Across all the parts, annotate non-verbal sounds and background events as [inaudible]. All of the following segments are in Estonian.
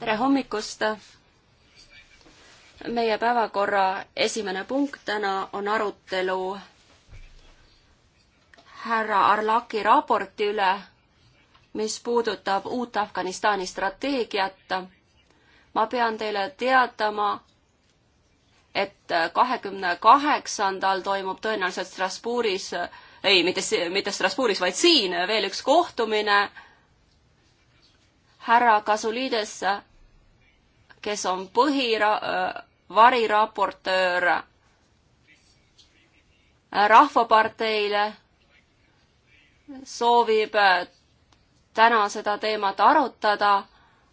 tere hommikust! meie päevakorra esimene punkt täna on arutelu härra Arlaki raporti üle, mis puudutab uut Afganistani strateegiat. ma pean teile teatama, et kahekümne kaheksandal toimub tõenäoliselt Strasbourgis, ei, mitte, mitte Strasbourgis, vaid siin veel üks kohtumine härra Kasulides, kes on põhira-, variraportöör Rahvaparteile, soovib täna seda teemat arutada,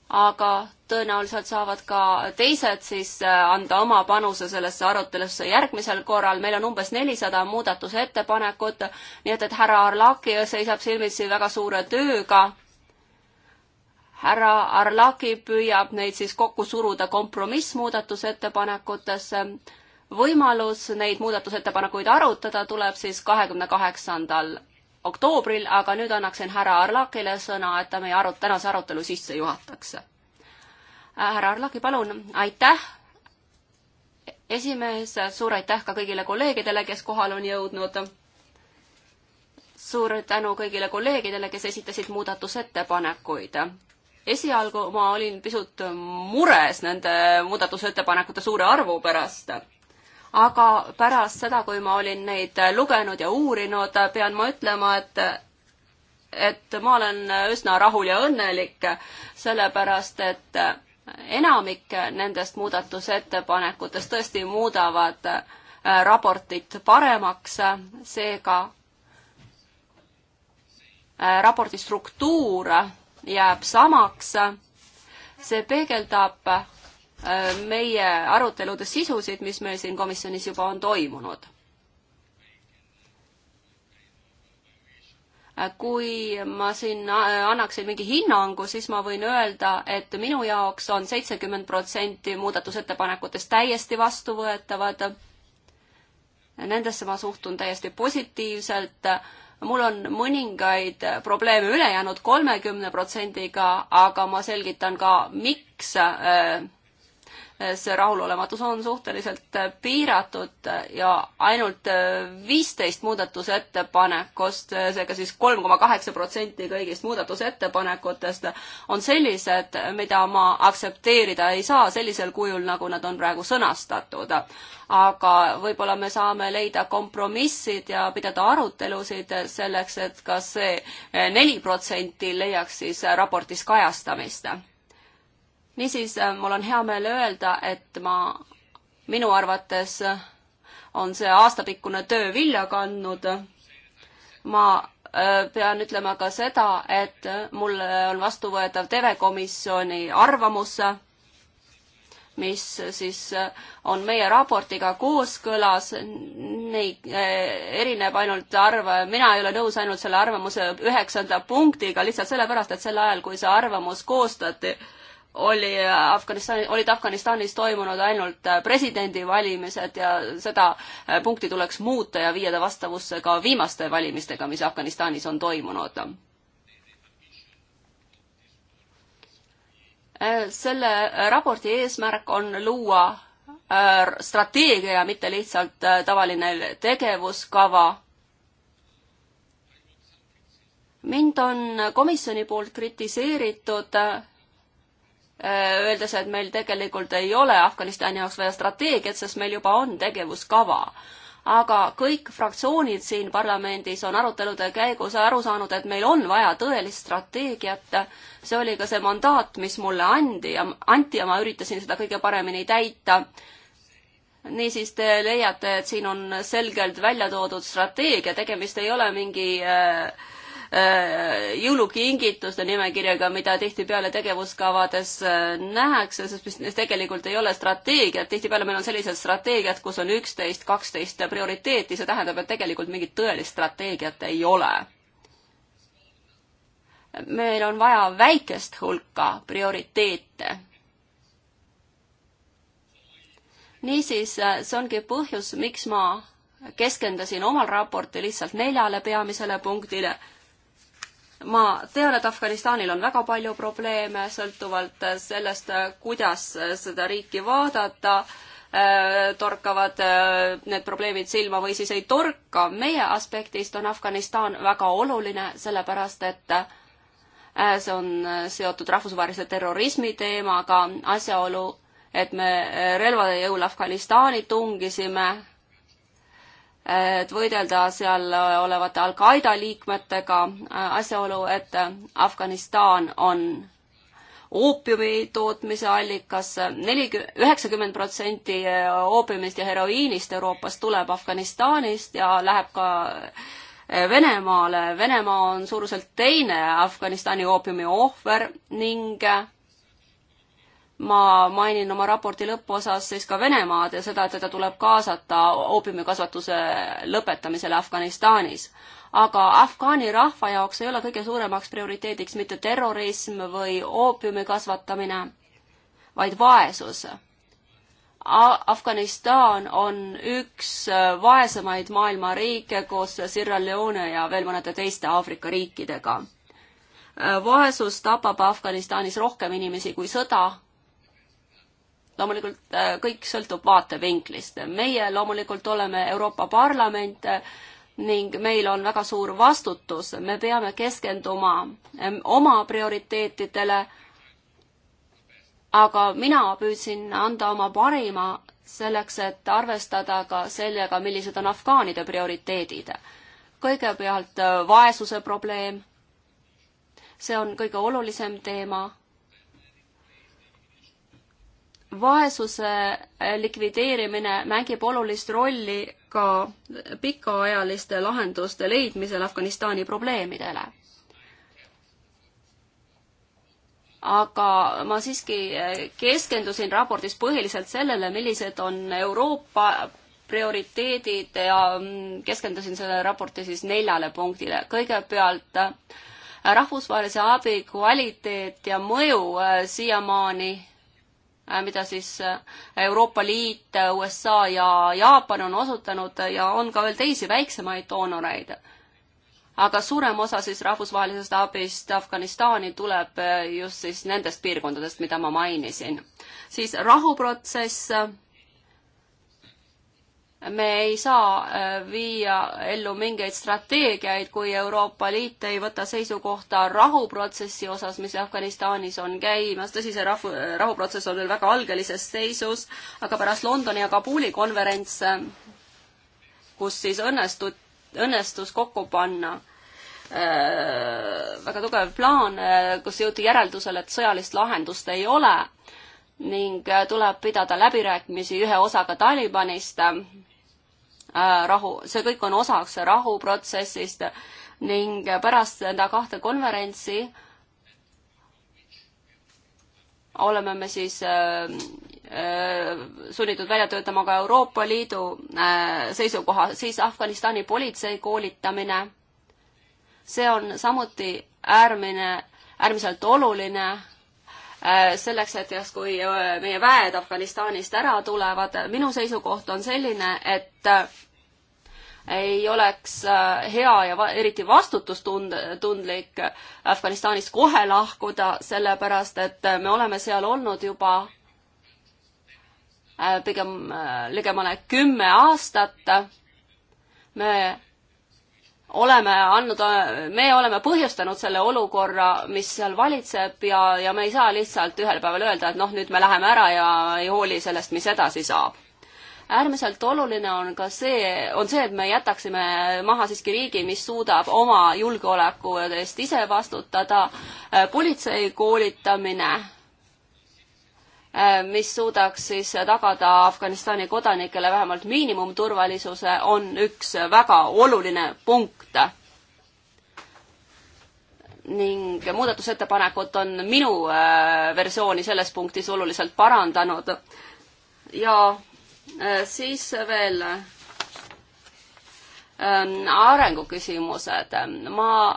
aga tõenäoliselt saavad ka teised siis anda oma panuse sellesse arutelusse järgmisel korral. meil on umbes nelisada muudatusettepanekut, nii et, et härra Arlaki seisab silmitsi väga suure tööga härra Arlaki püüab neid siis kokku suruda kompromissmuudatusettepanekutesse. võimalus neid muudatusettepanekuid arutada tuleb siis kahekümne kaheksandal oktoobril, aga nüüd annaksin härra Arlakile sõna, et ta meie arut-, tänase arutelu sisse juhataks. härra Arlaki, palun, aitäh! esimees, suur aitäh ka kõigile kolleegidele, kes kohale on jõudnud. suur tänu kõigile kolleegidele, kes esitasid muudatusettepanekuid esialgu ma olin pisut mures nende muudatusettepanekute suure arvu pärast. aga pärast seda, kui ma olin neid lugenud ja uurinud, pean ma ütlema, et et ma olen üsna rahul ja õnnelik, sellepärast et enamik nendest muudatusettepanekutest tõesti muudavad äh, raportit paremaks, seega äh, raporti struktuur jääb samaks. see peegeldab äh, meie arutelude sisusid, mis meil siin komisjonis juba on toimunud. Äh, kui ma siin äh, annaksin mingi hinnangu, siis ma võin öelda, et minu jaoks on seitsekümmend protsenti muudatusettepanekutest täiesti vastuvõetavad nendesse ma suhtun täiesti positiivselt mul on mõningaid probleeme ülejäänud kolmekümne protsendiga, aga ma selgitan ka, miks äh, see rahulolematus on suhteliselt äh, piiratud äh, ja ainult äh, viisteist muudatusettepanekust, seega siis kolm koma kaheksa protsenti kõigist muudatusettepanekutest on sellised, mida ma aktsepteerida ei saa sellisel kujul, nagu nad on praegu sõnastatud. aga võib-olla me saame leida kompromissid ja pidada arutelusid selleks, et kas see neli protsenti leiaks siis raportis kajastamist niisiis, äh, mul on hea meel öelda, et ma, minu arvates on see aastapikkune töö vilja kandnud. ma äh, pean ütlema ka seda, et mulle on vastuvõetav telekomisjoni arvamus, mis siis äh, on meie raportiga kooskõlas, neid erineb ainult arv, mina ei ole nõus ainult selle arvamuse üheksanda punktiga, lihtsalt sellepärast, et sel ajal, kui see arvamus koostati, oli Afganistani, olid Afganistanis toimunud ainult äh, presidendivalimised ja seda äh, punkti tuleks muuta ja viia ta vastavusse ka viimaste valimistega, mis Afganistanis on toimunud. Äh, selle raporti eesmärk on luua strateegia, mitte lihtsalt tavaline tegevuskava mind on komisjoni poolt kritiseeritud Äh, öeldes, et meil tegelikult ei ole Afganistani jaoks vaja strateegiat, sest meil juba on tegevuskava aga kõik fraktsioonid siin parlamendis on arutelude käigus aru saanud, et meil on vaja tõelist strateegiat. see oli ka see mandaat, mis mulle andi ja anti ja ma üritasin seda kõige paremini täita. niisiis te leiate, et siin on selgelt välja toodud strateegia, tegemist ei ole mingi äh, Äh, jõulukingituste nimekirjaga, mida tihtipeale tegevuskavades äh, nähakse, sest mis tegelikult ei ole strateegiat, tihtipeale meil on sellised strateegiad, kus on üksteist, kaksteist prioriteeti, see tähendab, et tegelikult mingit tõelist strateegiat ei ole. meil on vaja väikest hulka prioriteete niisiis, äh, see ongi põhjus, miks ma keskendasin omal raporti lihtsalt neljale peamisele punktile ma tean, et Afganistanil on väga palju probleeme, sõltuvalt sellest, kuidas seda riiki vaadata, äh, torkavad äh, need probleemid silma või siis ei torka. meie aspektist on Afganistan väga oluline, sellepärast et äh, see on seotud rahvusvahelise terrorismi teemaga, asjaolu, et me relvade jõul Afganistani tungisime, et võidelda seal olevate Al-Qaeda liikmetega, asjaolu, et Afganistan on oopiumi tootmise allikas, nelikümmend, üheksakümmend protsenti oopiumist ja heroiinist Euroopast tuleb Afganistanist ja läheb ka Venemaale. Venemaa on suuruselt teine Afganistani oopiumi ohver ning ma mainin oma raporti lõpuosas siis ka Venemaad ja seda, et teda tuleb kaasata oopiumikasvatuse lõpetamisele Afganistanis. aga afgaani rahva jaoks ei ole kõige suuremaks prioriteediks mitte terrorism või oopiumi kasvatamine, vaid vaesus. Afganistan on üks vaesemaid maailma riike koos Sierra Leone ja veel mõnede teiste Aafrika riikidega. vaesus tapab Afganistanis rohkem inimesi kui sõda loomulikult äh, kõik sõltub vaatevinklist. meie loomulikult oleme Euroopa Parlament äh, ning meil on väga suur vastutus, me peame keskenduma ähm, oma prioriteetidele, aga mina püüdsin anda oma parima selleks, et arvestada ka sellega, millised on afgaanide prioriteedid. kõigepealt äh, vaesuse probleem, see on kõige olulisem teema vaesuse likvideerimine mängib olulist rolli ka pikaajaliste lahenduste leidmisel Afganistani probleemidele. aga ma siiski keskendusin raportis põhiliselt sellele, millised on Euroopa prioriteedid ja keskendusin selle raporti siis neljale punktile. kõigepealt rahvusvahelise abi kvaliteet ja mõju äh, siiamaani Äh, mida siis äh, Euroopa Liit, äh, USA ja Jaapan on osutanud ja on ka veel teisi väiksemaid doonoreid. aga suurem osa siis rahvusvahelisest abist Afganistani tuleb just siis nendest piirkondadest, mida ma mainisin. siis rahuprotsess me ei saa äh, viia ellu mingeid strateegiaid, kui Euroopa Liit ei võta seisukohta rahuprotsessi osas, mis Afganistanis on käimas. tõsi, see rahu, rahuprotsess on veel väga algelises seisus, aga pärast Londoni ja Kabuli konverentse, kus siis õnnestud, õnnestus kokku panna äh, väga tugev plaan, äh, kus jõuti järeldusele, et sõjalist lahendust ei ole ning äh, tuleb pidada läbirääkimisi ühe osaga Talibanist Äh, rahu, see kõik on osaks rahuprotsessist ning pärast seda kahte konverentsi oleme me siis äh, äh, sunnitud välja töötama ka Euroopa Liidu äh, seisukoha, siis Afganistani politsei koolitamine. see on samuti äärmine, äärmiselt oluline Äh, selleks, et justkui äh, meie väed Afganistanist ära tulevad. minu seisukoht on selline, et äh, ei oleks hea ja va eriti vastutustundlik Afganistanist kohe lahkuda, sellepärast et me oleme seal olnud juba pigem ligemale kümme aastat. me oleme andnud, me oleme põhjustanud selle olukorra, mis seal valitseb ja, ja me ei saa lihtsalt ühel päeval öelda, et noh, nüüd me läheme ära ja ei hooli sellest, mis edasi saab. äärmiselt oluline on ka see, on see, et me jätaksime maha siiski riigi, mis suudab oma julgeoleku eest ise vastutada, politsei koolitamine, mis suudaks siis tagada Afganistani kodanikele vähemalt miinimumturvalisuse, on üks väga oluline punkt poolt. ning muudatusettepanekud on minu äh, versiooni selles punktis oluliselt parandanud. ja äh, siis veel ähm, arenguküsimused. ma äh,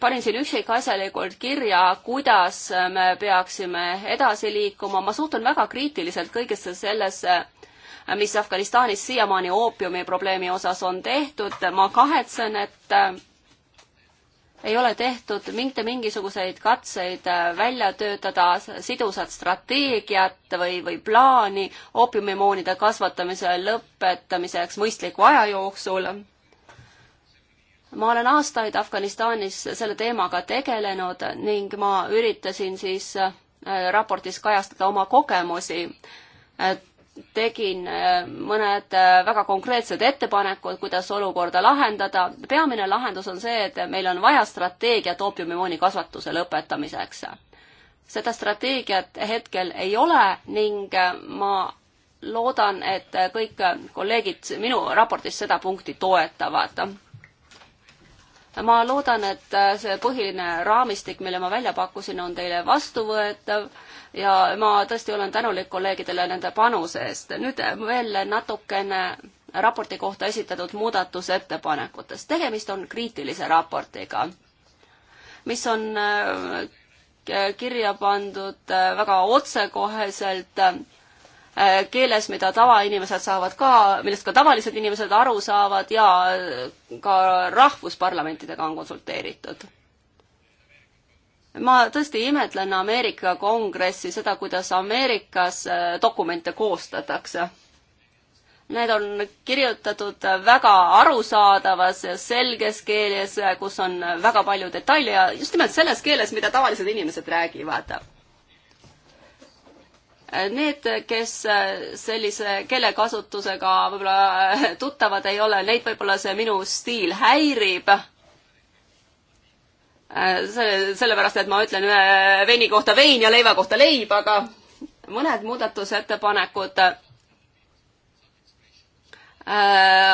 panin siin üksikasjalikult kirja, kuidas me peaksime edasi liikuma, ma suhtun väga kriitiliselt kõigesse sellesse, mis Afganistanis siiamaani oopiumi probleemi osas on tehtud. ma kahetsen, et äh, ei ole tehtud mitte mingisuguseid katseid äh, välja töötada sidusat strateegiat või, või plaani oopiumimoonide kasvatamise lõpetamiseks mõistliku aja jooksul ma olen aastaid Afganistanis selle teemaga tegelenud ning ma üritasin siis äh, raportis kajastada oma kogemusi tegin äh, mõned äh, väga konkreetsed ettepanekud, kuidas olukorda lahendada. peamine lahendus on see, et meil on vaja strateegiat oopiumimooni kasvatuse lõpetamiseks. seda strateegiat hetkel ei ole ning äh, ma loodan, et kõik kolleegid minu raportis seda punkti toetavad. ma loodan, et see põhiline raamistik, mille ma välja pakkusin, on teile vastuvõetav ja ma tõesti olen tänulik kolleegidele nende panuse eest. nüüd veel natukene raporti kohta esitatud muudatusettepanekutest. tegemist on kriitilise raportiga, mis on äh, kirja pandud äh, väga otsekoheselt äh, keeles, mida tavainimesed saavad ka, millest ka tavalised inimesed aru saavad ja ka rahvusparlamentidega on konsulteeritud ma tõesti imetlen Ameerika Kongressi seda, kuidas Ameerikas äh, dokumente koostatakse. Need on kirjutatud väga arusaadavas ja selges keeles, kus on väga palju detaile ja just nimelt selles keeles, mida tavalised inimesed räägivad. Need, kes äh, sellise keelekasutusega võib-olla äh, tuttavad ei ole, neid võib-olla see minu stiil häirib Äh, see, sellepärast et ma ütlen ühe veini kohta vein ja leiva kohta leib, aga mõned muudatusettepanekud äh,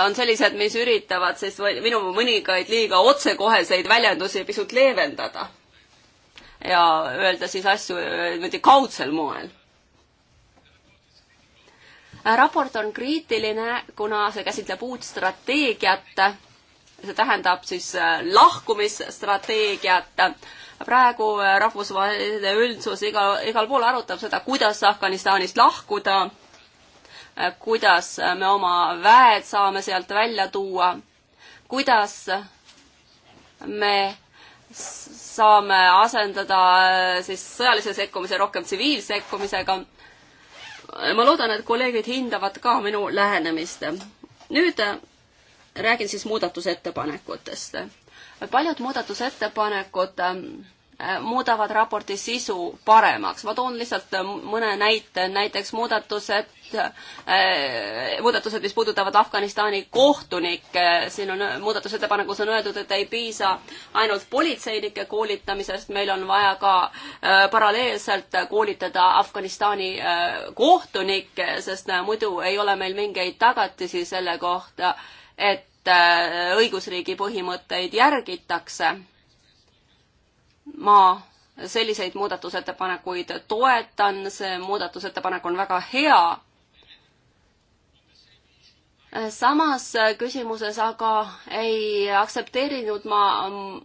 on sellised, mis üritavad siis minu mõningaid liiga otsekoheseid väljendusi pisut leevendada. ja öelda siis asju äh, niimoodi kaudsel moel raport on kriitiline, kuna see käsitleb uut strateegiat see tähendab siis äh, lahkumisstrateegiat. praegu äh, rahvusvaheline üldsus igal, igal pool arutab seda, kuidas Afganistanist lahkuda, äh, kuidas me oma väed saame sealt välja tuua, kuidas me saame asendada siis sõjalise sekkumise rohkem tsiviilsekkumisega. ma loodan, et kolleegid hindavad ka minu lähenemist. nüüd räägin siis muudatusettepanekutest. paljud muudatusettepanekud ähm, äh, muudavad raporti sisu paremaks. ma toon lihtsalt äh, mõne näite, näiteks muudatused, äh, muudatused, mis puudutavad Afganistani kohtunikke, siin on muudatusettepanekus on öeldud, et ei piisa ainult politseinike koolitamisest, meil on vaja ka äh, paralleelselt koolitada Afganistani äh, kohtunikke, sest äh, muidu ei ole meil mingeid tagatisi selle kohta äh,, et äh, õigusriigi põhimõtteid järgitakse. ma selliseid muudatusettepanekuid toetan, see muudatusettepanek on väga hea. Äh, samas äh, küsimuses aga ei aktsepteerinud ma ähm,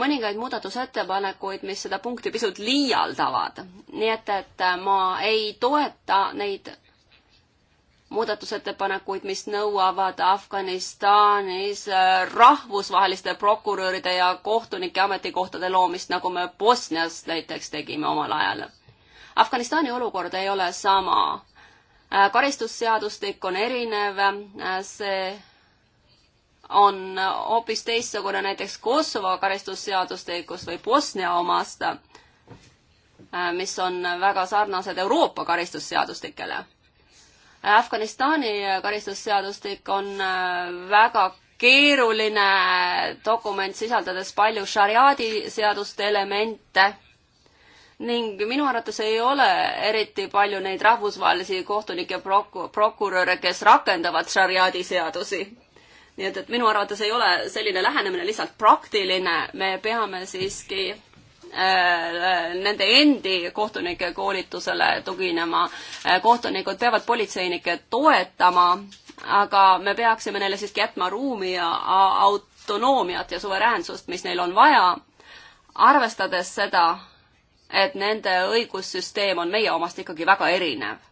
mõningaid muudatusettepanekuid, mis seda punkti pisut liialdavad. nii et, et ma ei toeta neid muudatusettepanekuid, mis nõuavad Afganistanis äh, rahvusvaheliste prokuröride ja kohtunike ametikohtade loomist, nagu me Bosnias näiteks tegime omal ajal. Afganistani olukord ei ole sama. Äh, karistusseadustik on erinev, äh, see on hoopis teistsugune näiteks Kosovo karistusseadustikust või Bosnia omast, mis on väga sarnased Euroopa karistusseadustikele Afganistani karistusseadustik on äh, väga keeruline dokument, sisaldades palju šariaadi seaduste elemente ning minu arvates ei ole eriti palju neid rahvusvahelisi kohtunikke ja proku-, prokuröre, kes rakendavad šariaadi seadusi. nii et, et minu arvates ei ole selline lähenemine lihtsalt praktiline, me peame siiski Äh, nende endi kohtunike koolitusele tuginema. Äh, kohtunikud peavad politseinikke toetama, aga me peaksime neile siiski jätma ruumi ja autonoomiat ja suveräänsust, mis neil on vaja, arvestades seda, et nende õigussüsteem on meie omast ikkagi väga erinev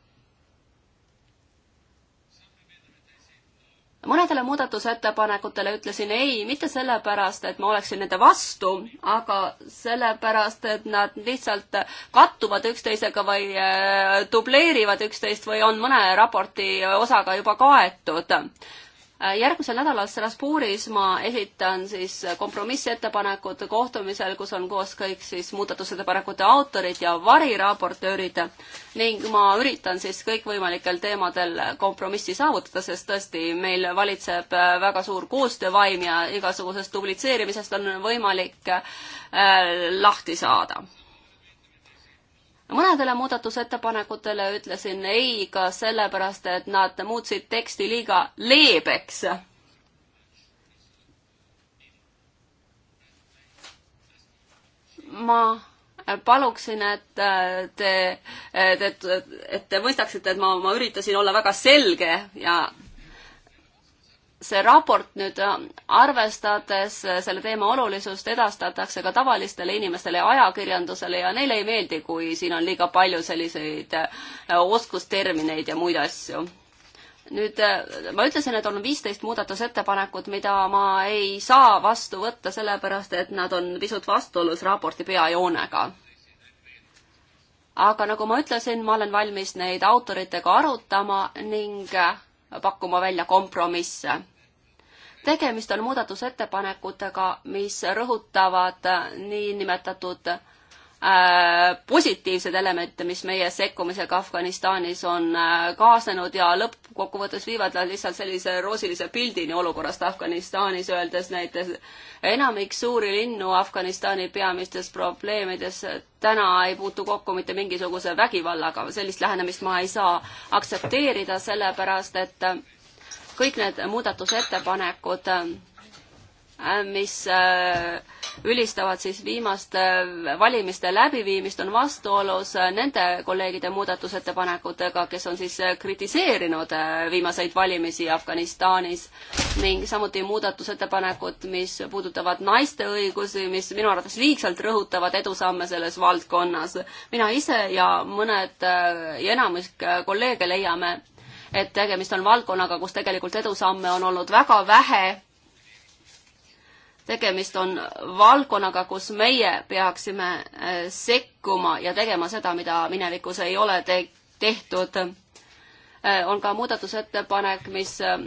mõnedele muudatusettepanekutele ütlesin ei, mitte sellepärast, et ma oleksin nende vastu, aga sellepärast, et nad lihtsalt kattuvad üksteisega või äh, dubleerivad üksteist või on mõne raporti osaga juba kaetud Äh, järgmisel nädalal Strasbourgis ma esitan siis kompromissettepanekud kohtumisel, kus on koos kõik siis muudatusettepanekute autorid ja variraportöörid ning ma üritan siis kõikvõimalikel teemadel kompromissi saavutada, sest tõesti, meil valitseb äh, väga suur koostöövaim ja igasugusest dublitseerimisest on võimalik äh, lahti saada mõnedele muudatusettepanekutele ütlesin ei ka sellepärast, et nad muutsid teksti liiga leebeks. ma paluksin, et te, et, et, et te mõistaksite, et ma, ma üritasin olla väga selge ja see raport nüüd äh, arvestades äh, selle teema olulisust edastatakse ka tavalistele inimestele ja ajakirjandusele ja neile ei meeldi, kui siin on liiga palju selliseid äh, oskustermineid ja muid asju. nüüd ma ütlesin, et on viisteist muudatusettepanekut, mida ma ei saa vastu võtta, sellepärast et nad on pisut vastuolus raporti peajoonega aga nagu ma ütlesin, ma olen valmis neid autoritega arutama ning pakkuma välja kompromisse tegemist on muudatusettepanekutega, mis rõhutavad niinimetatud äh, positiivseid elemente, mis meie sekkumisega Afganistanis on äh, kaasnenud ja lõppkokkuvõttes viivad nad lihtsalt sellise roosilise pildini olukorrast Afganistanis, öeldes näiteks enamik suuri linnu Afganistani peamistes probleemides täna ei puutu kokku mitte mingisuguse vägivallaga, sellist lähenemist ma ei saa aktsepteerida, sellepärast et kõik need muudatusettepanekud, äh, mis äh, ülistavad siis viimaste äh, valimiste läbiviimist, on vastuolus nende kolleegide muudatusettepanekutega, kes on siis kritiseerinud viimaseid valimisi Afganistanis ning samuti muudatusettepanekud, mis puudutavad naiste õigusi, mis minu arvates liigselt rõhutavad edusamme selles valdkonnas. mina ise ja mõned ja enamik kolleege leiame, et tegemist on valdkonnaga, kus tegelikult edusamme on olnud väga vähe. tegemist on valdkonnaga, kus meie peaksime äh, sekkuma ja tegema seda, mida minevikus ei ole te tehtud. Äh, on ka muudatusettepanek, mis äh,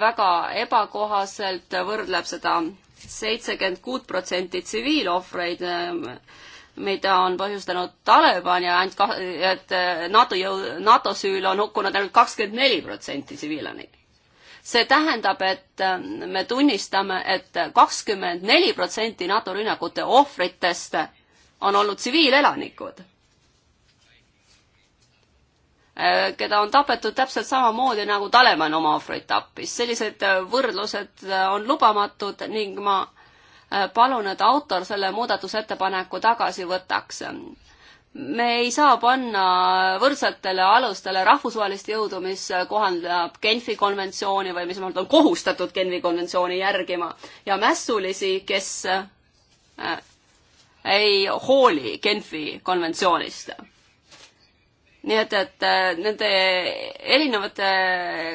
väga ebakohaselt võrdleb seda seitsekümmend kuut protsenti tsiviilohvreid mida on põhjustanud Taliban ja ainult ka-, et eh, NATO jõu, NATO süül on hukkunud ainult kakskümmend neli protsenti tsiviilelanikke. see tähendab, et eh, me tunnistame et, et kakskümmend neli protsenti NATO rünnakute ohvritest on olnud tsiviilelanikud, eh, keda on tapetud täpselt samamoodi, nagu Taliban oma ohvreid tappis. sellised võrdlused on lubamatud ning ma Äh, palun, et autor selle muudatusettepaneku tagasi võtaks. me ei saa panna võrdsetele alustele rahvusvahelist jõudu, mis kohandab Genfi konventsiooni või mis on kohustatud Genfi konventsiooni järgima ja mässulisi, kes äh, ei hooli Genfi konventsioonist nii et, et äh, nende erinevate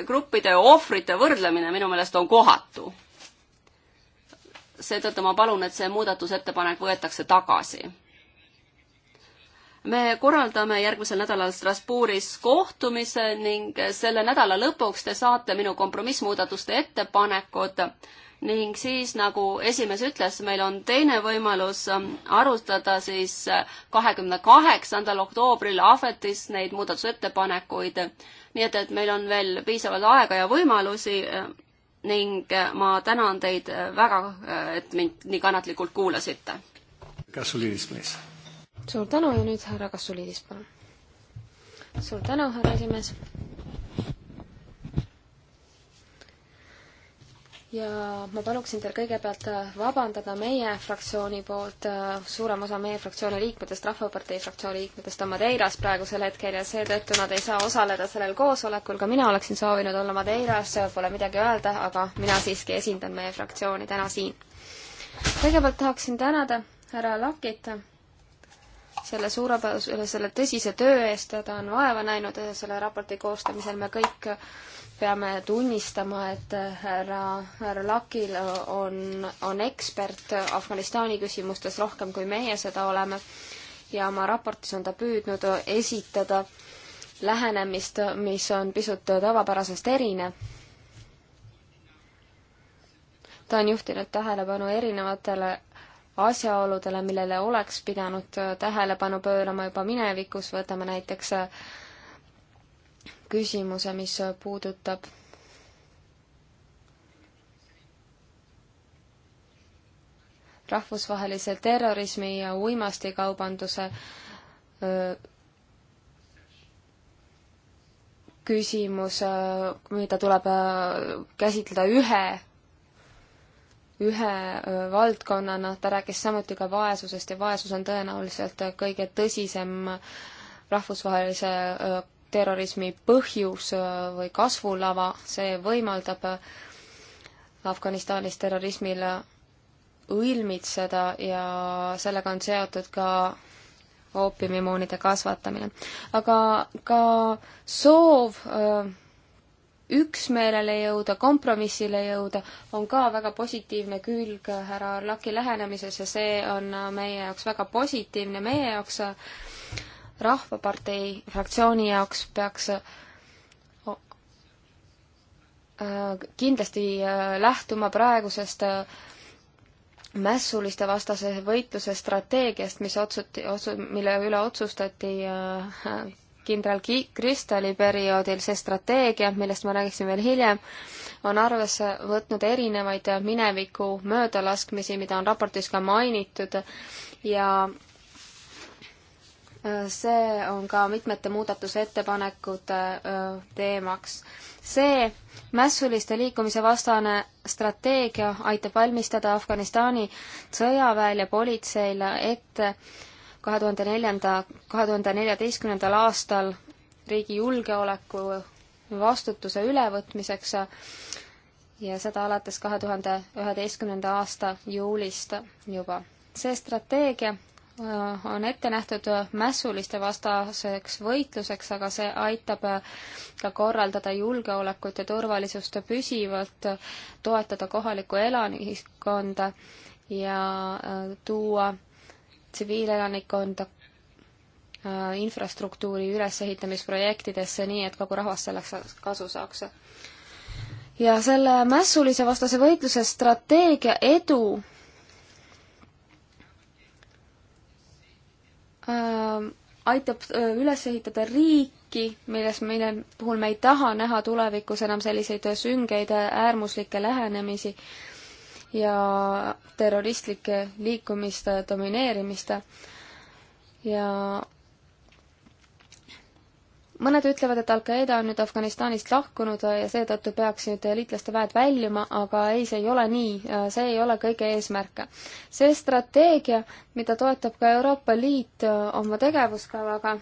gruppide ohvrite võrdlemine minu meelest on kohatu seetõttu ma palun, et see muudatusettepanek võetakse tagasi. me korraldame järgmisel nädalal Strasbourgis kohtumise ning selle nädala lõpuks te saate minu kompromissmuudatuste ettepanekud ning siis, nagu esimees ütles, meil on teine võimalus arutada siis kahekümne kaheksandal oktoobril ahvetis neid muudatusettepanekuid. nii et, et meil on veel piisavalt aega ja võimalusi ning äh, ma tänan teid äh, väga, äh, et mind nii kannatlikult kuulasite. Kasuliidis, please. suur tänu ja nüüd härra Kasuliidis, palun. suur tänu, härra esimees ja ma paluksin teil kõigepealt äh, vabandada meie fraktsiooni poolt, äh, suurem osa meie fraktsiooni liikmetest, Rahvapartei fraktsiooni liikmetest on Madeiras praegusel hetkel ja seetõttu nad ei saa osaleda sellel koosolekul, ka mina oleksin soovinud olla Madeiras, pole midagi öelda, aga mina siiski esindan meie fraktsiooni täna siin. kõigepealt tahaksin tänada härra Lakit selle suurepärase, selle tõsise töö eest, ta on vaeva näinud äh, selle raporti koostamisel, me kõik peame tunnistama, et härra, härra Lakil on, on ekspert Afganistani küsimustes rohkem, kui meie seda oleme. ja oma raportis on ta püüdnud esitada lähenemist, mis on pisut tavapärasest erinev. ta on juhtinud tähelepanu erinevatele asjaoludele, millele oleks pidanud tähelepanu pöörama juba minevikus, võtame näiteks äh, küsimuse, mis puudutab rahvusvahelise terrorismi ja uimastikaubanduse küsimus, mida tuleb käsitleda ühe, ühe valdkonnana, ta rääkis samuti ka vaesusest ja vaesus on tõenäoliselt kõige tõsisem rahvusvahelise terrorismi põhjus äh, või kasvulava, see võimaldab äh, Afganistanis terrorismile äh, õilmitseda ja sellega on seotud ka oopiumimoonide kasvatamine. aga ka soov üksmeelele jõuda, kompromissile jõuda, on ka väga positiivne külg härra Arlaki lähenemises ja see on meie jaoks väga positiivne, meie jaoks äh, Rahvapartei fraktsiooni jaoks peaks äh, äh, kindlasti äh, lähtuma praegusest mässuliste vastase võitluse strateegiast, mis otsuti, otsu-, mille üle otsustati kindral Ki-, Kristali perioodil, see strateegia, millest ma räägiksin veel hiljem, on arvesse võtnud erinevaid mineviku möödalaskmisi, mida on raportis ka mainitud ja see on ka mitmete muudatusettepanekute teemaks. see mässuliste liikumise vastane strateegia aitab valmistada Afganistani sõjaväel ja politseil ette kahe tuhande neljanda, kahe tuhande neljateistkümnendal aastal riigi julgeoleku vastutuse ülevõtmiseks ja seda alates kahe tuhande üheteistkümnenda aasta juulist juba. see strateegia Äh, on ette nähtud mässuliste vastaseks võitluseks, aga see aitab ka korraldada julgeolekut ja turvalisust püsivalt, toetada kohalikku elanikkonda ja äh, tuua tsiviilelanikkonda äh, infrastruktuuri ülesehitamisprojektidesse, nii et kogu rahvas selleks kasu saaks. ja selle mässulise vastase võitluse strateegia edu Äh, aitab äh, üles ehitada riiki, milles, mille puhul me ei taha näha tulevikus enam selliseid süngeid äärmuslikke lähenemisi ja terroristlike liikumiste domineerimist ja mõned ütlevad, et Al-Qaeda on nüüd Afganistanist lahkunud äh, ja seetõttu peaks nüüd äh, liitlaste väed väljuma, aga ei, see ei ole nii, äh, see ei ole kõige eesmärk. see strateegia, mida toetab ka Euroopa Liit oma tegevuskavaga,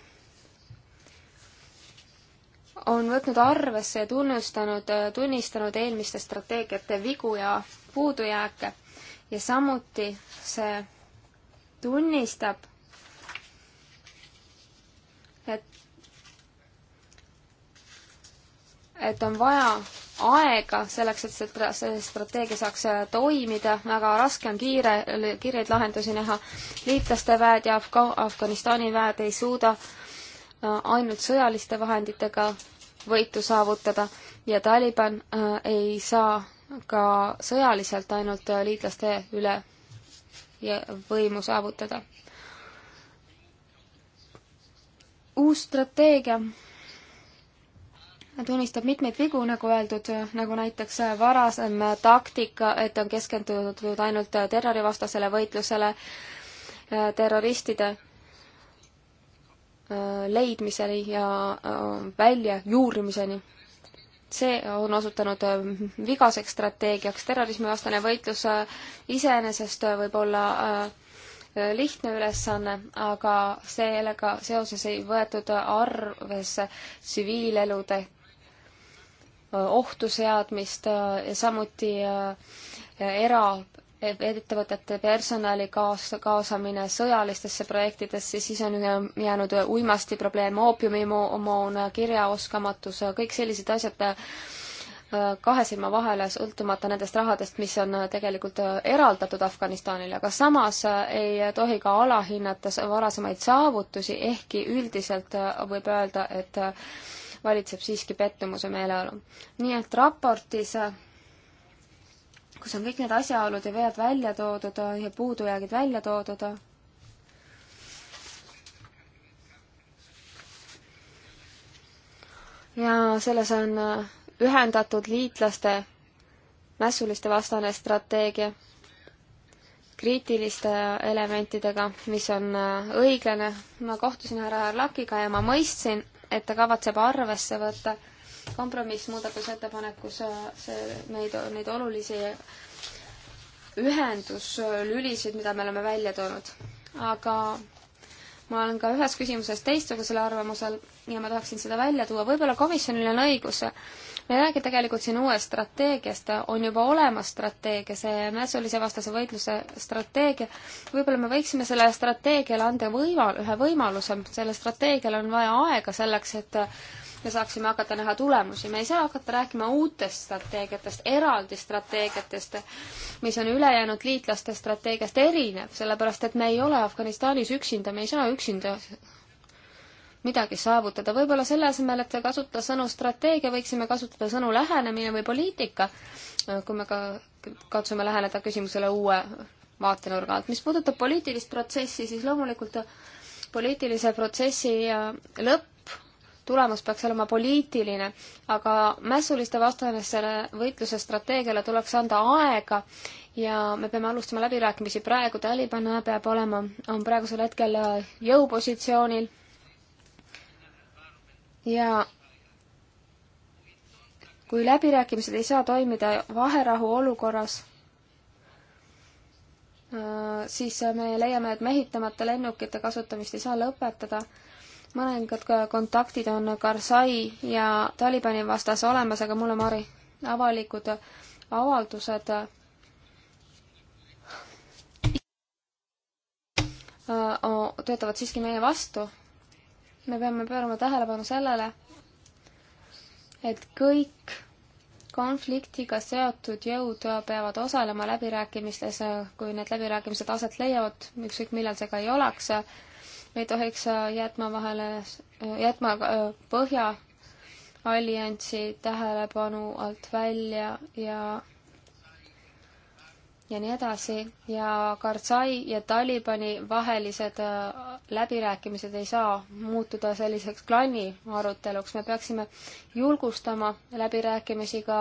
on võtnud arvesse ja tunnustanud, tunnistanud eelmiste strateegiate vigu ja puudujääke ja samuti see tunnistab et on vaja aega selleks, et see, see strateegia saaks äh, toimida, väga raske on kiire, kiireid lahendusi näha. liitlaste väed ja Afga-, Afganistani väed ei suuda äh, ainult sõjaliste vahenditega võitu saavutada ja Taliban äh, ei saa ka sõjaliselt ainult liitlaste üle võimu saavutada. uus strateegia tunnistab mitmeid vigu, nagu öeldud, nagu näiteks varasem taktika, et on keskendutud ainult terrorivastasele võitlusele, terroristide äh, leidmiseni ja äh, väljajuurimiseni see on osutunud äh, vigaseks strateegiaks. terrorismivastane võitlus iseenesest võib olla lihtne ülesanne, aga sellega seoses ei võetud arvesse tsiviilelude Äh, ohtu seadmist, äh, samuti äh, eraettevõtete personali kaas-, kaasamine sõjalistesse projektidesse, siis on jäänud uimasti probleem, oopiumimoon, kirjaoskamatus, kõik sellised asjad kahe silma vahele, sõltumata nendest rahadest, mis on tegelikult eraldatud Afganistanile, aga samas ei tohi ka alahinnata varasemaid saavutusi, ehkki üldiselt võib öelda, et valitseb siiski pettumuse meeleolu. nii et raportis, kus on kõik need asjaolud ja vead välja toodud ja puudujäägid välja toodud, ja selles on ühendatud liitlaste mässuliste vastane strateegia kriitiliste elementidega, mis on õiglane. ma kohtusin härra Arlakiga ja ma mõistsin, et ta kavatseb arvesse võtta kompromissmuudatusettepanekus see, neid, neid olulisi ühenduslülisid, mida me oleme välja toonud. aga ma olen ka ühes küsimuses teistsugusel arvamusel ja ma tahaksin seda välja tuua. võib-olla komisjonil on õigus me ei räägi tegelikult siin uuest strateegiast, on juba olemas strateegia, see mässulise vastase võitluse strateegia. võib-olla me võiksime sellele strateegiale anda võival-, ühe võimaluse, sellel strateegial on vaja aega selleks, et me saaksime hakata näha tulemusi, me ei saa hakata rääkima uutest strateegiatest, eraldi strateegiatest, mis on ülejäänud liitlaste strateegiast erinev, sellepärast et me ei ole Afganistanis üksinda, me ei saa üksinda midagi saavutada. võib-olla selle asemel, et kasutada sõnu strateegia, võiksime kasutada sõnu lähenemine või poliitika, kui me ka katsume läheneda küsimusele uue vaatenurga alt. mis puudutab poliitilist protsessi, siis loomulikult poliitilise protsessi lõpp tulemus peaks olema poliitiline, aga mässuliste vastasele võitluse strateegiale tuleks anda aega ja me peame alustama läbirääkimisi praegu, Taliban peab olema, on praegusel hetkel jõupositsioonil ja kui läbirääkimised ei saa toimida vaherahu olukorras, äh, siis me leiame, et mehitamata lennukite kasutamist ei saa lõpetada. mõningad kontaktid on Karzai ja Talibani vastas olemas, aga mulle, Mari, avalikud avaldused äh, töötavad siiski meie vastu me peame pöörama tähelepanu sellele, et kõik konfliktiga seotud jõud peavad osalema läbirääkimistes, kui need läbirääkimised aset leiavad, ükskõik millal see ka ei oleks. me ei tohiks jätma vahele, jätma äh, Põhja alliansi tähelepanu alt välja ja ja nii edasi ja Karzai ja Talibani vahelised äh, läbirääkimised ei saa muutuda selliseks klanni aruteluks, me peaksime julgustama läbirääkimisi ka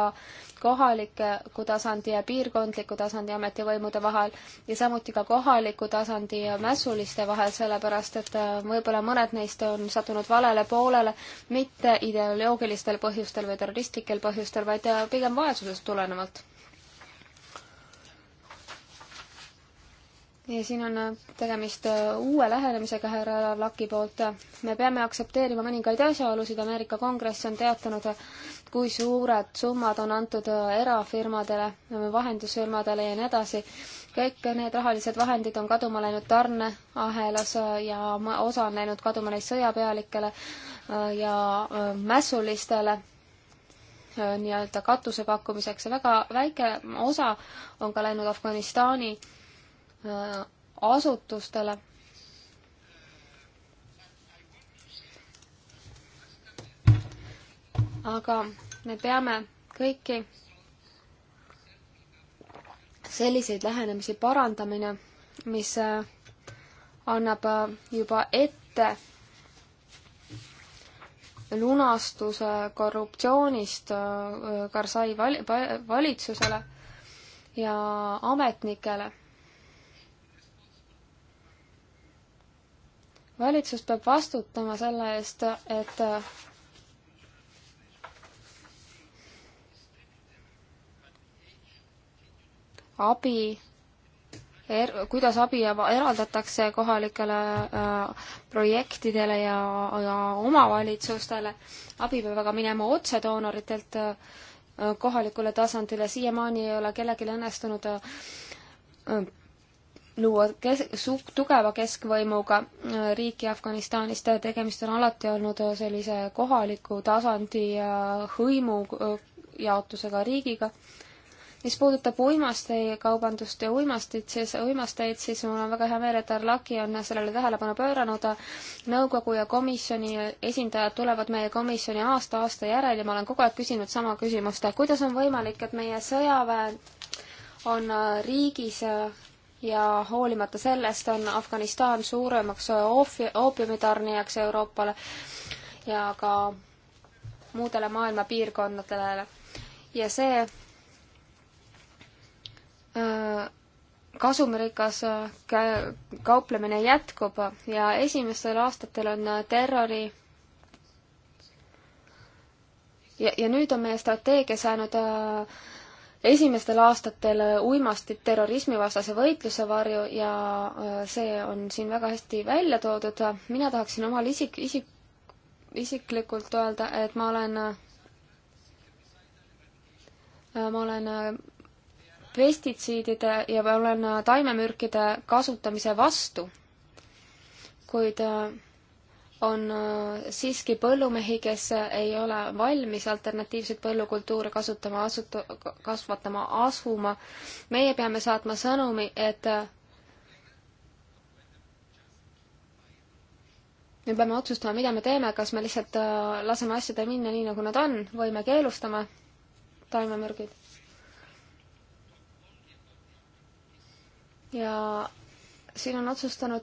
kohaliku tasandi ja piirkondliku tasandi ametivõimude vahel ja samuti ka kohaliku tasandi ja mässuliste vahel, sellepärast et äh, võib-olla mõned neist on sattunud valele poolele mitte ideoloogilistel põhjustel või terroristlikel põhjustel, vaid äh, pigem vaesusest tulenevalt ja siin on äh, tegemist äh, uue lähenemisega härra Laki poolt. me peame aktsepteerima mõningaid asjaolusid, Ameerika Kongress on teatanud, kui suured summad on antud äh, erafirmadele, vahendusfirmadele ja nii edasi. kõik need rahalised vahendid on kaduma läinud tarneahelas ja osa on läinud kaduma neist sõjapealikele ja mässulistele nii-öelda katuse pakkumiseks ja väga väike osa on ka läinud Afganistani äh, Äh, asutustele. aga me peame kõiki selliseid lähenemisi parandamine, mis äh, annab äh, juba ette lunastuse korruptsioonist Karzai vali-, valitsusele ja ametnikele valitsus peab vastutama selle eest, et äh, abi er,, kuidas abi eraldatakse kohalikele äh, projektidele ja, ja omavalitsustele. abi peab aga minema otse doonoritelt äh, kohalikule tasandile, siiamaani ei ole kellelgi õnnestunud äh, luua kes-, su-, tugeva keskvõimuga äh, riiki Afganistanist, tegemist on alati olnud äh, sellise kohaliku tasandi ja hõimu äh, jaotusega riigiga. mis puudutab uimastikaubandust ja uimastit, siis, uimasteid, siis mul on väga hea meel, et Arlaki on sellele tähelepanu pööranud. nõukogu ja komisjoni esindajad tulevad meie komisjoni aasta aasta järel ja ma olen kogu aeg küsinud sama küsimust, kuidas on võimalik, et meie sõjaväe on riigis ja hoolimata sellest on Afganistan suuremaks oopiumitarnijaks Euroopale ja ka muudele maailma piirkondadele. ja see äh, kasumirikas äh, kauplemine jätkub ja esimestel aastatel on äh, terrori ja, ja nüüd on meie strateegia saanud äh, esimestel aastatel uimastid terrorismivastase võitluse varju ja äh, see on siin väga hästi välja toodud. mina tahaksin omal isik, isik, isiklikult öelda, et ma olen, äh, ma olen äh, pestitsiidide ja ma olen taimemürkide kasutamise vastu, kuid on äh, siiski põllumehi, kes äh, ei ole valmis alternatiivseid põllukultuure kasutama, asutu-, kasvatama asuma. meie peame saatma sõnumi, et äh, me peame otsustama, mida me teeme, kas me lihtsalt laseme asjadel minna nii, nagu nad on, või me keelustame taimemürgid. ja siin on otsustanud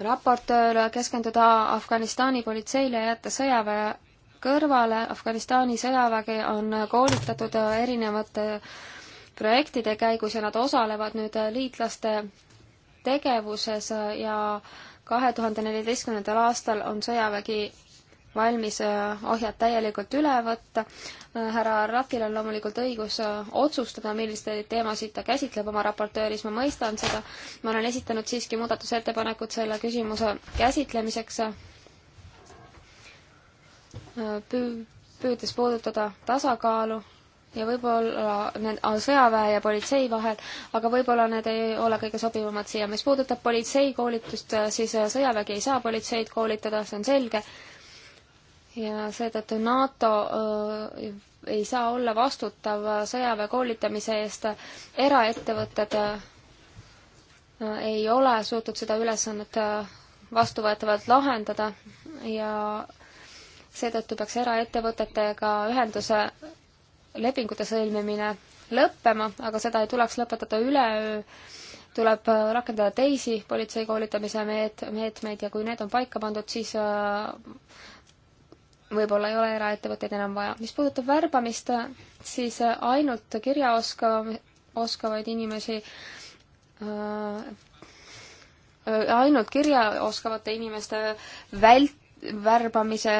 raportöör keskenduda Afganistani politseile ja jätta sõjaväe kõrvale. Afganistani sõjavägi on koolitatud erinevate projektide käigus ja nad osalevad nüüd liitlaste tegevuses ja kahe tuhande neljateistkümnendal aastal on sõjavägi valmis ohjad äh, täielikult üle võtta. Äh, härra Arrakil on loomulikult õigus äh, otsustada, milliseid teemasid ta käsitleb oma raportööris, ma mõistan seda. ma olen esitanud siiski muudatusettepanekud selle küsimuse käsitlemiseks. Püü-, püüdes puudutada tasakaalu ja võib-olla need sõjaväe ja politsei vahel, aga võib-olla need ei ole kõige sobivamad siia. mis puudutab politseikoolitust, siis sõjavägi ei saa politseid koolitada, see on selge ja seetõttu NATO öö, äh, ei saa olla vastutav sõjaväe koolitamise eest, eraettevõtted äh, ei ole suutnud seda ülesannet äh, vastuvõetavalt lahendada ja seetõttu peaks eraettevõtetega ühenduse lepingute sõlmimine lõppema, aga seda ei tuleks lõpetada üleöö, tuleb rakendada teisi politsei koolitamise meet-, meetmeid ja kui need on paika pandud, siis võib-olla ei ole eraettevõtteid enam vaja. mis puudutab värbamist, siis ainult kirja oska-, oskavaid inimesi äh,, ainult kirja oskavate inimeste vält-, värbamise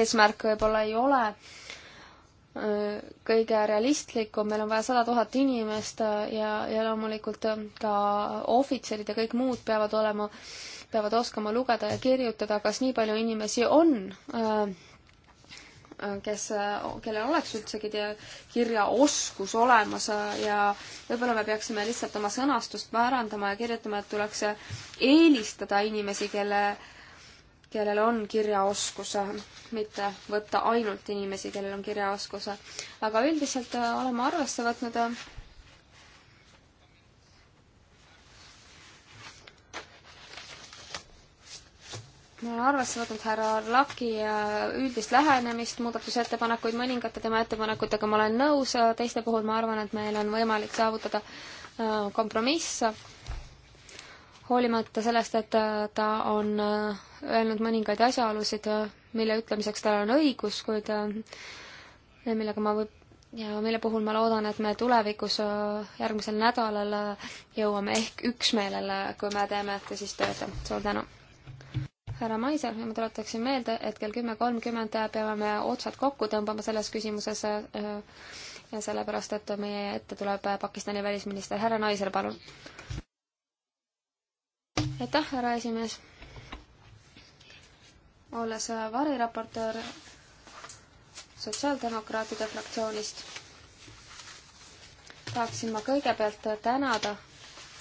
eesmärk võib-olla ei ole äh, kõige realistlikum, meil on vaja sada tuhat inimest ja, ja loomulikult ka ohvitserid ja kõik muud peavad olema äh, peavad oskama lugeda ja kirjutada, kas nii palju inimesi on, äh, kes, kellel oleks üldsegi kirjaoskus olemas äh, ja võib-olla me peaksime lihtsalt oma sõnastust parandama ja kirjutama, et tuleks eelistada inimesi, kelle kellel on kirjaoskus, äh, mitte võtta ainult inimesi, kellel on kirjaoskus. aga üldiselt oleme arvesse võtnud arvesse võtnud härra Arlaki üldist lähenemist, muudatusettepanekuid, mõningate tema ettepanekutega ma olen nõus, teiste puhul ma arvan, et meil on võimalik saavutada äh, kompromiss, hoolimata sellest, et äh, ta on äh, öelnud mõningaid asjaolusid, mille ütlemiseks tal on õigus, kuid millega ma võib-, ja mille puhul ma loodan, et me tulevikus järgmisel nädalal jõuame ehk üksmeelele, kui me teeme siis tööd. suur tänu! härra Maiser ja ma tuletaksin meelde, et kell kümme kolmkümmend peame me otsad kokku tõmbama selles küsimuses äh, ja sellepärast, et meie ette tuleb Pakistani välisminister, härra Naiser, palun. aitäh, härra esimees. olles variraportöör Sotsiaaldemokraatide fraktsioonist, tahaksin ma kõigepealt tänada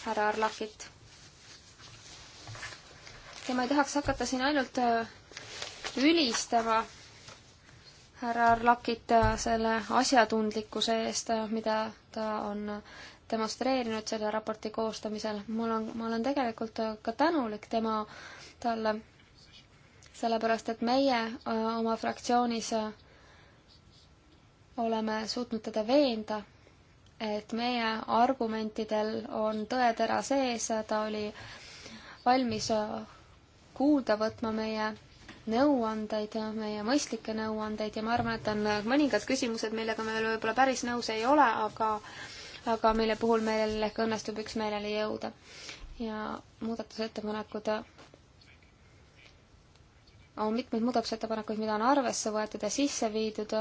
härra Arlakit ja ma ei tahaks hakata siin ainult äh, ülistama härra Arlakit äh, selle asjatundlikkuse eest, äh, mida ta on demonstreerinud selle raporti koostamisel. mul on, ma olen tegelikult ka tänulik tema, talle, sellepärast et meie oma fraktsioonis oleme suutnud teda veenda, et meie argumentidel on tõetera sees, ta oli valmis kuulda võtma meie nõuandeid, meie mõistlikke nõuandeid ja ma arvan, et on mõningad küsimused, millega me veel võib-olla päris nõus ei ole, aga aga mille puhul meil ehk õnnestub üksmeelele jõuda. ja muudatusettepanekud on mitmeid muudatusettepanekuid, mida on arvesse võetud ja sisse viidud,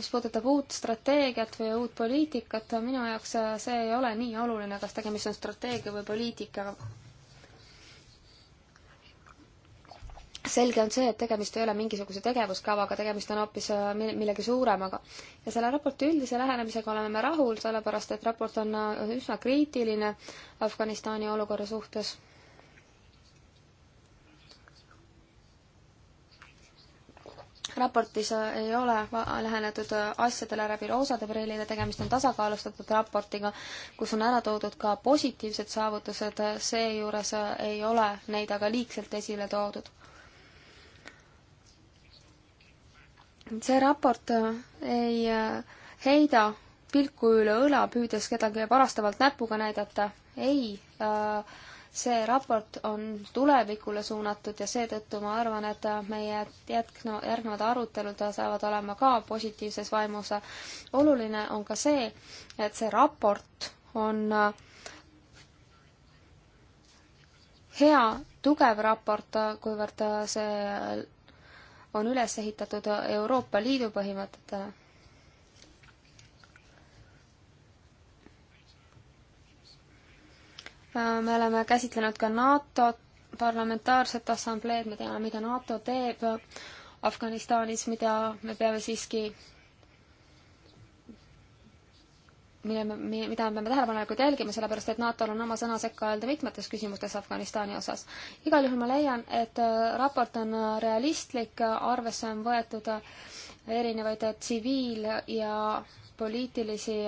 mis puudutab uut strateegiat või uut poliitikat, minu jaoks see ei ole nii oluline, kas tegemist on strateegia või poliitikaga selge on see, et tegemist ei ole mingisuguse tegevuskavaga, tegemist on hoopis äh, millegi suuremaga. ja selle raporti üldise lähenemisega oleme me rahul, sellepärast et raport on äh, üsna kriitiline Afganistani olukorra suhtes. raportis äh, ei ole lähenetud asjadele läbi roosade prillide, tegemist on tasakaalustatud raportiga, kus on ära toodud ka positiivsed saavutused, seejuures ei ole neid aga liigselt esile toodud see raport äh, ei äh, heida pilku üle õla, püüdes kedagi varastavalt näpuga näidata. ei, äh, see raport on tulevikule suunatud ja seetõttu ma arvan, et meie jätkno, järgnevad arutelud saavad olema ka positiivses vaimus. oluline on ka see, et see raport on hea, tugev raport, kuivõrd see on üles ehitatud Euroopa Liidu põhimõtetele. me oleme käsitlenud ka NATO parlamentaarset assambleed, me teame, mida NATO teeb Afganistanis, mida me peame siiski mille me, mida me peame tähelepanelikult jälgima, sellepärast et NATO-l on oma sõna sekka öelda mitmetes küsimustes Afganistani osas. igal juhul ma leian, et äh, raport on äh, realistlik, arvesse on võetud äh, erinevaid tsiviil- ja poliitilisi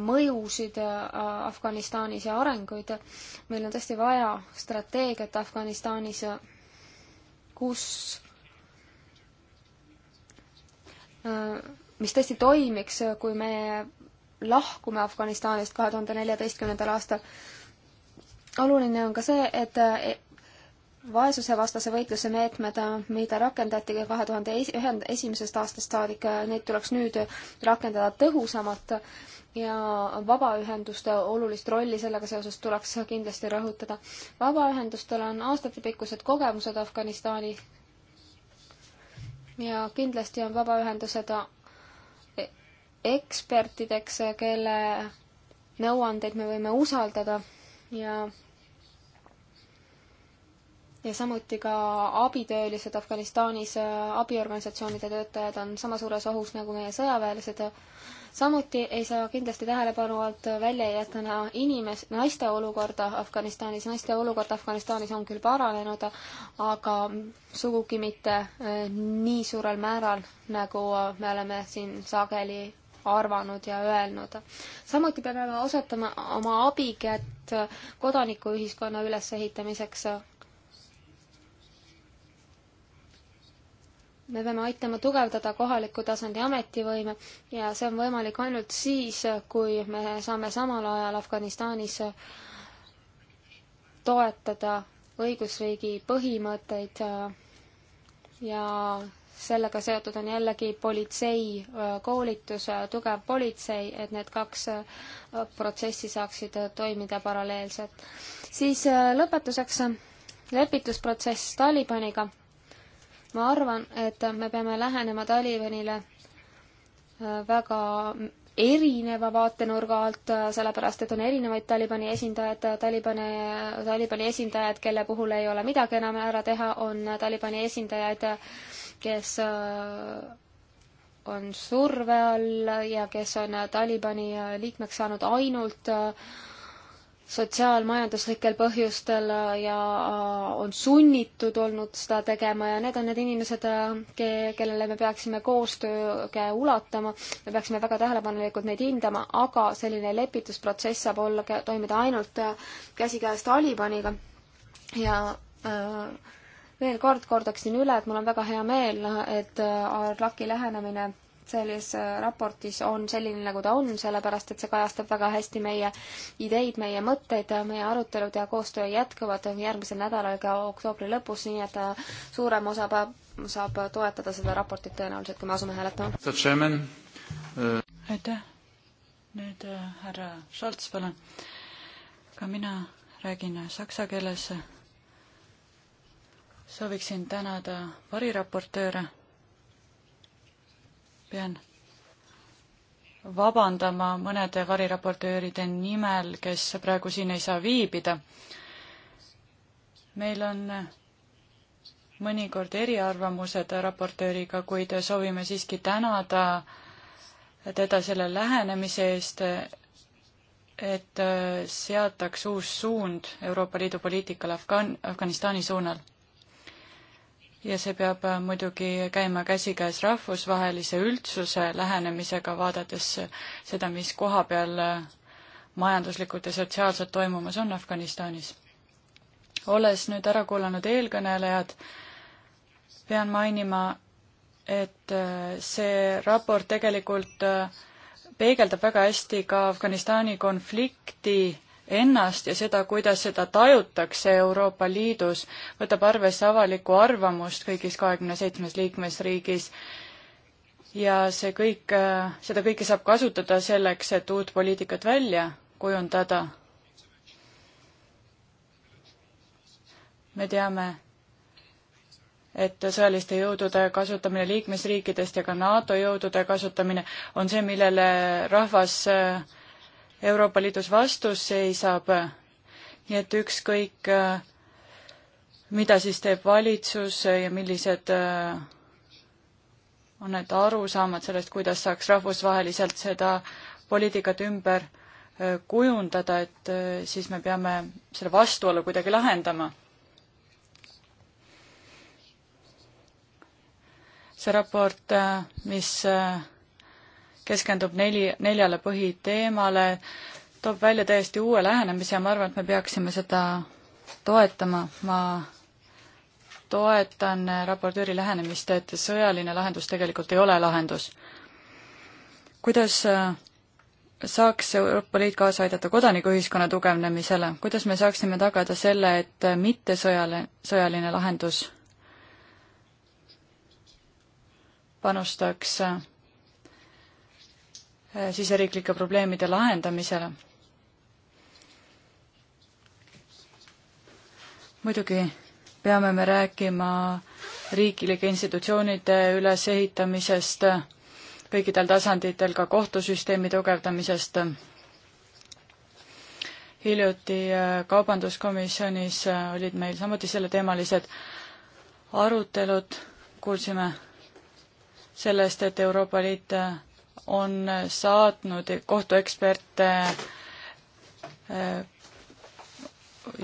mõjusid Afganistanis ja arenguid. meil on tõesti vaja strateegiat Afganistanis, kus, mis tõesti toimiks, kui meie lahkume Afganistanist kahe tuhande neljateistkümnendal aastal. oluline on ka see, et eh, vaesusevastase võitluse meetmed, eh, mida rakendati kahe tuhande esimesest aastast saadik, eh, neid tuleks nüüd rakendada tõhusamalt ja vabaühenduste olulist rolli sellega seoses tuleks kindlasti rõhutada. vabaühendustel on aastatepikkused kogemused Afganistani ja kindlasti on vabaühendused ekspertideks, kelle nõuandeid me võime usaldada ja ja samuti ka abitöölised Afganistanis, abiorganisatsioonide töötajad on sama suures ohus nagu meie sõjaväelased. samuti ei saa kindlasti tähelepanu alt välja jätta inimes-, naiste olukorda Afganistanis. naiste olukord Afganistanis on küll paranenud, aga sugugi mitte eh, nii suurel määral, nagu me oleme siin sageli arvanud ja öelnud. samuti peame osutama oma abikätt kodanikuühiskonna ülesehitamiseks. me peame aitama tugevdada kohaliku tasandi ametivõime ja see on võimalik ainult siis, kui me saame samal ajal Afganistanis toetada õigusriigi põhimõtteid ja sellega seotud on jällegi politsei koolitus, tugev politsei, et need kaks protsessi saaksid toimida paralleelselt. siis lõpetuseks lepitusprotsess Talibaniga. ma arvan, et me peame lähenema Talibanile väga erineva vaatenurga alt, sellepärast et on erinevaid Talibani esindajad, Talibani, Talibani esindajad, kelle puhul ei ole midagi enam ära teha, on Talibani esindajad, kes äh, on surve all ja kes on äh, Talibani äh, liikmeks saanud ainult sotsiaalmajanduslikel põhjustel ja on sunnitud olnud seda tegema ja need on need inimesed, kellele me peaksime koostööga ulatama. me peaksime väga tähelepanelikult neid hindama, aga selline lepitusprotsess saab olla, toimida ainult käsikäes Talibaniga ja äh, veel kord kordaksin üle, et mul on väga hea meel, et äh, RLAK-i lähenemine selles äh, raportis on selline, nagu ta on, sellepärast et see kajastab väga hästi meie ideid, meie mõtteid, meie arutelud ja koostöö jätkuvad järgmisel nädalal ka oktoobri lõpus, nii et äh, suurem osa päev saab toetada seda raportit tõenäoliselt, kui me asume hääletama. aitäh. nüüd härra Šolts, palun. ka mina räägin saksa keeles sooviksin tänada variraportööre. pean vabandama mõnede variraportööride nimel, kes praegu siin ei saa viibida. meil on mõnikord eriarvamused raportööriga, kuid soovime siiski tänada teda selle lähenemise eest, et seataks uus suund Euroopa Liidu poliitikale Afgan-, Afganistani suunal ja see peab äh, muidugi käima käsikäes rahvusvahelise üldsuse lähenemisega, vaadates äh, seda, mis koha peal äh, majanduslikult ja sotsiaalselt toimumas on Afganistanis. olles nüüd ära kuulanud eelkõnelejad, pean mainima, et see raport tegelikult peegeldab väga hästi ka Afganistani konflikti ennast ja seda, kuidas seda tajutakse Euroopa Liidus, võtab arvesse avalikku arvamust kõigis kahekümne seitsmes liikmesriigis ja see kõik, seda kõike saab kasutada selleks, et uut poliitikat välja kujundada. me teame, et sõjaliste jõudude kasutamine liikmesriikidest ja ka NATO jõudude kasutamine on see, millele rahvas äh, Euroopa Liidus vastus seisab, nii et ükskõik, äh, mida siis teeb valitsus ja millised äh, on need arusaamad sellest, kuidas saaks rahvusvaheliselt seda poliitikat ümber äh, kujundada, et siis me peame selle vastuolu kuidagi lahendama. see raport, mis keskendub neli, neljale põhiteemale, toob välja täiesti uue lähenemise ja ma arvan, et me peaksime seda toetama, ma toetan raportööri lähenemist, et sõjaline lahendus tegelikult ei ole lahendus. kuidas äh, saaks Euroopa Liit kaasa aidata kodanikuühiskonna tugevnemisele, kuidas me saaksime tagada selle, et mitte sõjale, sõjaline lahendus panustaks äh, Äh, siseriiklike probleemide lahendamisele. muidugi peame me rääkima riiklike institutsioonide ülesehitamisest, kõikidel tasanditel ka kohtusüsteemi tugevdamisest. hiljuti äh, Kaubanduskomisjonis äh, olid meil samuti selleteemalised arutelud, kuulsime sellest, et Euroopa Liit on saatnud kohtueksperte, äh,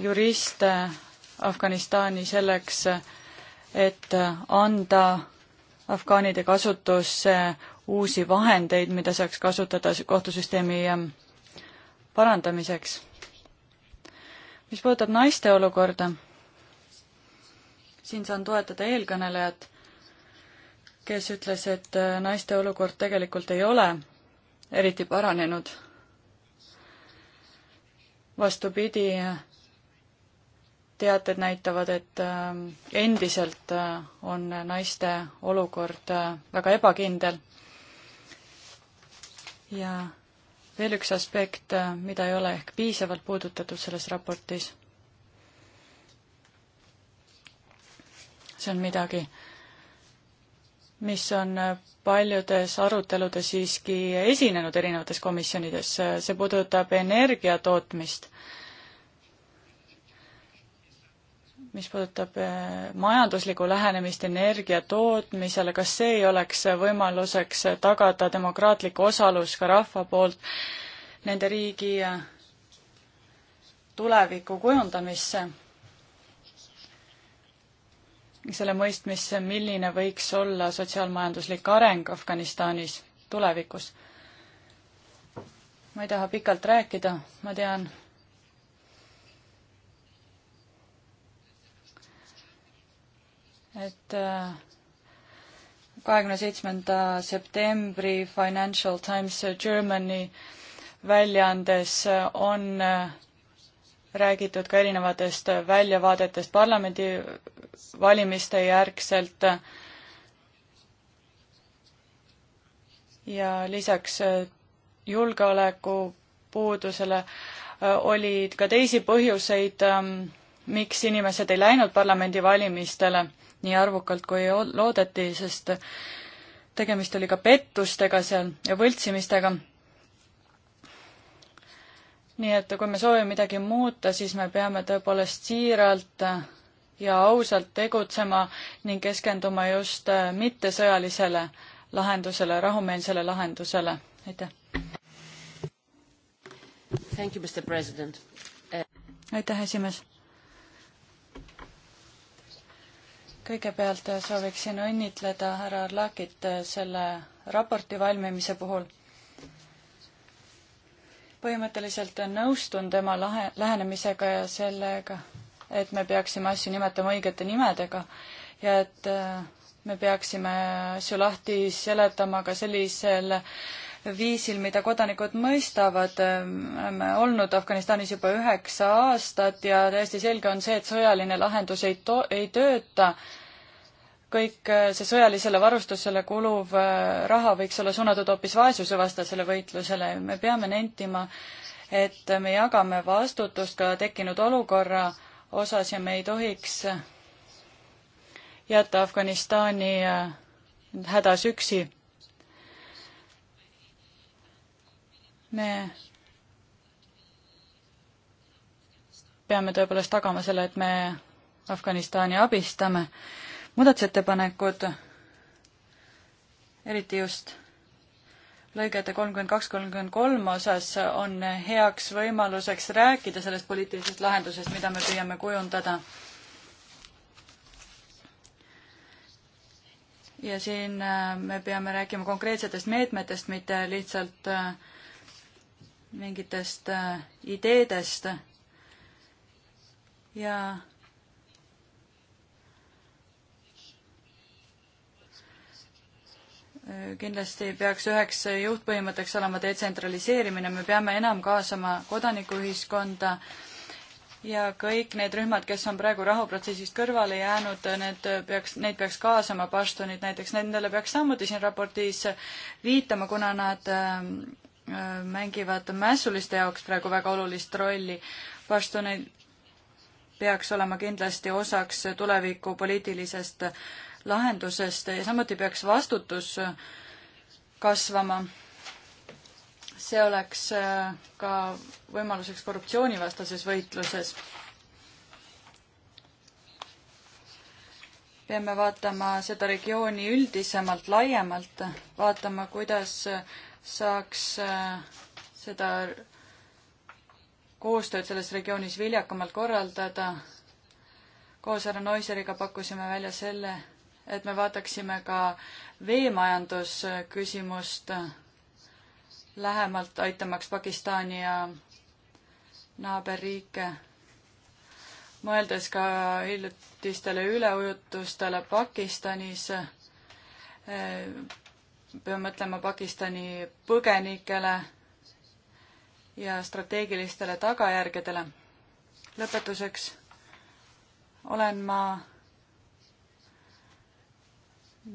juriste Afganistani selleks, et anda afgaanide kasutusse uusi vahendeid, mida saaks kasutada kohtusüsteemi ähm, parandamiseks. mis puudutab naiste olukorda, siin saan toetada eelkõnelejat kes ütles, et äh, naiste olukord tegelikult ei ole eriti paranenud. vastupidi, teated näitavad, et äh, endiselt äh, on naiste olukord väga ebakindel. ja veel üks aspekt, mida ei ole ehk piisavalt puudutatud selles raportis. see on midagi, mis on paljudes aruteludes siiski esinenud erinevates komisjonides, see puudutab energia tootmist, mis puudutab eh, majanduslikku lähenemist energia tootmisele, kas see ei oleks võimaluseks tagada demokraatlik osalus ka rahva poolt nende riigi eh, tuleviku kujundamisse? selle mõistmisse, milline võiks olla sotsiaalmajanduslik areng Afganistanis tulevikus. ma ei taha pikalt rääkida, ma tean, et äh, kahekümne seitsmenda septembri Financial Times Germany väljaandes on äh, räägitud ka erinevatest väljavaadetest parlamendivalimiste järgselt. ja lisaks julgeoleku puudusele äh, olid ka teisi põhjuseid, ähm, miks inimesed ei läinud parlamendivalimistele nii arvukalt, kui loodeti, sest tegemist oli ka pettustega seal ja võltsimistega nii et kui me soovime midagi muuta, siis me peame tõepoolest siiralt ja ausalt tegutsema ning keskenduma just mittesõjalisele lahendusele, rahumeelsele lahendusele. aitäh! aitäh, esimees! kõigepealt sooviksin õnnitleda härra Arlakit selle raporti valmimise puhul põhimõtteliselt nõustun tema lahe, lähenemisega ja sellega, et me peaksime asju nimetama õigete nimedega ja et äh, me peaksime asju lahti seletama ka sellisel viisil, mida kodanikud mõistavad. me oleme olnud Afganistanis juba üheksa aastat ja täiesti selge on see, et sõjaline lahendus ei to-, ei tööta kõik äh, see sõjalisele varustusele kuluv äh, raha võiks olla suunatud hoopis vaesusevastasele võitlusele. me peame nentima, et me jagame vastutust ka tekkinud olukorra osas ja me ei tohiks jätta Afganistani äh, hädas üksi. me peame tõepoolest tagama selle, et me Afganistani abistame muudatusettepanekud, eriti just lõigete kolmkümmend kaks, kolmkümmend kolm osas on heaks võimaluseks rääkida sellest poliitilisest lahendusest, mida me püüame kujundada. ja siin äh, me peame rääkima konkreetsetest meetmetest, mitte lihtsalt äh, mingitest äh, ideedest. ja kindlasti peaks üheks juhtpõhimõtteks olema detsentraliseerimine, me peame enam kaasama kodanikuühiskonda ja kõik need rühmad, kes on praegu rahuprotsessist kõrvale jäänud, need peaks, neid peaks kaasama, paštunid näiteks, nendele peaks samuti siin raportis viitama, kuna nad äh, mängivad mässuliste jaoks praegu väga olulist rolli. paštunid peaks olema kindlasti osaks tuleviku poliitilisest äh, lahendusest ja samuti peaks vastutus äh, kasvama. see oleks äh, ka võimaluseks korruptsioonivastases võitluses. peame vaatama seda regiooni üldisemalt, laiemalt, vaatama, kuidas äh, saaks seda koostööd selles regioonis viljakamalt korraldada. koos härra Noiseriga pakkusime välja selle, et me vaataksime ka veemajandusküsimust lähemalt, aitamaks Pakistani ja naaberriike. mõeldes ka hiljutistele üleujutustele Pakistanis, peame mõtlema Pakistani põgenikele ja strateegilistele tagajärgedele. lõpetuseks olen ma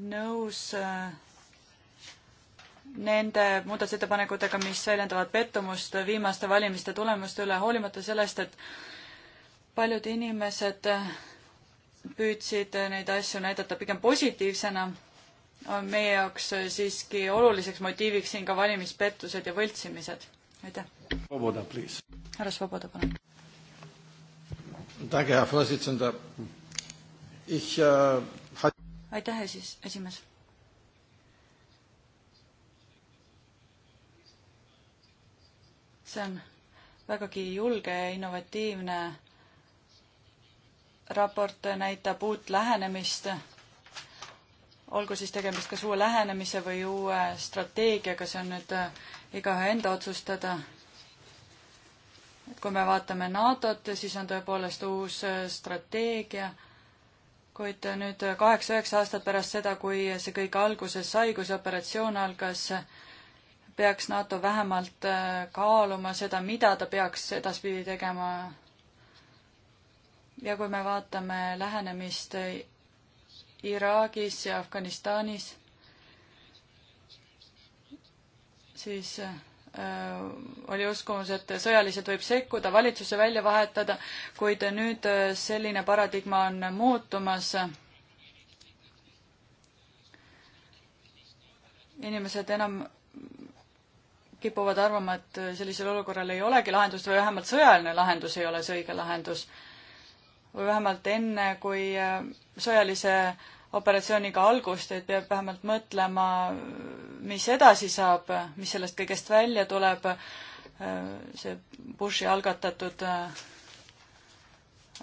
nõus äh, nende muudatusettepanekutega, mis väljendavad pettumust viimaste valimiste tulemuste üle, hoolimata sellest, et paljud inimesed äh, püüdsid äh, neid asju näidata pigem positiivsena, on meie jaoks siiski oluliseks motiiviks siin ka valimispettused ja võltsimised. aitäh! härra Svoboda, palun! Danke, Herr Vorsitzender. Ich äh, aitäh, esis-, esimees. see on vägagi julge ja innovatiivne raport, näitab uut lähenemist, olgu siis tegemist kas uue lähenemise või uue strateegiaga, see on nüüd äh, igaühe enda otsustada et kui me vaatame NATO-t, siis on tõepoolest uus äh, strateegia kuid nüüd kaheksa-üheksa aastat pärast seda, kui see kõik alguse sai, kui see operatsioon algas, peaks NATO vähemalt äh, kaaluma seda, mida ta peaks edaspidi tegema. ja kui me vaatame lähenemist Iraagis ja Afganistanis, siis äh, Äh, oli uskumus, et sõjaliselt võib sekkuda, valitsuse välja vahetada, kuid nüüd äh, selline paradigma on muutumas. inimesed enam kipuvad arvama, et sellisel olukorral ei olegi lahendust või vähemalt sõjaline lahendus ei ole see õige lahendus. või vähemalt enne, kui äh, sõjalise äh, operatsiooniga algust, et peab vähemalt mõtlema, mis edasi saab, mis sellest kõigest välja tuleb, see Bushi algatatud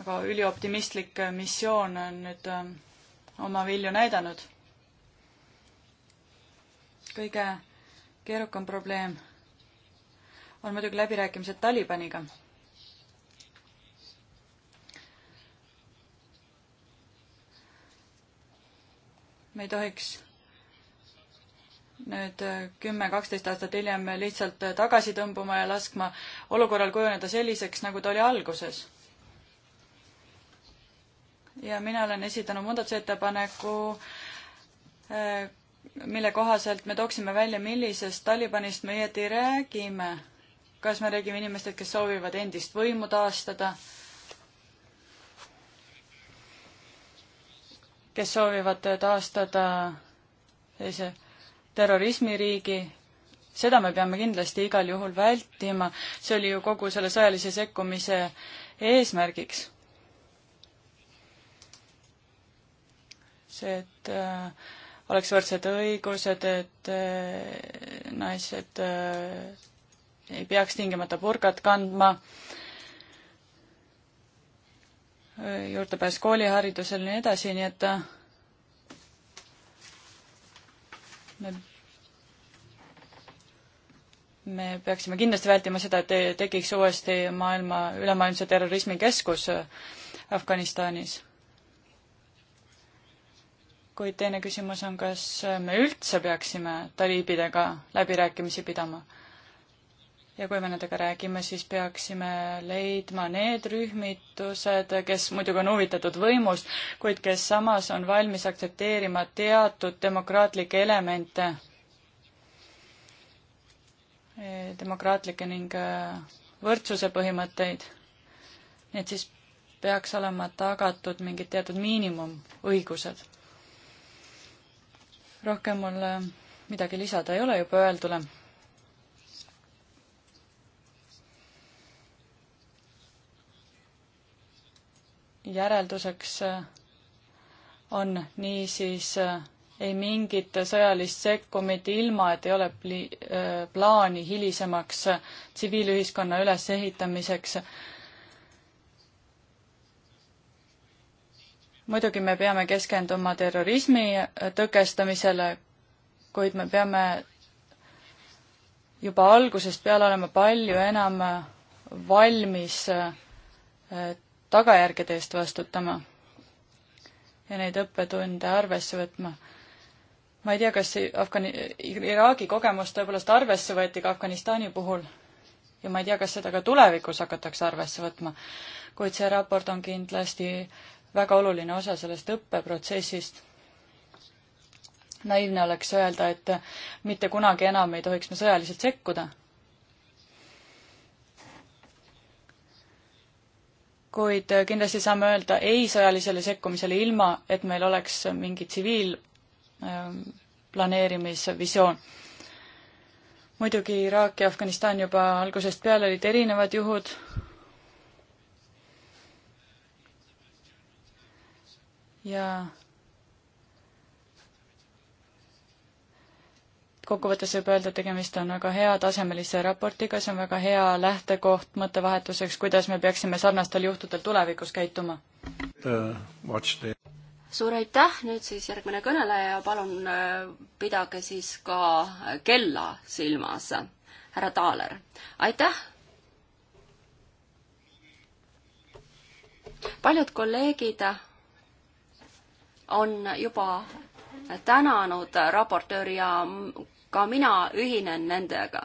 aga ülioptimistlik missioon on nüüd oma vilju näidanud. kõige keerukam probleem on muidugi läbirääkimised Talibaniga me ei tohiks nüüd äh, kümme, kaksteist aastat hiljem lihtsalt äh, tagasi tõmbuma ja laskma olukorral kujuneda selliseks, nagu ta oli alguses. ja mina olen esitanud muudatusettepaneku, äh, mille kohaselt me tooksime välja, millisest Talibanist me õieti räägime. kas me räägime inimestest, kes soovivad endist võimu taastada kes soovivad taastada sellise äh, terrorismiriigi, seda me peame kindlasti igal juhul vältima, see oli ju kogu selle sõjalise sekkumise eesmärgiks. see, et äh, oleks võrdsed õigused, et äh, naised äh, ei peaks tingimata purgat kandma äh,, juurdepääs kooliharidusele ja nii edasi, nii et äh, me, me peaksime kindlasti vältima seda, et tekiks uuesti maailma, ülemaailmse terrorismikeskus äh, Afganistanis. kuid teine küsimus on, kas äh, me üldse peaksime taliibidega läbirääkimisi pidama ja kui me nendega räägime, siis peaksime leidma need rühmitused, kes muidugi on huvitatud võimust, kuid kes samas on valmis aktsepteerima teatud demokraatlikke elemente, e, demokraatlikke ning e, võrdsuse põhimõtteid. nii et siis peaks olema tagatud mingid teatud miinimumõigused. rohkem mul midagi lisada ei ole juba öeldule järelduseks äh, on niisiis äh, ei mingit sõjalist sekkumit, ilma et ei ole pli, äh, plaani hilisemaks tsiviilühiskonna ülesehitamiseks. muidugi me peame keskenduma terrorismi tõkestamisele, kuid me peame juba algusest peale olema palju enam valmis tagajärgede eest vastutama ja neid õppetunde arvesse võtma. ma ei tea, kas Afgani-, Iraagi kogemus tõepoolest arvesse võeti ka Afganistani puhul ja ma ei tea, kas seda ka tulevikus hakatakse arvesse võtma, kuid see raport on kindlasti väga oluline osa sellest õppeprotsessist. naiivne oleks öelda, et mitte kunagi enam ei tohiks me sõjaliselt sekkuda kuid äh, kindlasti saame öelda ei sõjalisele sekkumisele, ilma et meil oleks mingi tsiviilplaneerimisvisioon. Ähm, muidugi Iraak ja Afganistan juba algusest peale olid erinevad juhud, ja kokkuvõttes võib öelda, et tegemist on väga hea tasemelise raportiga, see on väga hea lähtekoht mõttevahetuseks, kuidas me peaksime sarnastel juhtudel tulevikus käituma uh,. suur aitäh, nüüd siis järgmine kõneleja, palun äh, pidage siis ka kella silmas, härra Taaler, aitäh. paljud kolleegid on juba tänanud raportööri ja ka mina ühinen nendega.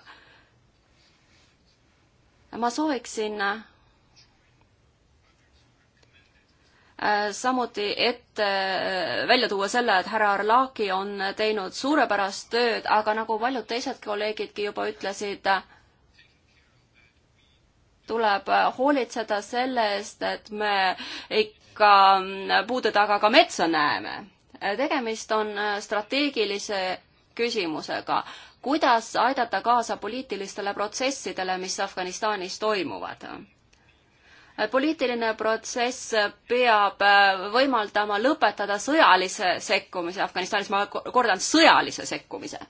ma sooviksin äh, samuti ette äh, välja tuua selle, et härra Arlaki on teinud suurepärast tööd, aga nagu paljud teised kolleegidki juba ütlesid, tuleb hoolitseda selle eest, et me ikka puude taga ka metsa näeme Äh, tegemist on äh, strateegilise küsimusega, kuidas aidata kaasa poliitilistele protsessidele, mis Afganistanis toimuvad äh, poliitiline protsess peab võimaldama lõpetada sõjalise sekkumise Afganistanis, ma kordan, sõjalise sekkumise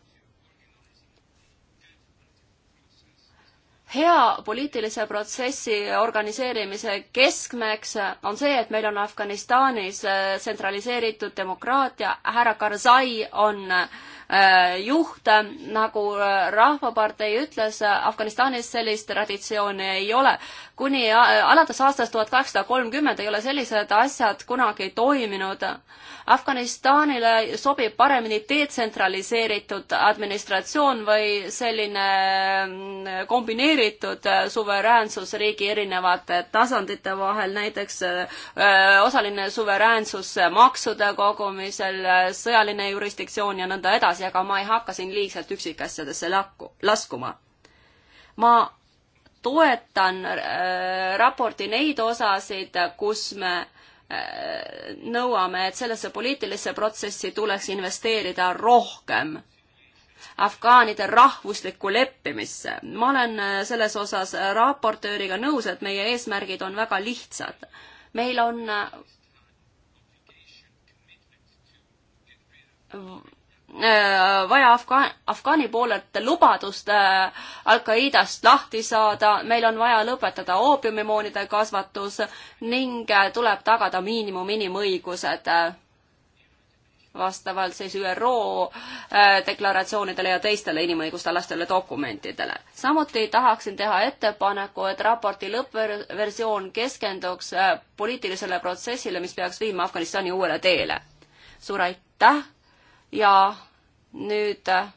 hea poliitilise protsessi organiseerimise keskmeks on see, et meil on Afganistanis äh, tsentraliseeritud demokraatia, härra Karzai on äh, juht, nagu äh, Rahvapartei ütles, Afganistanis sellist traditsiooni ei ole kuni alates aastast tuhat kaheksasada kolmkümmend ei ole sellised asjad kunagi toiminud. Afganistanile sobib paremini detsentraliseeritud administratsioon või selline mm, kombineeritud suveräänsus riigi erinevate tasandite vahel, näiteks äh, osaline suveräänsus maksude kogumisel, sõjaline jurisdiktsioon ja nõnda edasi, aga ma ei hakka siin liigselt üksikasjadesse lakku, laskuma. ma toetan äh, raporti neid osasid, kus me äh, nõuame, et sellesse poliitilisse protsessi tuleks investeerida rohkem afgaanide rahvuslikku leppimisse. ma olen äh, selles osas raportööriga nõus, et meie eesmärgid on väga lihtsad. meil on Äh, vaja Afga-, Afgaani poolelt lubadust äh, Al-Qaedast lahti saada, meil on vaja lõpetada oopiumimoonide kasvatus ning äh, tuleb tagada miinimum inimõigused vastavalt siis ÜRO deklaratsioonidele ja teistele inimõigustalastele dokumentidele. samuti tahaksin teha ettepaneku, et raporti lõppversioon keskenduks poliitilisele protsessile, mis peaks viima Afganistani uuele teele. suur aitäh! ja nüüd äh,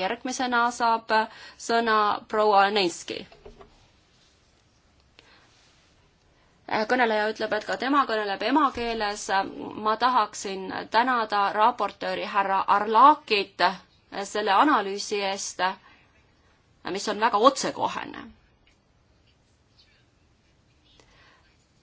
järgmisena saab sõna proua Neinski. Äh, kõneleja ütleb, et ka tema kõneleb emakeeles. ma tahaksin tänada raportööri härra Arlakit selle analüüsi eest, mis on väga otsekohene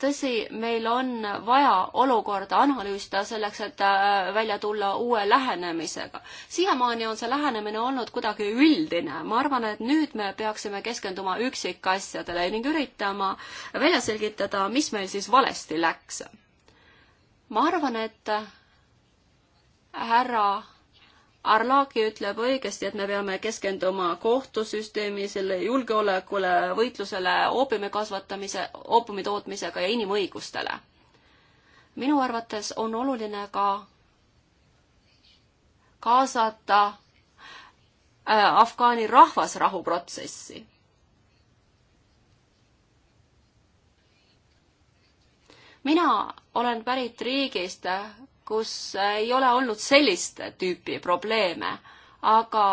tõsi, meil on vaja olukorda analüüsida selleks, et äh, välja tulla uue lähenemisega. siiamaani on see lähenemine olnud kuidagi üldine. ma arvan, et nüüd me peaksime keskenduma üksikasjadele ning üritama välja selgitada, mis meil siis valesti läks. ma arvan, et äh, härra Arlaki ütleb õigesti, et me peame keskenduma kohtusüsteemi, selle julgeolekule, võitlusele oopiumi kasvatamise, oopiumi tootmisega ja inimõigustele. minu arvates on oluline ka kaasata äh, Afgaani rahvas rahuprotsessi mina olen pärit riigist, kus ei ole olnud sellist tüüpi probleeme, aga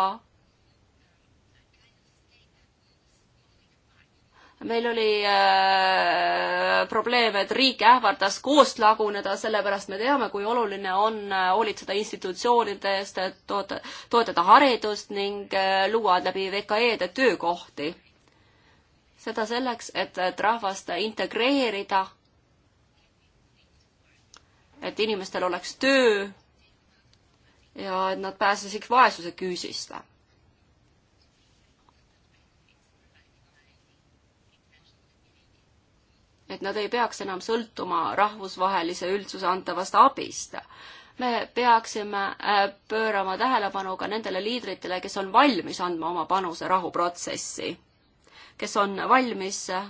meil oli äh, probleem, et riik ähvardas koost laguneda, sellepärast me teame, kui oluline on äh, hoolitseda institutsioonide eest, et toota, toetada haridust ning äh, luua läbi VKE-de töökohti. seda selleks, et, et rahvast integreerida et inimestel oleks töö ja et nad pääsesid vaesuse küüsist. et nad ei peaks enam sõltuma rahvusvahelise üldsuse antavast abist. me peaksime äh, pöörama tähelepanu ka nendele liidritele, kes on valmis andma oma panuse rahuprotsessi, kes on valmis äh,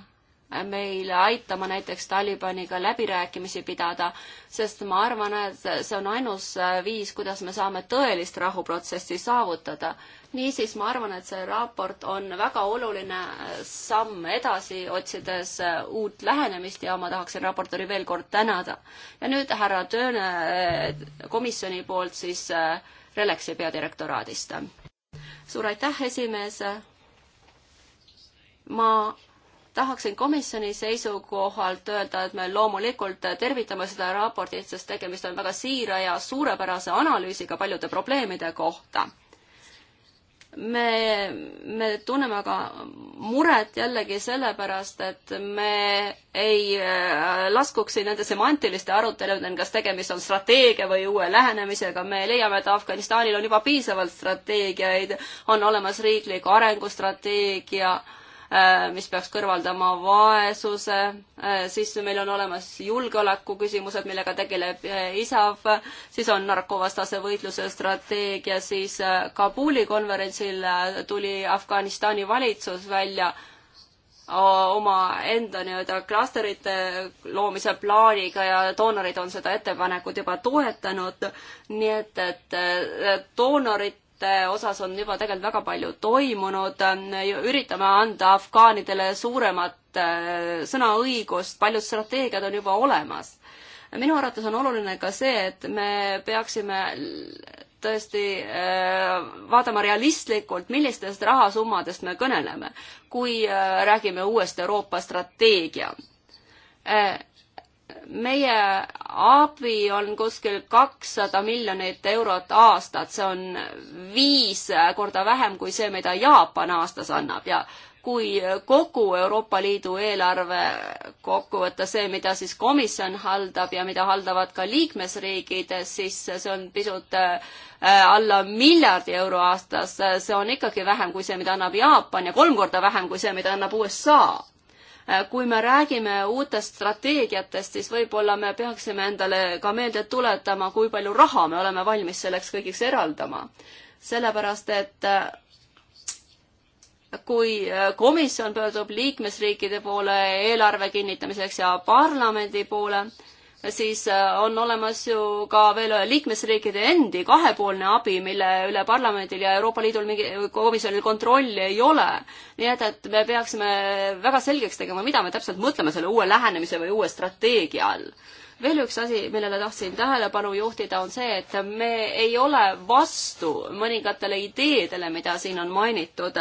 meil aitama näiteks Talibaniga läbirääkimisi pidada, sest ma arvan, et see on ainus viis, kuidas me saame tõelist rahuprotsessi saavutada. niisiis, ma arvan, et see raport on väga oluline samm edasi, otsides uut lähenemist ja ma tahaksin raportööri veel kord tänada. ja nüüd härra Tööne eh, komisjoni poolt siis eh, Relexi peadirektoraadist. suur aitäh, esimees! ma tahaksin komisjoni seisukohalt öelda, et me loomulikult tervitame seda raportit, sest tegemist on väga siira ja suurepärase analüüsiga paljude probleemide kohta. me, me tunneme aga muret jällegi sellepärast, et me ei äh, laskuks siin nende semantiliste aruteludeni, kas tegemist on strateegia või uue lähenemisega, me leiame, et Afganistanil on juba piisavalt strateegiaid, on olemas riiklik arengustrateegia Äh, mis peaks kõrvaldama vaesuse, äh, siis meil on olemas julgeoleku küsimused, millega tegeleb äh, ISAF, siis on narkovastase võitluse strateegia, siis Kabuli konverentsil tuli Afganistani valitsus välja omaenda nii-öelda klasterite loomise plaaniga ja doonorid on seda ettepanekut juba toetanud, nii et, et doonorid osas on juba tegelikult väga palju toimunud, üritame anda afgaanidele suuremat äh, sõnaõigust, paljud strateegiad on juba olemas. minu arvates on oluline ka see, et me peaksime tõesti äh, vaatama realistlikult, millistest rahasummadest me kõneleme, kui äh, räägime uuest Euroopa strateegia meie abi on kuskil kakssada miljonit eurot aastat, see on viis korda vähem kui see, mida Jaapan aastas annab ja kui kogu Euroopa Liidu eelarve kokku võtta, see, mida siis komisjon haldab ja mida haldavad ka liikmesriigid, siis see on pisut äh, alla miljardi euro aastas, see on ikkagi vähem kui see, mida annab Jaapan ja kolm korda vähem kui see, mida annab USA Äh, kui me räägime uutest strateegiatest, siis võib-olla me peaksime endale ka meelde tuletama, kui palju raha me oleme valmis selleks kõigiks eraldama. sellepärast, et äh, kui äh, komisjon pöördub liikmesriikide poole eelarve kinnitamiseks ja parlamendi poole, siis äh, on olemas ju ka veel liikmesriikide endi kahepoolne abi, mille üle parlamendil ja Euroopa Liidul mingi komisjonil kontrolli ei ole. nii et, et me peaksime väga selgeks tegema, mida me täpselt mõtleme selle uue lähenemise või uue strateegia all veel üks asi, millele tahtsin tähelepanu juhtida, on see, et me ei ole vastu mõningatele ideedele, mida siin on mainitud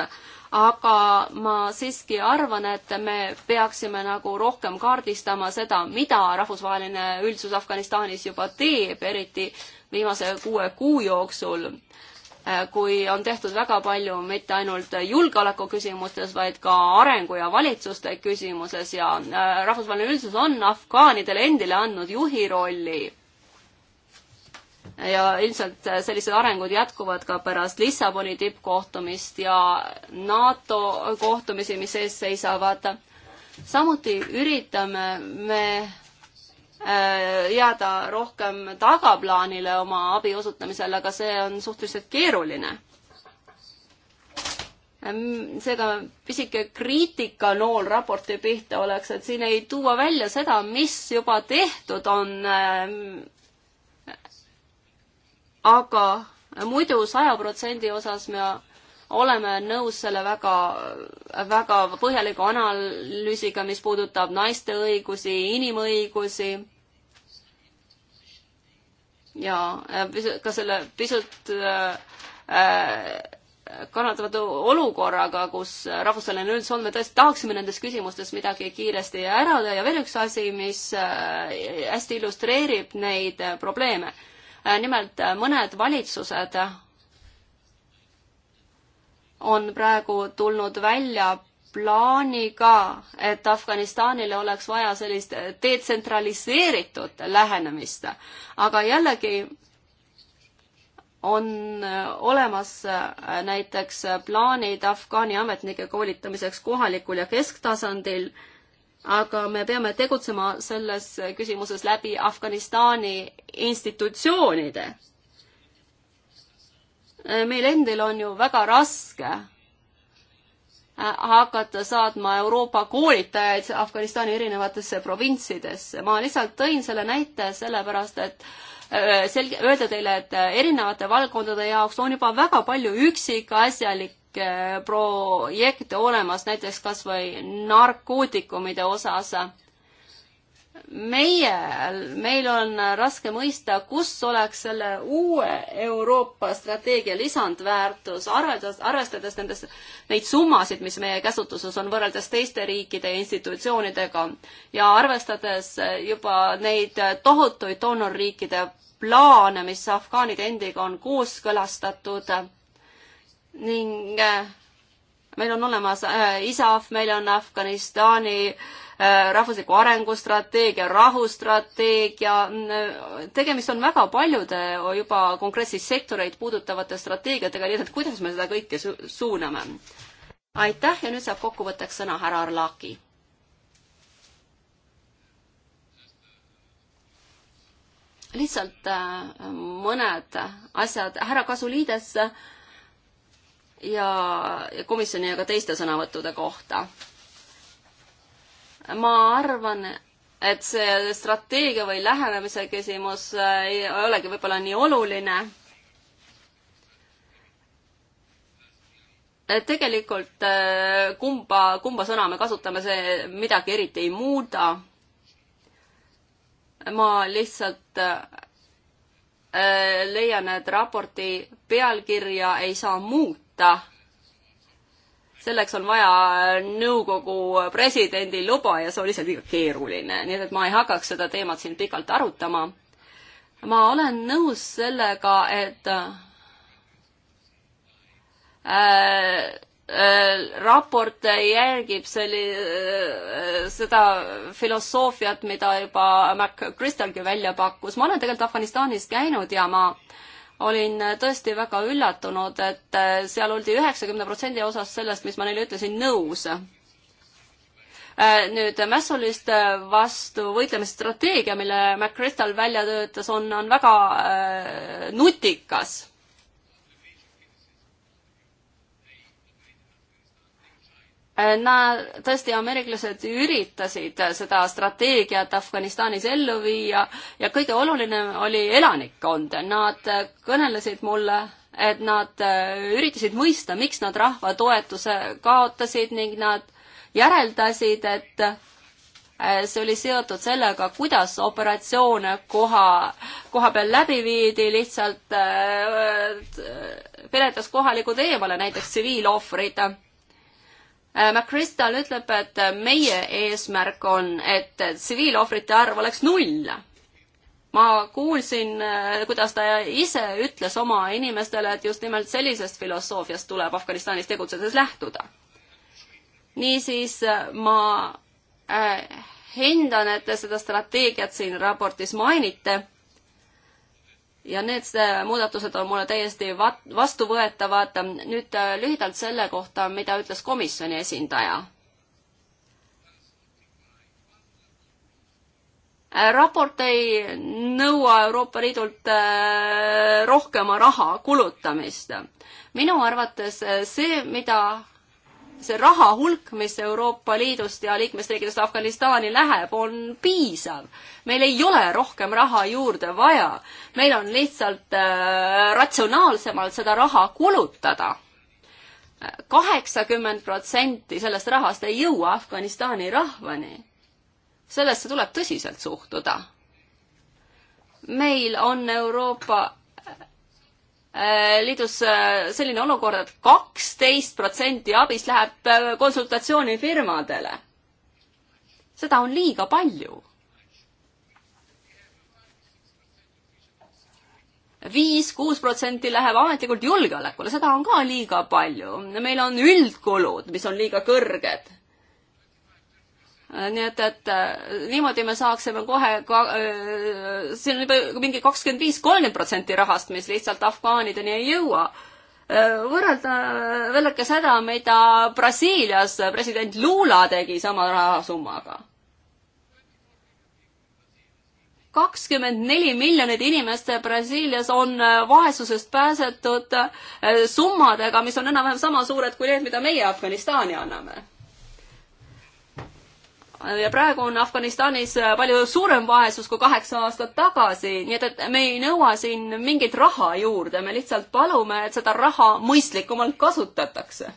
aga ma siiski arvan, et me peaksime nagu rohkem kaardistama seda, mida rahvusvaheline üldsus Afganistanis juba teeb, eriti viimase kuue kuu jooksul, äh, kui on tehtud väga palju mitte ainult julgeoleku küsimustes, vaid ka arengu ja valitsuste küsimuses ja äh, rahvusvaheline üldsus on afgaanidele endile andnud juhi rolli ja ilmselt sellised arengud jätkuvad ka pärast Lissaboni tippkohtumist ja NATO kohtumisi, mis ees seisavad. samuti üritame me äh, jääda rohkem tagaplaanile oma abi osutamisel, aga see on suhteliselt keeruline. seega pisike kriitikanool raporti pihta oleks, et siin ei tuua välja seda, mis juba tehtud on aga muidu saja protsendi osas me oleme nõus selle väga, väga põhjaliku analüüsiga, mis puudutab naiste õigusi, inimõigusi ja äh, ka selle pisut äh, äh kannatavad olukorraga, kus rahvusvaheline üldsus on, me tõesti tahaksime nendes küsimustes midagi kiiresti ära teha ja veel üks asi, mis äh, hästi illustreerib neid probleeme Äh, nimelt äh, mõned valitsused on praegu tulnud välja plaaniga, et Afganistanile oleks vaja sellist detsentraliseeritud lähenemist. aga jällegi on äh, olemas näiteks plaanid Afgaani ametnike koolitamiseks kohalikul ja kesktasandil aga me peame tegutsema selles küsimuses läbi Afganistani institutsioonide. meil endil on ju väga raske hakata saatma Euroopa koolitajaid Afganistani erinevatesse provintsidesse. ma lihtsalt tõin selle näite sellepärast, et äh, selge, öelda teile, et erinevate valdkondade jaoks on juba väga palju üksikasjalik, projekte olemas, näiteks kas või narkootikumide osas. meie, meil on raske mõista, kus oleks selle uue Euroopa strateegia lisandväärtus, arvestades, arvestades nendes, neid summasid, mis meie käsutuses on võrreldes teiste riikide institutsioonidega ja arvestades juba neid tohutuid doonorriikide plaane, mis afgaanide endiga on kooskõlastatud ning äh, meil on olemas äh, ISAF, meil on Afganistani äh, rahvusliku arengustrateegia, rahustrateegia, mm, tegemist on väga paljude juba konkreetseid sektoreid puudutavate strateegiatega, nii et kuidas me seda kõike su suuname. aitäh ja nüüd saab kokkuvõtteks sõna härra Arlaki. lihtsalt mõned asjad, härra Kasuliides äh, ja komisjoni ja ka teiste sõnavõttude kohta. ma arvan, et see strateegia või lähenemise küsimus äh, ei olegi võib-olla nii oluline. tegelikult äh, kumba, kumba sõna me kasutame, see midagi eriti ei muuda. ma lihtsalt äh, leian, et raporti pealkirja ei saa muuta võtta. selleks on vaja nõukogu presidendi luba ja see on lihtsalt liiga keeruline, nii et ma ei hakkaks seda teemat siin pikalt arutama. ma olen nõus sellega, et äh, äh raport järgib selli-, äh, seda filosoofiat, mida juba Mac Crystalgi välja pakkus. ma olen tegelikult Afganistanis käinud ja ma äh, olin tõesti väga üllatunud, et eh, seal oldi üheksakümne protsendi osas sellest, mis ma neile ütlesin, nõus. Eh, nüüd mässuliste eh, vastu võitlemisstrateegia, mille McChrystal välja töötas, on, on väga nutikas Äh, nad, tõesti ameeriklased üritasid seda strateegiat Afganistanis ellu viia ja kõige oluline oli elanikkond. Nad äh, kõnelesid mulle, et nad äh, üritasid mõista, miks nad rahva toetuse kaotasid ning nad järeldasid, et see oli seotud sellega, kuidas operatsioone koha, koha peal läbi viidi, lihtsalt peletas kohalikud eemale, näiteks tsiviilohvrid Äh, MacRistal ütleb, et äh, meie eesmärk on, et tsiviilohvrite arv oleks null. ma kuulsin, äh, kuidas ta ise ütles oma inimestele, et just nimelt sellisest filosoofiast tuleb Afganistanis tegutsedes lähtuda. niisiis ma hindan, et te seda strateegiat siin raportis mainite ja need äh, muudatused on mulle täiesti vastuvõetavad. nüüd äh, lühidalt selle kohta, mida ütles komisjoni esindaja. Äh, raport ei nõua Euroopa Liidult rohkema raha kulutamist. minu arvates see, mida see raha hulk, mis Euroopa Liidust ja liikmesriikidest Afganistani läheb, on piisav. meil ei ole rohkem raha juurde vaja. meil on lihtsalt äh, ratsionaalsemalt seda raha kulutada. kaheksakümmend protsenti sellest rahast ei jõua Afganistani rahvani. sellesse tuleb tõsiselt suhtuda. meil on Euroopa Äh, liidus äh, selline olukord et, et kaksteist protsenti abist läheb äh, konsultatsioonifirmadele. seda on liiga palju. viis-kuus protsenti läheb ametlikult julgeolekule, seda on ka liiga palju. meil on üldkulud, mis on liiga kõrged Äh, nii et, et äh, niimoodi me saaksime kohe ka, äh, siin on juba mingi kakskümmend viis, kolmkümmend protsenti rahast, mis lihtsalt afgaanideni ei jõua. võrrelda võrrelge seda, mida Brasiilias president Lula tegi sama rahasummaga kakskümmend neli miljonit inimest Brasiilias on vaesusest pääsetud summadega, mis on enam-vähem sama suured kui need, mida meie Afganistani anname ja praegu on Afganistanis palju suurem vaesus kui kaheksa aastat tagasi, nii et, et me ei nõua siin mingit raha juurde, me lihtsalt palume, et seda raha mõistlikumalt kasutatakse.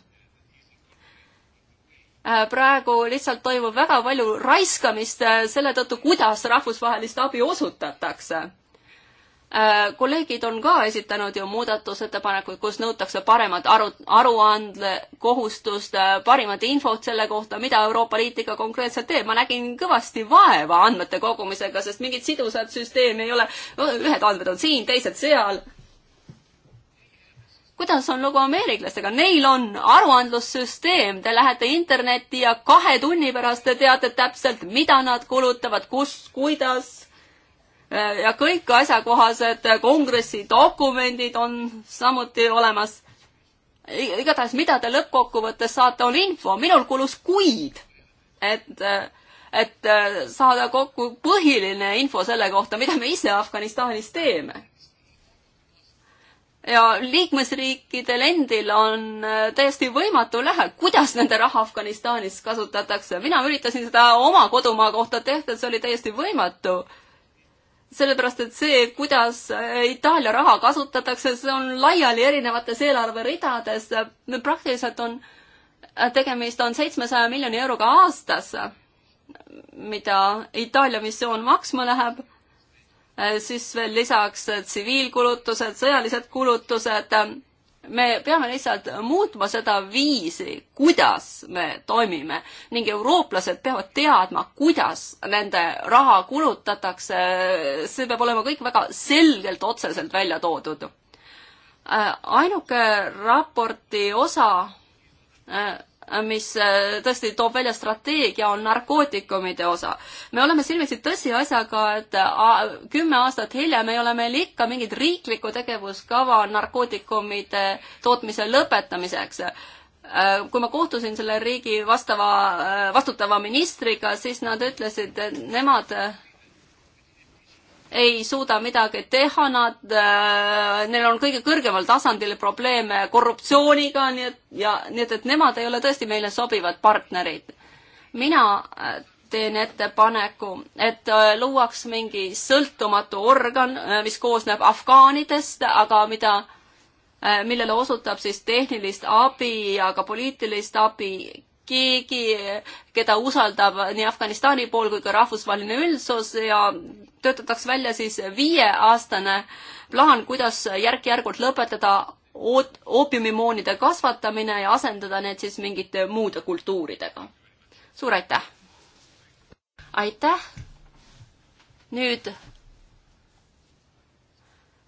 Äh, praegu lihtsalt toimub väga palju raiskamist äh, selle tõttu, kuidas rahvusvahelist abi osutatakse Äh, kolleegid on ka esitanud ju muudatusettepanekuid, kus nõutakse paremat aru, aruandekohustust, äh, parimat infot selle kohta, mida Euroopa Liit ikka konkreetselt teeb. ma nägin kõvasti vaeva andmete kogumisega, sest mingit sidusat süsteemi ei ole. ühed andmed on siin, teised seal. kuidas on lugu ameeriklastega? Neil on aruandlussüsteem, te lähete internetti ja kahe tunni pärast te teate täpselt, mida nad kulutavad, kus, kuidas ja kõik asjakohased kongressi dokumendid on samuti olemas. igatahes, mida te lõppkokkuvõttes saate, on info, minul kulus kuid, et, et saada kokku põhiline info selle kohta, mida me ise Afganistanis teeme. ja liikmesriikidel endil on täiesti võimatu lähe, kuidas nende raha Afganistanis kasutatakse, mina üritasin seda oma kodumaa kohta tehta, see oli täiesti võimatu sellepärast, et see, kuidas äh, Itaalia raha kasutatakse, see on laiali erinevates eelarveridades. praktiliselt on, äh, tegemist on seitsmesaja miljoni euroga aastas, mida Itaalia missioon maksma läheb. Äh, siis veel lisaks tsiviilkulutused, sõjalised kulutused me peame lihtsalt muutma seda viisi, kuidas me toimime ning eurooplased peavad teadma, kuidas nende raha kulutatakse. see peab olema kõik väga selgelt otseselt välja toodud. Äh, ainuke raporti osa äh, mis äh, tõesti toob välja strateegia, on narkootikumide osa. me oleme silmitsi tõsiasjaga, et äh, kümme aastat hiljem ei ole meil ikka mingit riiklikku tegevuskava narkootikumide tootmise lõpetamiseks. Äh, kui ma kohtusin selle riigi vastava, vastutava ministriga, siis nad ütlesid, et nemad ei suuda midagi teha, nad, äh, neil on kõige kõrgemal tasandil probleeme korruptsiooniga, nii et ja nii et, et nemad ei ole tõesti meile sobivad partnerid. mina äh, teen ettepaneku, et äh, luuaks mingi sõltumatu organ, mis koosneb afgaanidest, aga mida, millele osutab siis tehnilist abi ja ka poliitilist abi keegi, keda usaldab nii Afganistani pool kui ka rahvusvaheline üldsus ja töötatakse välja siis viieaastane plaan, kuidas järk-järgult lõpetada oot-, oopiumimoonide kasvatamine ja asendada need siis mingite muude kultuuridega. suur aitäh! aitäh! nüüd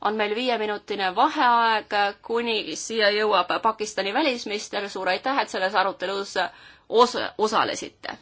on meil viieminutine vaheaeg, kuni siia jõuab Pakistani välisminister. suur aitäh, et selles arutelus os-, osalesite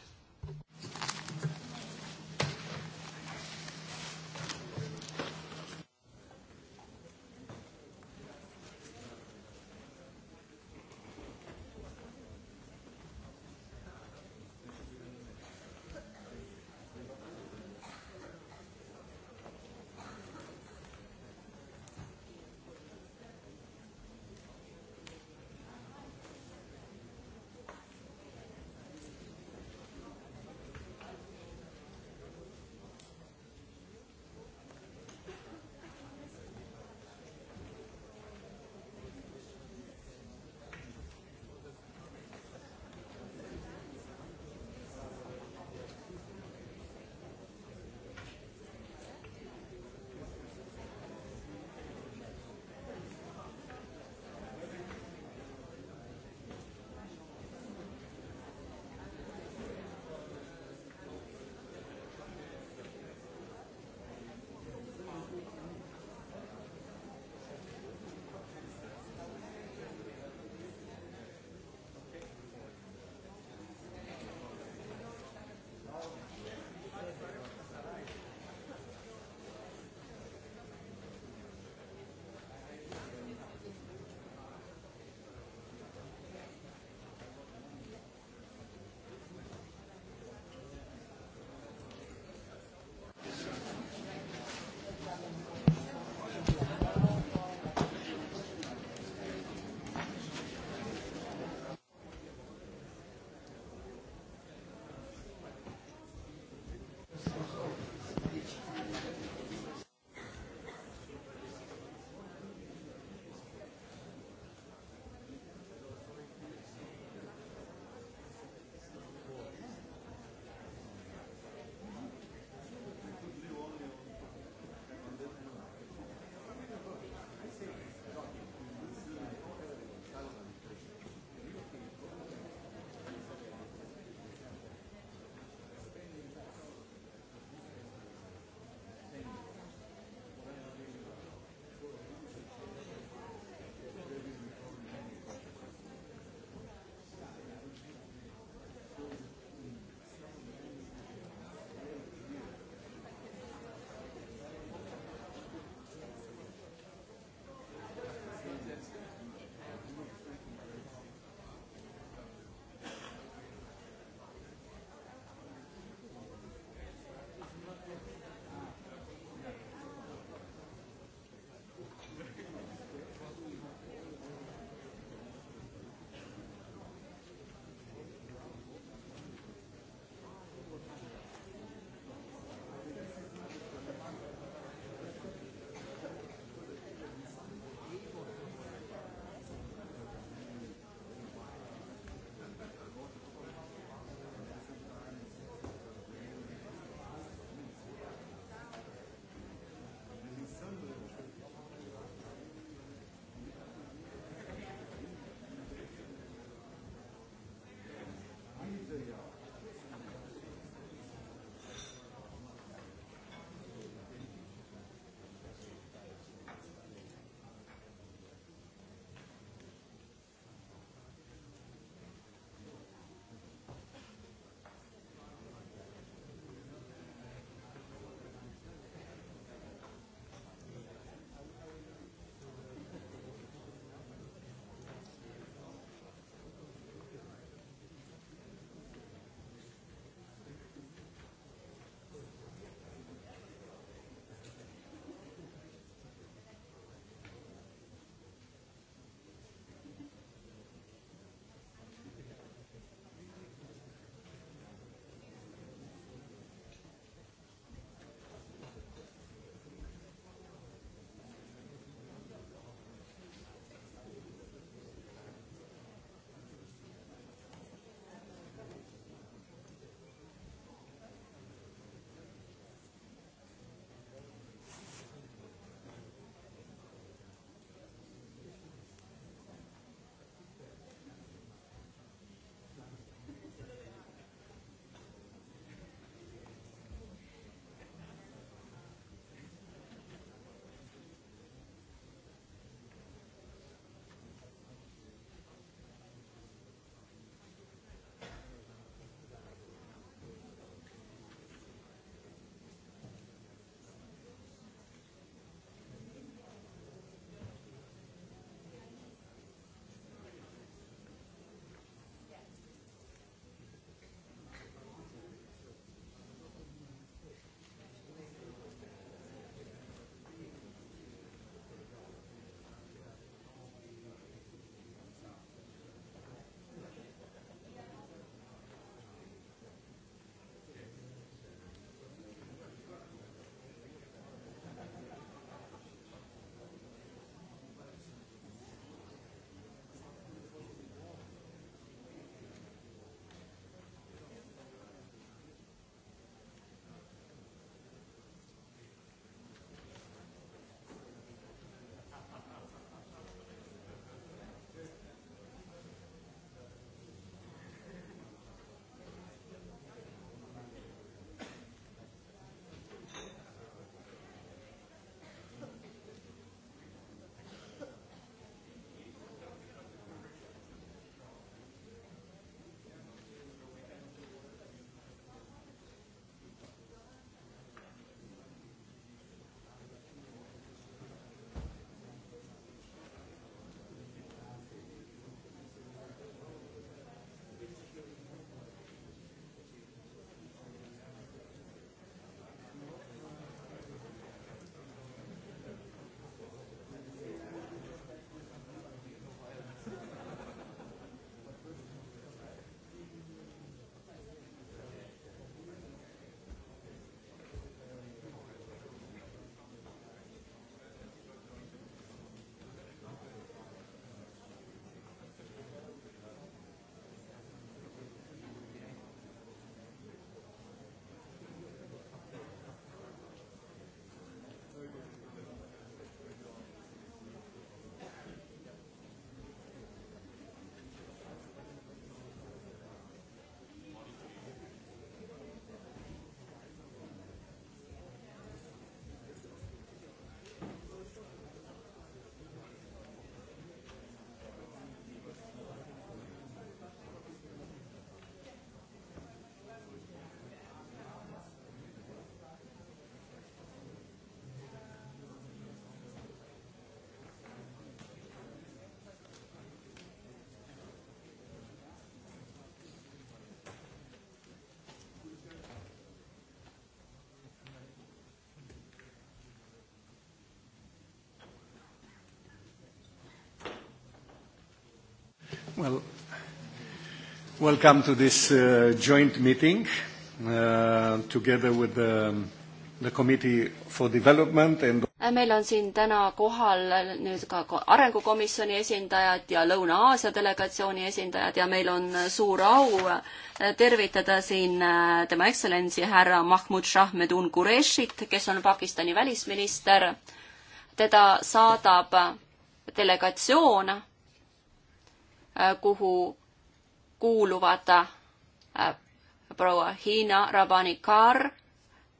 Well, welcome to this uh, joint meeting uh, together with the, the Committee for Development and äh, meil on siin täna kohal äh, nüüd ka Arengukomisjoni esindajad ja Lõuna-Aasia delegatsiooni esindajad ja meil on äh, suur au tervitada siin tema ekstsellentsi härra Mahmud Shahmedun Qureshit, kes on Pakistani välisminister. teda saadab delegatsioon Äh, kuhu kuuluvad äh, proua Hiina Rabanikar,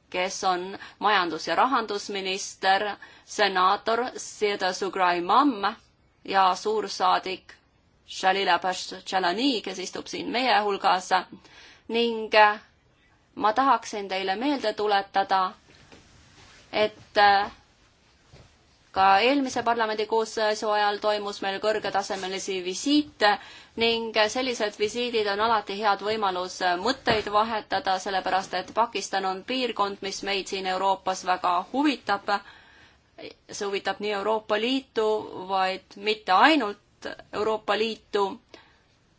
kes on majandus- ja rahandusminister, senaator Seda Sugraimam ja suursaadik Shalila Pashtšalani, kes istub siin meie hulgas ning äh, ma tahaksin teile meelde tuletada, et ka eelmise parlamendi koosseisu ajal toimus meil kõrgetasemelisi visiite ning sellised visiidid on alati head võimalus mõtteid vahetada, sellepärast et Pakistan on piirkond, mis meid siin Euroopas väga huvitab. see huvitab nii Euroopa Liitu, vaid mitte ainult Euroopa Liitu.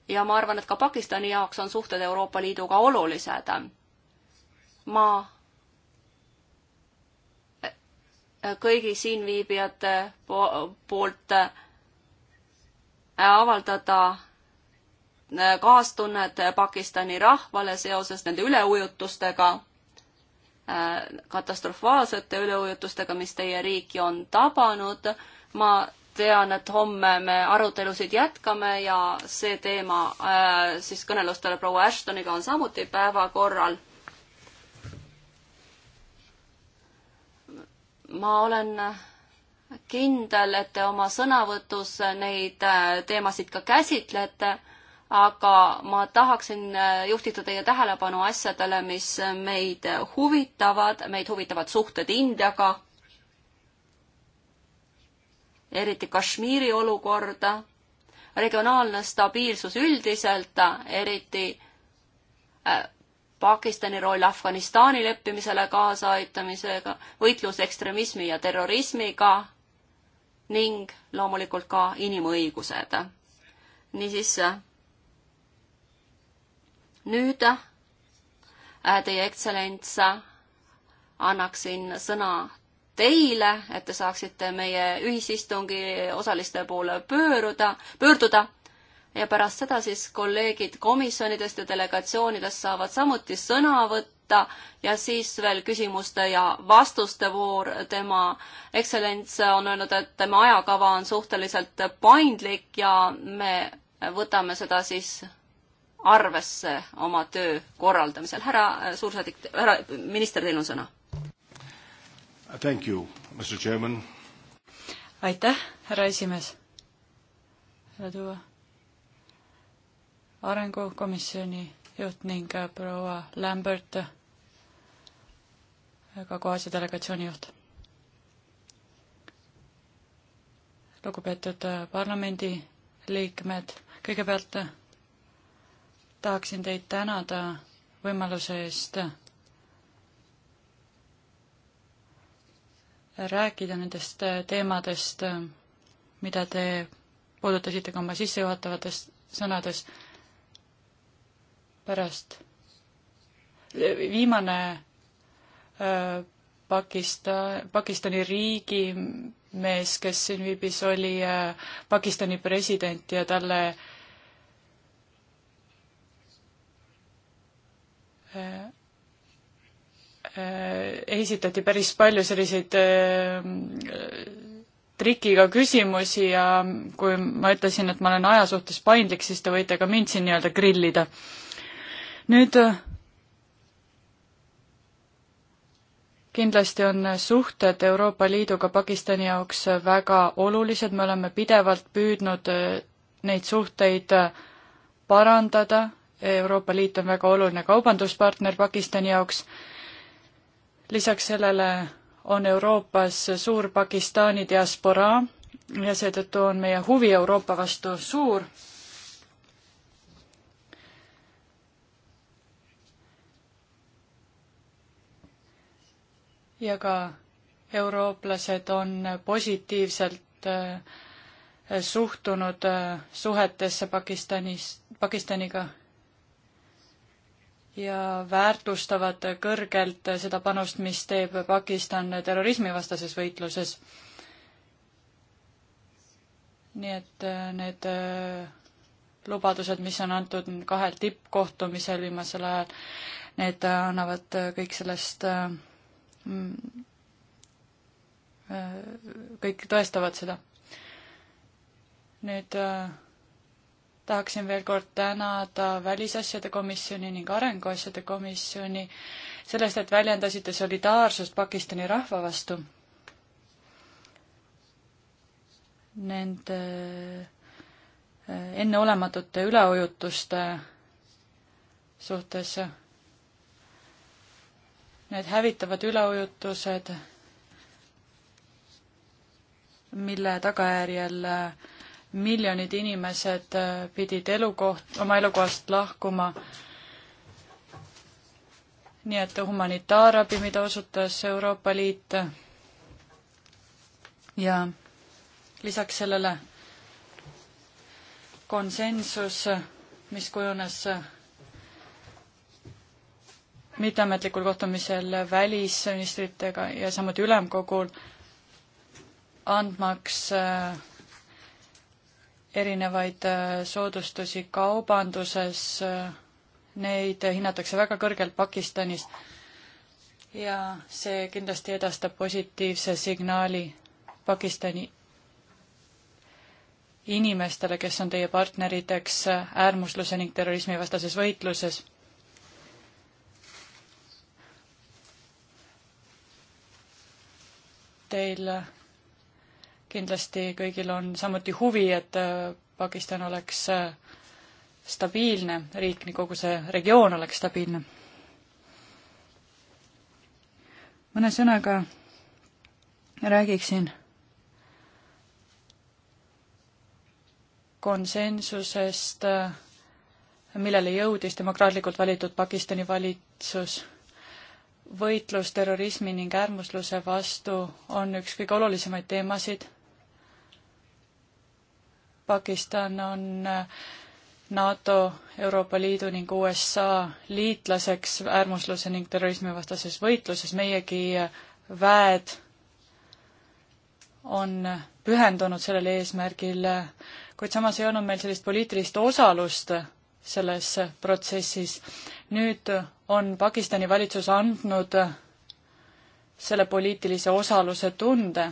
ja ma arvan, et ka Pakistani jaoks on suhted Euroopa Liiduga olulised. ma kõigi siinviibijate po poolt äh, avaldada äh, kaastunnet Pakistani rahvale seoses nende üleujutustega, äh, katastrofaalsete üleujutustega, mis teie riiki on tabanud. ma tean, et homme me arutelusid jätkame ja see teema siis kõnelustele proua Ashtoniga on samuti päevakorral ma olen kindel, et te oma sõnavõtus neid äh, teemasid ka käsitlete, aga ma tahaksin äh, juhtida teie tähelepanu asjadele, mis meid huvitavad, meid huvitavad suhted Indiaga, eriti Kashmiri olukorda, regionaalne stabiilsus üldiselt, eriti äh, Pakistani roll Afganistani leppimisele kaasaaitamisega, võitlus ekstremismi ja terrorismiga ning loomulikult ka inimõigused. niisiis, nüüd äh, Teie Ekstsellents, annaksin sõna teile, et te saaksite meie ühisistungi osaliste poole pööruda, pöörduda ja pärast seda siis kolleegid komisjonidest ja delegatsioonidest saavad samuti sõna võtta ja siis veel küsimuste ja vastuste voor. tema ekstsellents on öelnud, et tema ajakava on suhteliselt paindlik ja me võtame seda siis arvesse oma töö korraldamisel. härra äh, suursaadik, härra minister, teil on sõna. Thank you, Mr Chairman. aitäh, härra esimees. härra Tuva arengukomisjoni juht ning äh, proua Lambert, äh, ka kohase delegatsiooni juht. lugupeetud äh, parlamendi liikmed, kõigepealt tahaksin teid tänada võimaluse eest rääkida nendest teemadest, mida te puudutasite ka oma sissejuhatavates sõnades pärast. viimane äh, Pakistan, Pakistani riigimees, kes siin viibis, oli äh, Pakistani president ja talle äh, esitati päris palju selliseid trikiga küsimusi ja kui ma ütlesin, et ma olen aja suhtes paindlik, siis te võite ka mind siin nii-öelda grillida nüüd äh, kindlasti on suhted Euroopa Liiduga Pakistani jaoks väga olulised, me oleme pidevalt püüdnud äh, neid suhteid äh, parandada, Euroopa Liit on väga oluline kaubanduspartner Pakistani jaoks. lisaks sellele on Euroopas suur Pakistani diasporaa ja seetõttu on meie huvi Euroopa vastu suur ja ka eurooplased on positiivselt äh, suhtunud äh, suhetesse Pakistanis, Pakistaniga ja väärtustavad kõrgelt seda panust, mis teeb Pakistan terrorismivastases võitluses. nii et äh, need lubadused, mis on antud kahel tippkohtumisel viimasel ajal, need annavad kõik sellest äh, Mm. Äh, kõik tõestavad seda. nüüd äh, tahaksin veel kord tänada Välisasjade Komisjoni ning Arenguasjade Komisjoni sellest, et väljendasite solidaarsust Pakistani rahva vastu. Nende äh, enneolematute üleujutuste suhtes need hävitavad üleujutused, mille tagajärjel äh, miljonid inimesed äh, pidid elukoht, oma elukohast lahkuma. nii et humanitaarabi, mida osutas Euroopa Liit ja lisaks sellele konsensus, mis kujunes äh, mitteametlikul kohtumisel välisministritega ja samuti ülemkogul, andmaks äh, erinevaid äh, soodustusi kaubanduses, neid hinnatakse väga kõrgelt Pakistanis ja see kindlasti edastab positiivse signaali Pakistani inimestele, kes on teie partneriteks äh, äärmusluse ning terrorismivastases võitluses teil kindlasti kõigil on samuti huvi, et äh, Pakistan oleks äh, stabiilne riik, nii kogu see regioon oleks stabiilne. mõne sõnaga räägiksin konsensusest, äh, millele jõudis demokraatlikult valitud Pakistani valitsus võitlus terrorismi ning äärmusluse vastu on üks kõige olulisemaid teemasid. Pakistan on äh, NATO, Euroopa Liidu ning USA liitlaseks äärmusluse ning terrorismi vastases võitluses, meiegi äh, väed on äh, pühendunud sellele eesmärgil, kuid samas ei olnud meil sellist poliitilist osalust selles protsessis. nüüd on Pakistani valitsus andnud selle poliitilise osaluse tunde,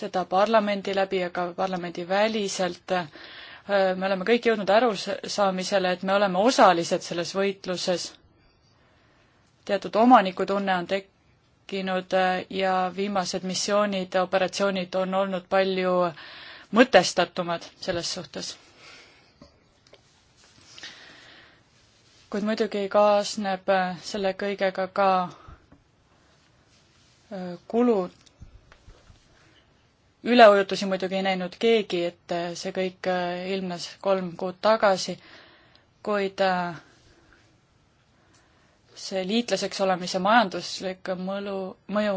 seda parlamendi läbi ja ka parlamendi väliselt, me oleme kõik jõudnud arusaamisele, et me oleme osalised selles võitluses. teatud omanikutunne on tekkinud ja viimased missioonid, operatsioonid on olnud palju mõtestatumad selles suhtes kuid muidugi kaasneb äh, selle kõigega ka äh, kulud. üleujutusi muidugi ei näinud keegi, et äh, see kõik ilmnes kolm kuud tagasi, kuid see liitlaseks olemise majanduslik mõlu, mõju,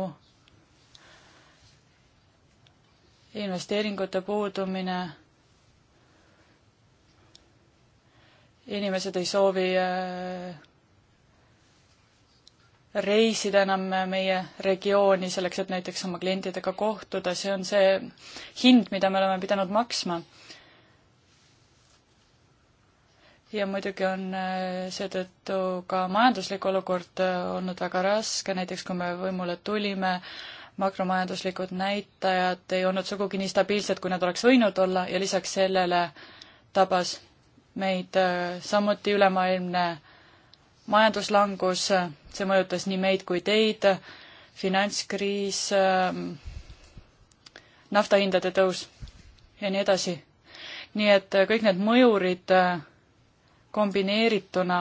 investeeringute puudumine inimesed ei soovi äh, reisida enam meie regiooni selleks, et näiteks oma klientidega kohtuda, see on see hind, mida me oleme pidanud maksma. ja muidugi on äh, seetõttu ka majanduslik olukord äh, olnud väga raske, näiteks kui me võimule tulime, makromajanduslikud näitajad ei olnud sugugi nii stabiilsed, kui nad oleks võinud olla ja lisaks sellele tabas meid, äh, samuti ülemaailmne majanduslangus, äh, see mõjutas nii meid kui teid, finantskriis, ähm, naftahindade tõus ja nii edasi. nii et äh, kõik need mõjurid kombineerituna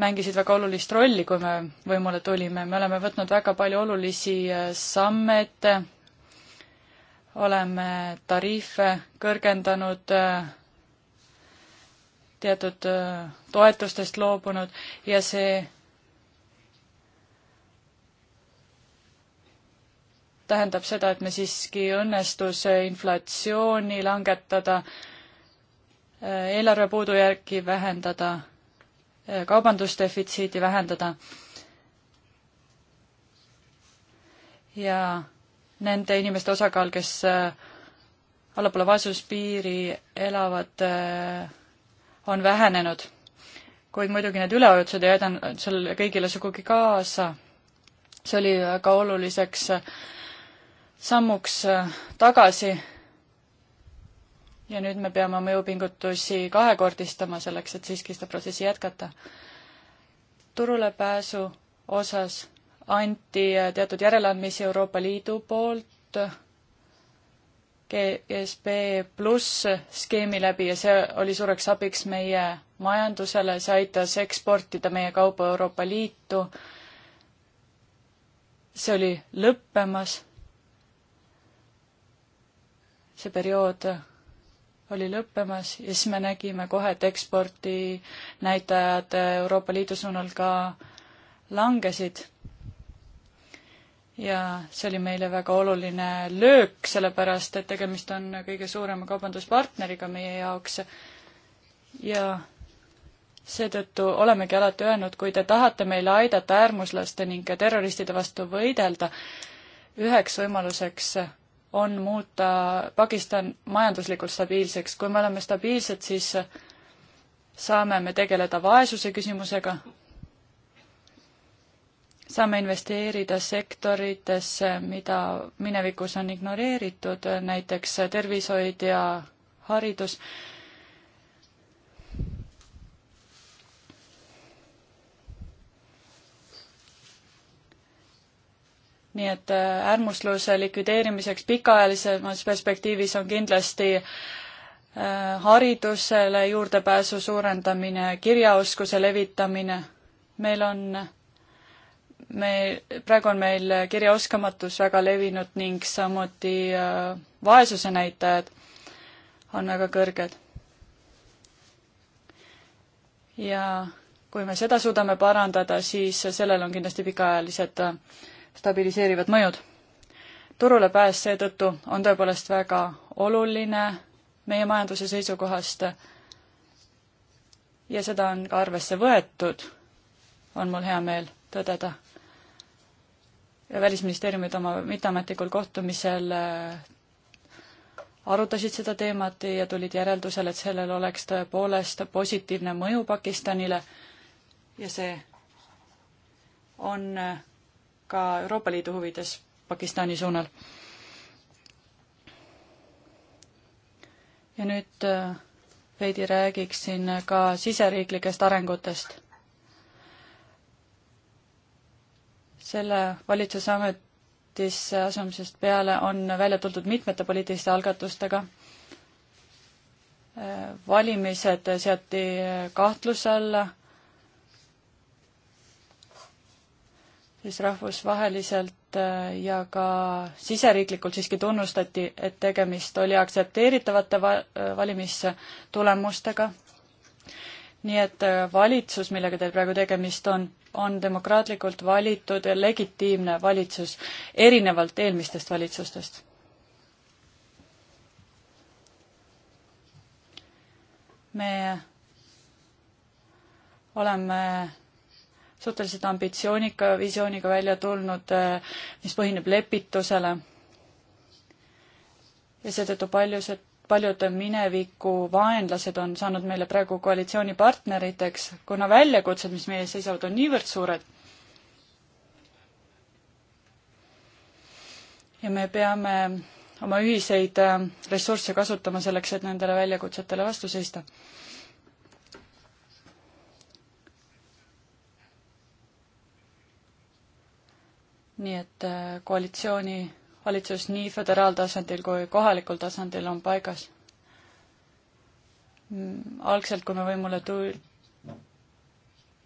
mängisid väga olulist rolli, kui me võimule tulime, me oleme võtnud väga palju olulisi samme ette, oleme tariife kõrgendanud äh, teatud äh, toetustest loobunud ja see tähendab seda, et me siiski õnnestus äh, inflatsiooni langetada, äh, eelarve puudujääki vähendada, kaubandusdefitsiiti vähendada. ja nende inimeste osakaal, kes allapoole vaesuspiiri elavad, on vähenenud. kuid muidugi need üleujutused ei aidanud sellele kõigile sugugi kaasa. see oli väga oluliseks sammuks tagasi. ja nüüd me peame oma jõupingutusi kahekordistama selleks, et siiski seda protsessi jätkata. turulepääsu osas anti teatud järeleandmisi Euroopa Liidu poolt GSP pluss skeemi läbi ja see oli suureks abiks meie majandusele, see aitas eksportida meie kauba Euroopa Liitu. see oli lõppemas. see periood oli lõppemas ja siis me nägime kohe, et ekspordi näitajad Euroopa Liidu suunal ka langesid ja see oli meile väga oluline löök, sellepärast et tegemist on kõige suurema kaubanduspartneriga meie jaoks ja seetõttu olemegi alati öelnud, kui te tahate meile aidata äärmuslaste ning terroristide vastu võidelda, üheks võimaluseks on muuta Pakistan majanduslikult stabiilseks. kui me oleme stabiilsed, siis saame me tegeleda vaesuse küsimusega saame investeerida sektoritesse, mida minevikus on ignoreeritud, näiteks tervishoid ja haridus nii et äh, äärmusluse likvideerimiseks pikaajalisemas perspektiivis on kindlasti äh, haridusele juurdepääsu suurendamine, kirjaoskuse levitamine. meil on me, praegu on meil kirjaoskamatus väga levinud ning samuti äh, vaesuse näitajad on väga kõrged. ja kui me seda suudame parandada, siis sellel on kindlasti pikaajalised äh, stabiliseerivad mõjud. turule pääs seetõttu on tõepoolest väga oluline meie majanduse seisukohast ja seda on ka arvesse võetud, on mul hea meel tõdeda välisministeeriumid oma mitteametlikul kohtumisel äh, arutasid seda teemat ja tulid järeldusele, et sellel oleks tõepoolest positiivne mõju Pakistanile ja see on äh, ka Euroopa Liidu huvides Pakistani suunal. ja nüüd äh, veidi räägiksin ka siseriiklikest arengutest selle valitsuse ametisse asumisest peale on välja tuldud mitmete poliitiliste algatustega. valimised seati kahtluse alla, siis rahvusvaheliselt ja ka siseriiklikult siiski tunnustati, et tegemist oli aktsepteeritavate valimistulemustega nii et äh, valitsus, millega teil praegu tegemist on, on demokraatlikult valitud ja legitiimne valitsus, erinevalt eelmistest valitsustest? me oleme suhteliselt ambitsioonika visiooniga välja tulnud, äh, mis põhineb lepitusele. ja seetõttu paljused paljud mineviku vaenlased on saanud meile praegu koalitsioonipartneriteks, kuna väljakutsed, mis meie ees seisavad, on niivõrd suured. ja me peame oma ühiseid äh, ressursse kasutama selleks, et nendele väljakutsetele vastu seista. nii et äh, koalitsiooni valitsus nii föderaaltasandil kui kohalikul tasandil on paigas. algselt, kui me võimule tul-,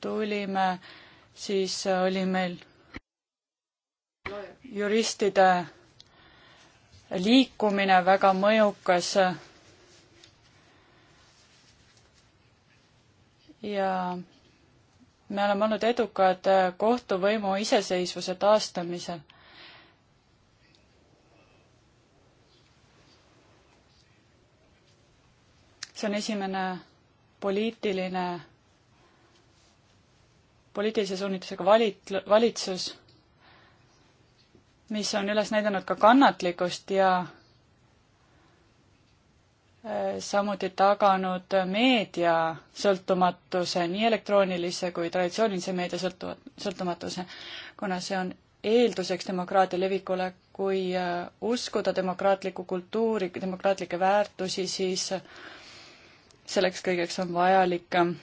tulime, siis oli meil juristide liikumine väga mõjukas ja me oleme olnud edukad kohtuvõimu iseseisvuse taastamisel see on esimene poliitiline, poliitilise suunitlusega valit-, valitsus, mis on üles näidanud ka kannatlikkust ja eh, samuti taganud meedia sõltumatuse, nii elektroonilise kui traditsioonilise meedia sõltu-, sõltumatuse, kuna see on eelduseks demokraatia levikule, kui eh, uskuda demokraatlikku kultuuri, demokraatlikke väärtusi, siis selleks kõigeks on vajalik ähm,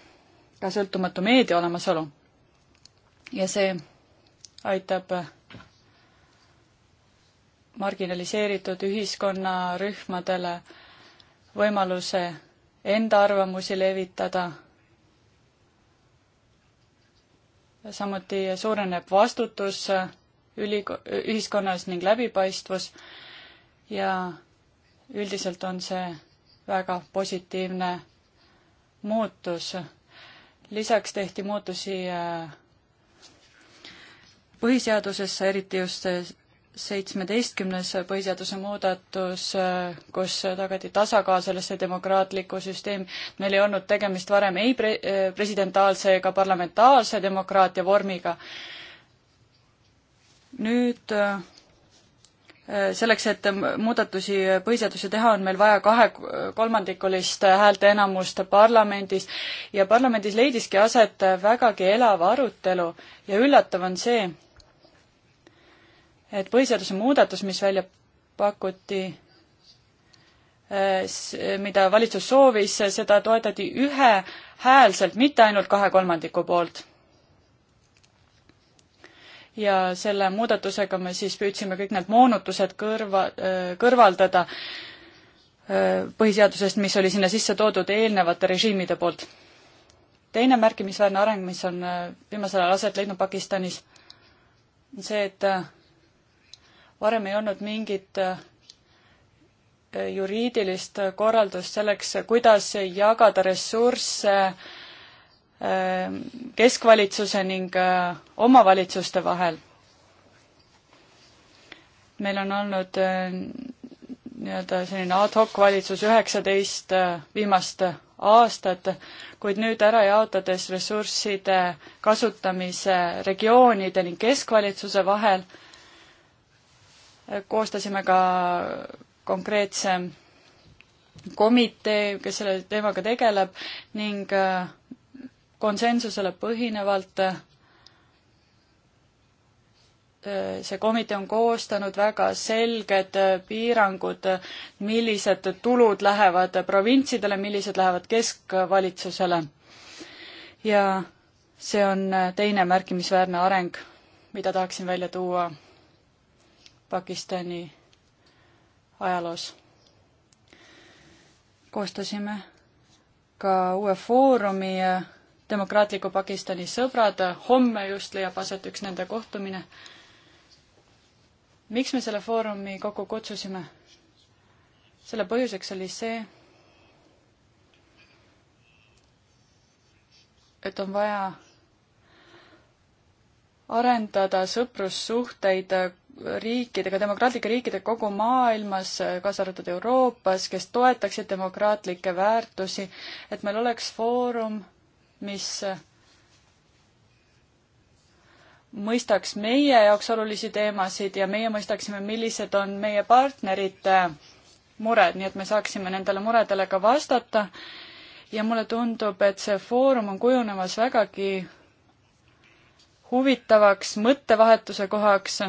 ka sõltumatu meedia olemasolu. ja see aitab äh, marginaliseeritud ühiskonnarühmadele võimaluse enda arvamusi levitada. samuti suureneb vastutus äh, üli, ühiskonnas ning läbipaistvus ja üldiselt on see väga positiivne muutus. lisaks tehti muutusi äh, põhiseadusesse, eriti just seitsmeteistkümnes põhiseaduse muudatus, äh, kus tagati tasakaal sellesse demokraatlikku süsteemi. meil ei olnud tegemist varem ei pre-, äh, presidentaalse ega parlamentaarse demokraatia vormiga. nüüd Äh, selleks, et muudatusi põhiseaduse teha, on meil vaja kahe kolmandikulist häälteenamust parlamendis ja parlamendis leidiski aset vägagi elav arutelu ja üllatav on see, et põhiseaduse muudatus, mis välja pakuti, äh, mida valitsus soovis, seda toetati ühehäälselt, mitte ainult kahe kolmandiku poolt ja selle muudatusega me siis püüdsime kõik need moonutused kõrva, äh, kõrvaldada äh, põhiseadusest, mis oli sinna sisse toodud eelnevate režiimide poolt. teine märkimisväärne areng, mis on äh, viimasel ajal aset leidnud Pakistanis, on see, et varem ei olnud mingit juriidilist korraldust selleks, kuidas jagada ressursse äh, Äh, keskvalitsuse ning äh, omavalitsuste vahel. meil on olnud äh, nii-öelda selline ad hoc valitsus üheksateist viimast aastat, kuid nüüd ära jaotades ressursside kasutamise regioonide ning keskvalitsuse vahel, koostasime ka konkreetse komitee, kes selle teemaga tegeleb ning äh, konsensusele põhinevalt äh, see komitee on koostanud väga selged äh, piirangud, millised tulud lähevad provintsidele, millised lähevad keskvalitsusele. ja see on äh, teine märkimisväärne areng, mida tahaksin välja tuua Pakistani ajaloos. koostasime ka uue foorumi demokraatliku Pakistani sõbrad, homme just leiab aset üks nende kohtumine. miks me selle foorumi kokku kutsusime? selle põhjuseks oli see, et on vaja arendada sõprussuhteid riikidega, demokraatlike riikidega kogu maailmas, kaasa arvatud Euroopas, kes toetaksid demokraatlikke väärtusi, et meil oleks foorum, mis mõistaks meie jaoks olulisi teemasid ja meie mõistaksime, millised on meie partnerite mured, nii et me saaksime nendele muredele ka vastata. ja mulle tundub, et see foorum on kujunemas vägagi huvitavaks mõttevahetuse kohaks.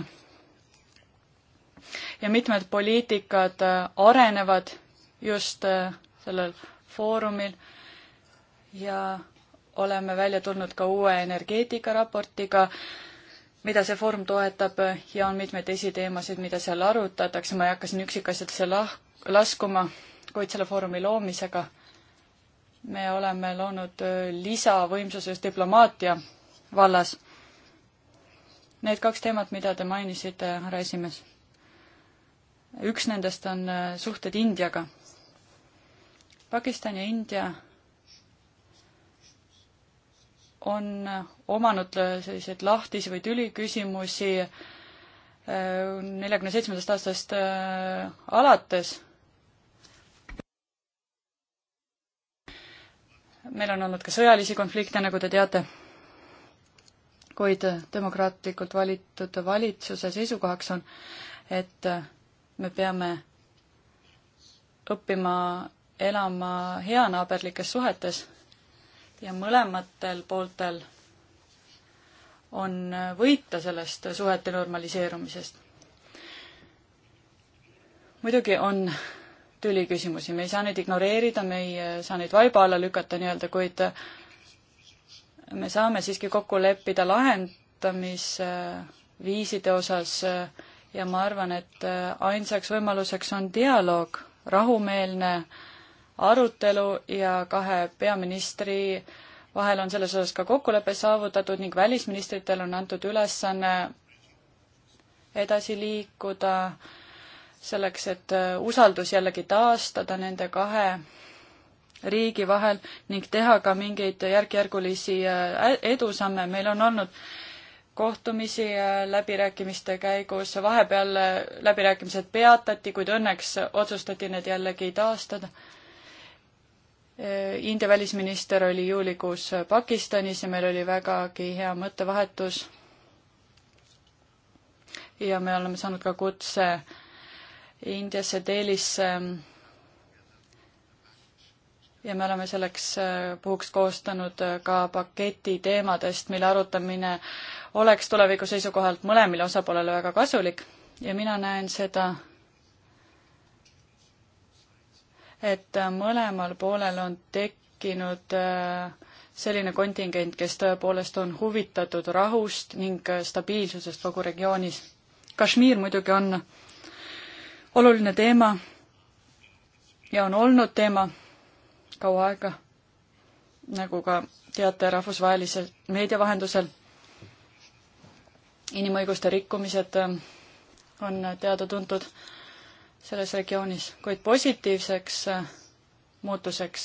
ja mitmed poliitikad arenevad just sellel foorumil ja oleme välja tulnud ka uue energeetikaraportiga, mida see foorum toetab ja on mitmeid teisi teemasid, mida seal arutatakse, ma ei hakka siin üksikasjadesse lah-, laskuma, kuid selle foorumi loomisega me oleme loonud äh, lisavõimsuse just diplomaatia vallas. Need kaks teemat, mida te mainisite, härra esimees. üks nendest on äh, suhted Indiaga. Pakistan ja India on omanud selliseid lahtisi või tüliküsimusi äh, neljakümne seitsmendast aastast äh, alates. meil on olnud ka sõjalisi konflikte, nagu te teate, kuid demokraatlikult valitud valitsuse seisukohaks on, et me peame õppima elama heanaaberlikes suhetes ja mõlematel pooltel on võita sellest suhete normaliseerumisest. muidugi on tüli küsimusi, me ei saa neid ignoreerida, me ei saa neid vaiba alla lükata nii-öelda, kuid me saame siiski kokku leppida lahendamisviiside osas ja ma arvan, et ainsaks võimaluseks on dialoog, rahumeelne äh, arutelu ja kahe peaministri vahel on selles osas ka kokkulepe saavutatud ning välisministritel on antud ülesanne edasi liikuda selleks, et äh, usaldus jällegi taastada nende kahe riigi vahel ning teha ka mingeid järk-järgulisi äh, edusamme. meil on olnud kohtumisi äh, läbirääkimiste käigus, vahepeal läbirääkimised peatati, kuid õnneks otsustati need jällegi taastada Äh, India välisminister oli juulikuus äh, Pakistanis ja meil oli vägagi hea mõttevahetus. ja me oleme saanud ka kutse Indiasse Delhisse. ja me oleme selleks äh, puhuks koostanud ka paketi teemadest, mille arutamine oleks tuleviku seisukohalt mõlemale osapoolele väga kasulik ja mina näen seda et mõlemal poolel on tekkinud äh, selline kontingent, kes tõepoolest on huvitatud rahust ning äh, stabiilsusest kogu regioonis. Kashmir muidugi on oluline teema ja on olnud teema kaua aega, nagu ka teate rahvusvahelisel meedia vahendusel. inimõiguste rikkumised äh, on teada-tuntud selles regioonis, kuid positiivseks äh, muutuseks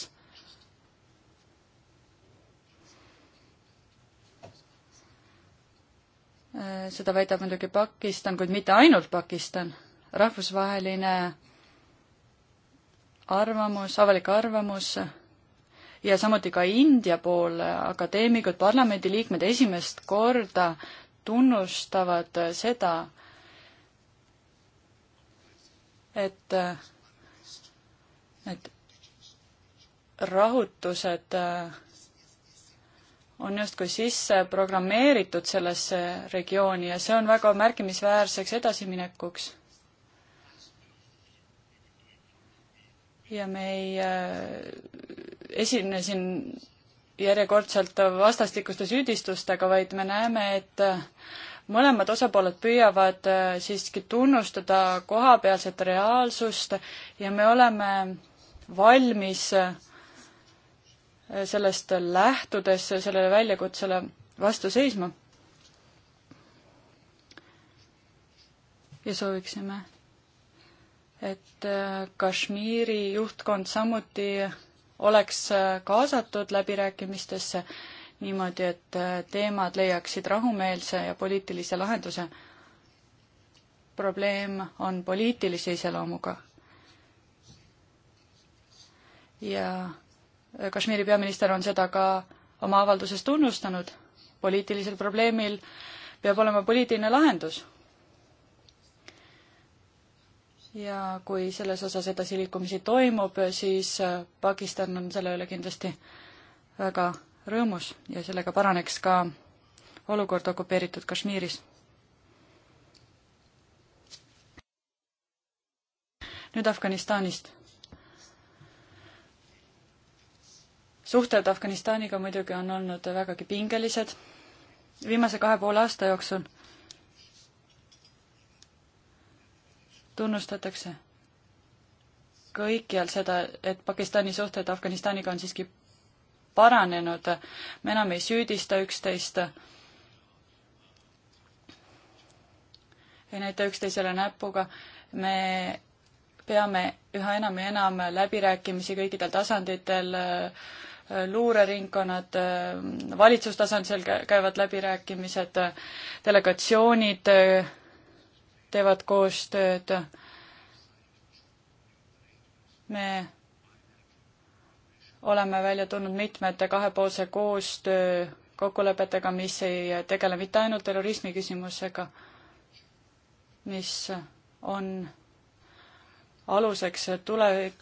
äh, seda väidab muidugi Pakistan, kuid mitte ainult Pakistan, rahvusvaheline arvamus, avalik arvamus ja samuti ka India pool äh, akadeemikud, parlamendiliikmed esimest korda tunnustavad seda, et, et rahutused äh, on justkui sisse programmeeritud sellesse regiooni ja see on väga märkimisväärseks edasiminekuks. ja me ei äh, esine siin järjekordselt vastastikuste süüdistustega, vaid me näeme, et äh, mõlemad osapooled püüavad äh, siiski tunnustada kohapealset reaalsust ja me oleme valmis äh, sellest lähtudes sellele väljakutsele vastu seisma. ja sooviksime, et äh, Kashmiri juhtkond samuti oleks kaasatud läbirääkimistesse niimoodi, et äh, teemad leiaksid rahumeelse ja poliitilise lahenduse. probleem on poliitilise iseloomuga. ja äh, Kashmiri peaminister on seda ka oma avalduses tunnustanud. poliitilisel probleemil peab olema poliitiline lahendus ja kui selles osas edasiliikumisi toimub, siis äh, Pakistan on selle üle kindlasti väga rõõmus ja sellega paraneks ka olukord okupeeritud Kashmiris. nüüd Afganistanist. suhted Afganistaniga muidugi on olnud vägagi pingelised viimase kahe poole aasta jooksul tunnustatakse kõikjal seda, et Pakistani suhted Afganistaniga on siiski paranenud, me enam ei süüdista üksteist, ei näita üksteisele näpuga, me peame üha enam ja enam läbirääkimisi kõikidel tasanditel, luureringkonnad, valitsustasandil käivad läbirääkimised, delegatsioonid teevad koostööd. me oleme välja tulnud mitmete kahepoolse koostöö kokkulepetega, mis ei tegele mitte ainult terrorismi küsimusega, mis on aluseks tule,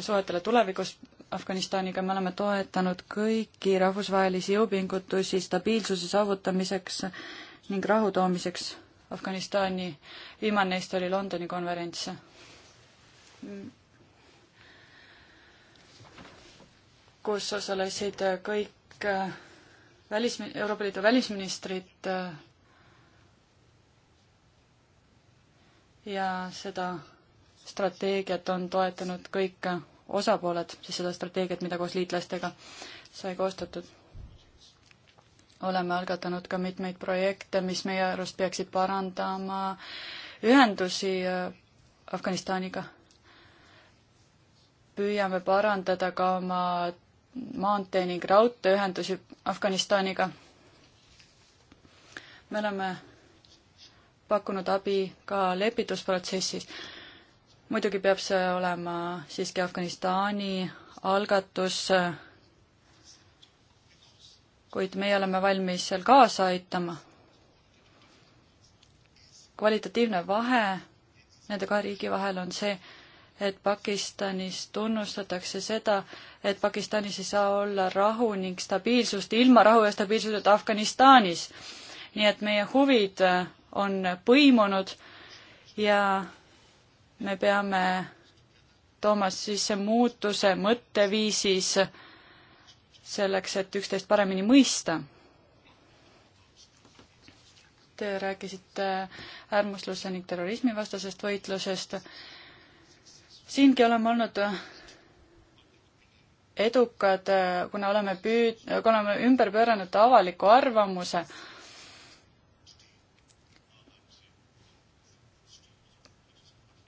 suhetele tulevikus Afganistaniga, me oleme toetanud kõiki rahvusvahelisi jõupingutusi stabiilsuse saavutamiseks ning rahu toomiseks Afganistani. viimane neist oli Londoni konverents kus osalesid kõik äh, välis, Euroopa Liidu välisministrid äh, ja seda strateegiat on toetanud kõik osapooled, siis seda strateegiat, mida koos liitlastega sai koostatud. oleme algatanud ka mitmeid projekte, mis meie arust peaksid parandama ühendusi äh, Afganistaniga. püüame parandada ka oma maantee ning raudteeühendusi Afganistaniga. me oleme pakkunud abi ka lepitusprotsessis. muidugi peab see olema siiski Afganistani algatus, kuid meie oleme valmis seal kaasa aitama. kvalitatiivne vahe nende kahe riigi vahel on see, et Pakistanis tunnustatakse seda, et Pakistanis ei saa olla rahu ning stabiilsust ilma rahu ja stabiilsuseta Afganistanis. nii et meie huvid äh, on põimunud ja me peame tooma sisse muutuse mõtteviisis selleks, et üksteist paremini mõista. Te rääkisite äärmusluse ning terrorismi vastasest võitlusest. siingi oleme olnud edukad, äh, kuna oleme püüd-, kuna oleme ümber pööranud avaliku arvamuse.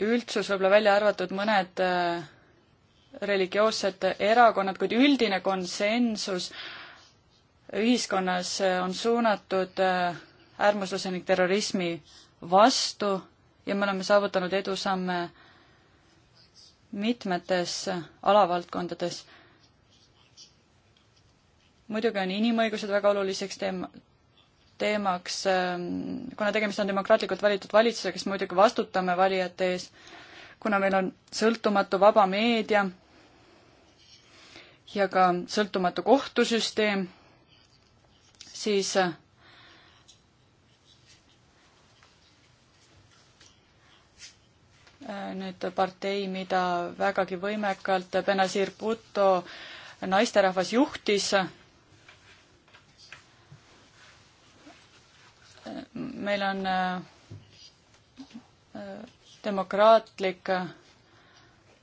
üldsus võib-olla välja arvatud mõned äh, religioossed erakonnad, kuid üldine konsensus ühiskonnas äh, on suunatud äärmusluse ning terrorismi vastu ja me oleme saavutanud edusamme mitmetes alavaldkondades muidugi on inimõigused väga oluliseks teem-, teemaks, ähm, kuna tegemist on demokraatlikult valitud valitsusega, siis muidugi vastutame valijate ees, kuna meil on sõltumatu vaba meedia ja ka sõltumatu kohtusüsteem, siis äh, nüüd partei, mida vägagi võimekalt Benazir Bhutto naisterahvas juhtis, meil on äh, äh, demokraatlik äh,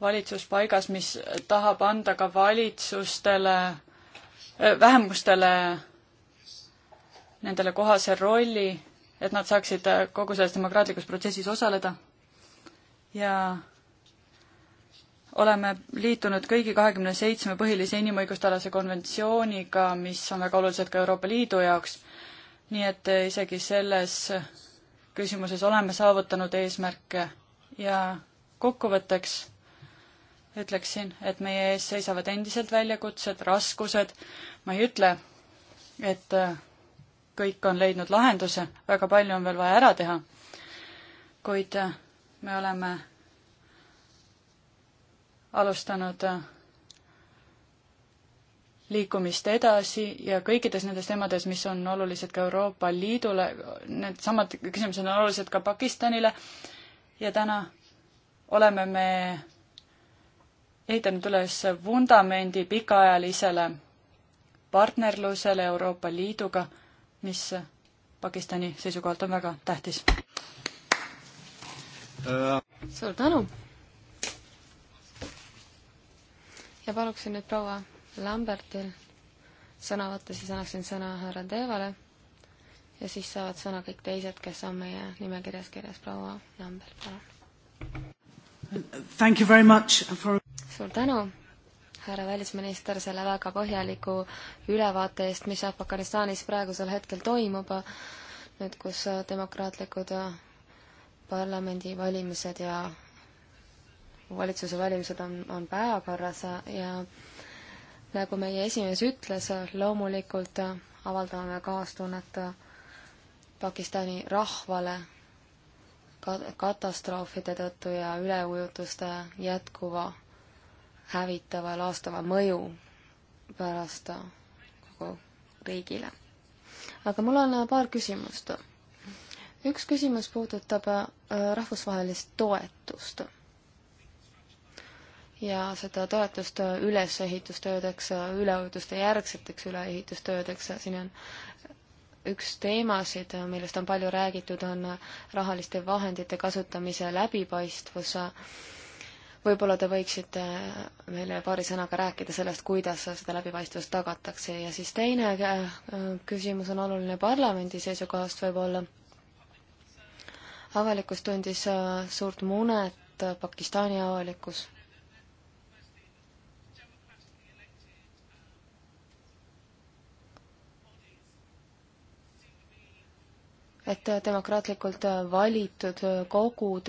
valitsus paigas, mis tahab anda ka valitsustele, vähemustele nendele kohase rolli, et nad saaksid kogu selles demokraatlikus protsessis osaleda. ja oleme liitunud kõigi kahekümne seitsme põhilise inimõiguste alase konventsiooniga, mis on väga olulised ka Euroopa Liidu jaoks nii et äh, isegi selles küsimuses oleme saavutanud eesmärke ja kokkuvõtteks ütleksin, et meie ees seisavad endiselt väljakutsed, raskused. ma ei ütle, et äh, kõik on leidnud lahenduse, väga palju on veel vaja ära teha. kuid äh, me oleme alustanud liikumist edasi ja kõikides nendes teemades, mis on olulised ka Euroopa Liidule, needsamad küsimused on olulised ka Pakistanile ja täna oleme me ehitanud üles vundamendi pikaajalisele partnerlusele Euroopa Liiduga, mis Pakistani seisukohalt on väga tähtis. suur tänu! ja paluksin nüüd proua Lambertil sõnavõtte, siis annaksin sõna härra Teevale ja siis saavad sõna kõik teised, kes on meie nimekirjas kirjas. proua Lambert, palun. Thank you very much for suur tänu, härra välisminister, selle väga põhjaliku ülevaate eest, mis Afganistanis praegusel hetkel toimub, nüüd kus demokraatlikud parlamendivalimised ja valitsuse valimised on, on päevakorras ja äh, nagu meie esimees ütles, loomulikult avaldame me kaastunnet Pakistani rahvale katastroofide tõttu ja üleujutuste jätkuva hävitava, laastava mõju pärast kogu riigile. aga mul on paar küsimust. üks küsimus puudutab äh, rahvusvahelist toetust ja seda toetust ülesehitustöödeks, üleujutuste järgseteks üleehitustöödeks, siin on üks teemasid, millest on palju räägitud, on rahaliste vahendite kasutamise läbipaistvus. võib-olla te võiksite meile paari sõnaga rääkida sellest, kuidas seda läbipaistvust tagatakse ja siis teine äh, küsimus on oluline parlamendi seisukohast võib-olla. avalikkus tundis äh, suurt munet Pakistani avalikkus et demokraatlikult valitud kogud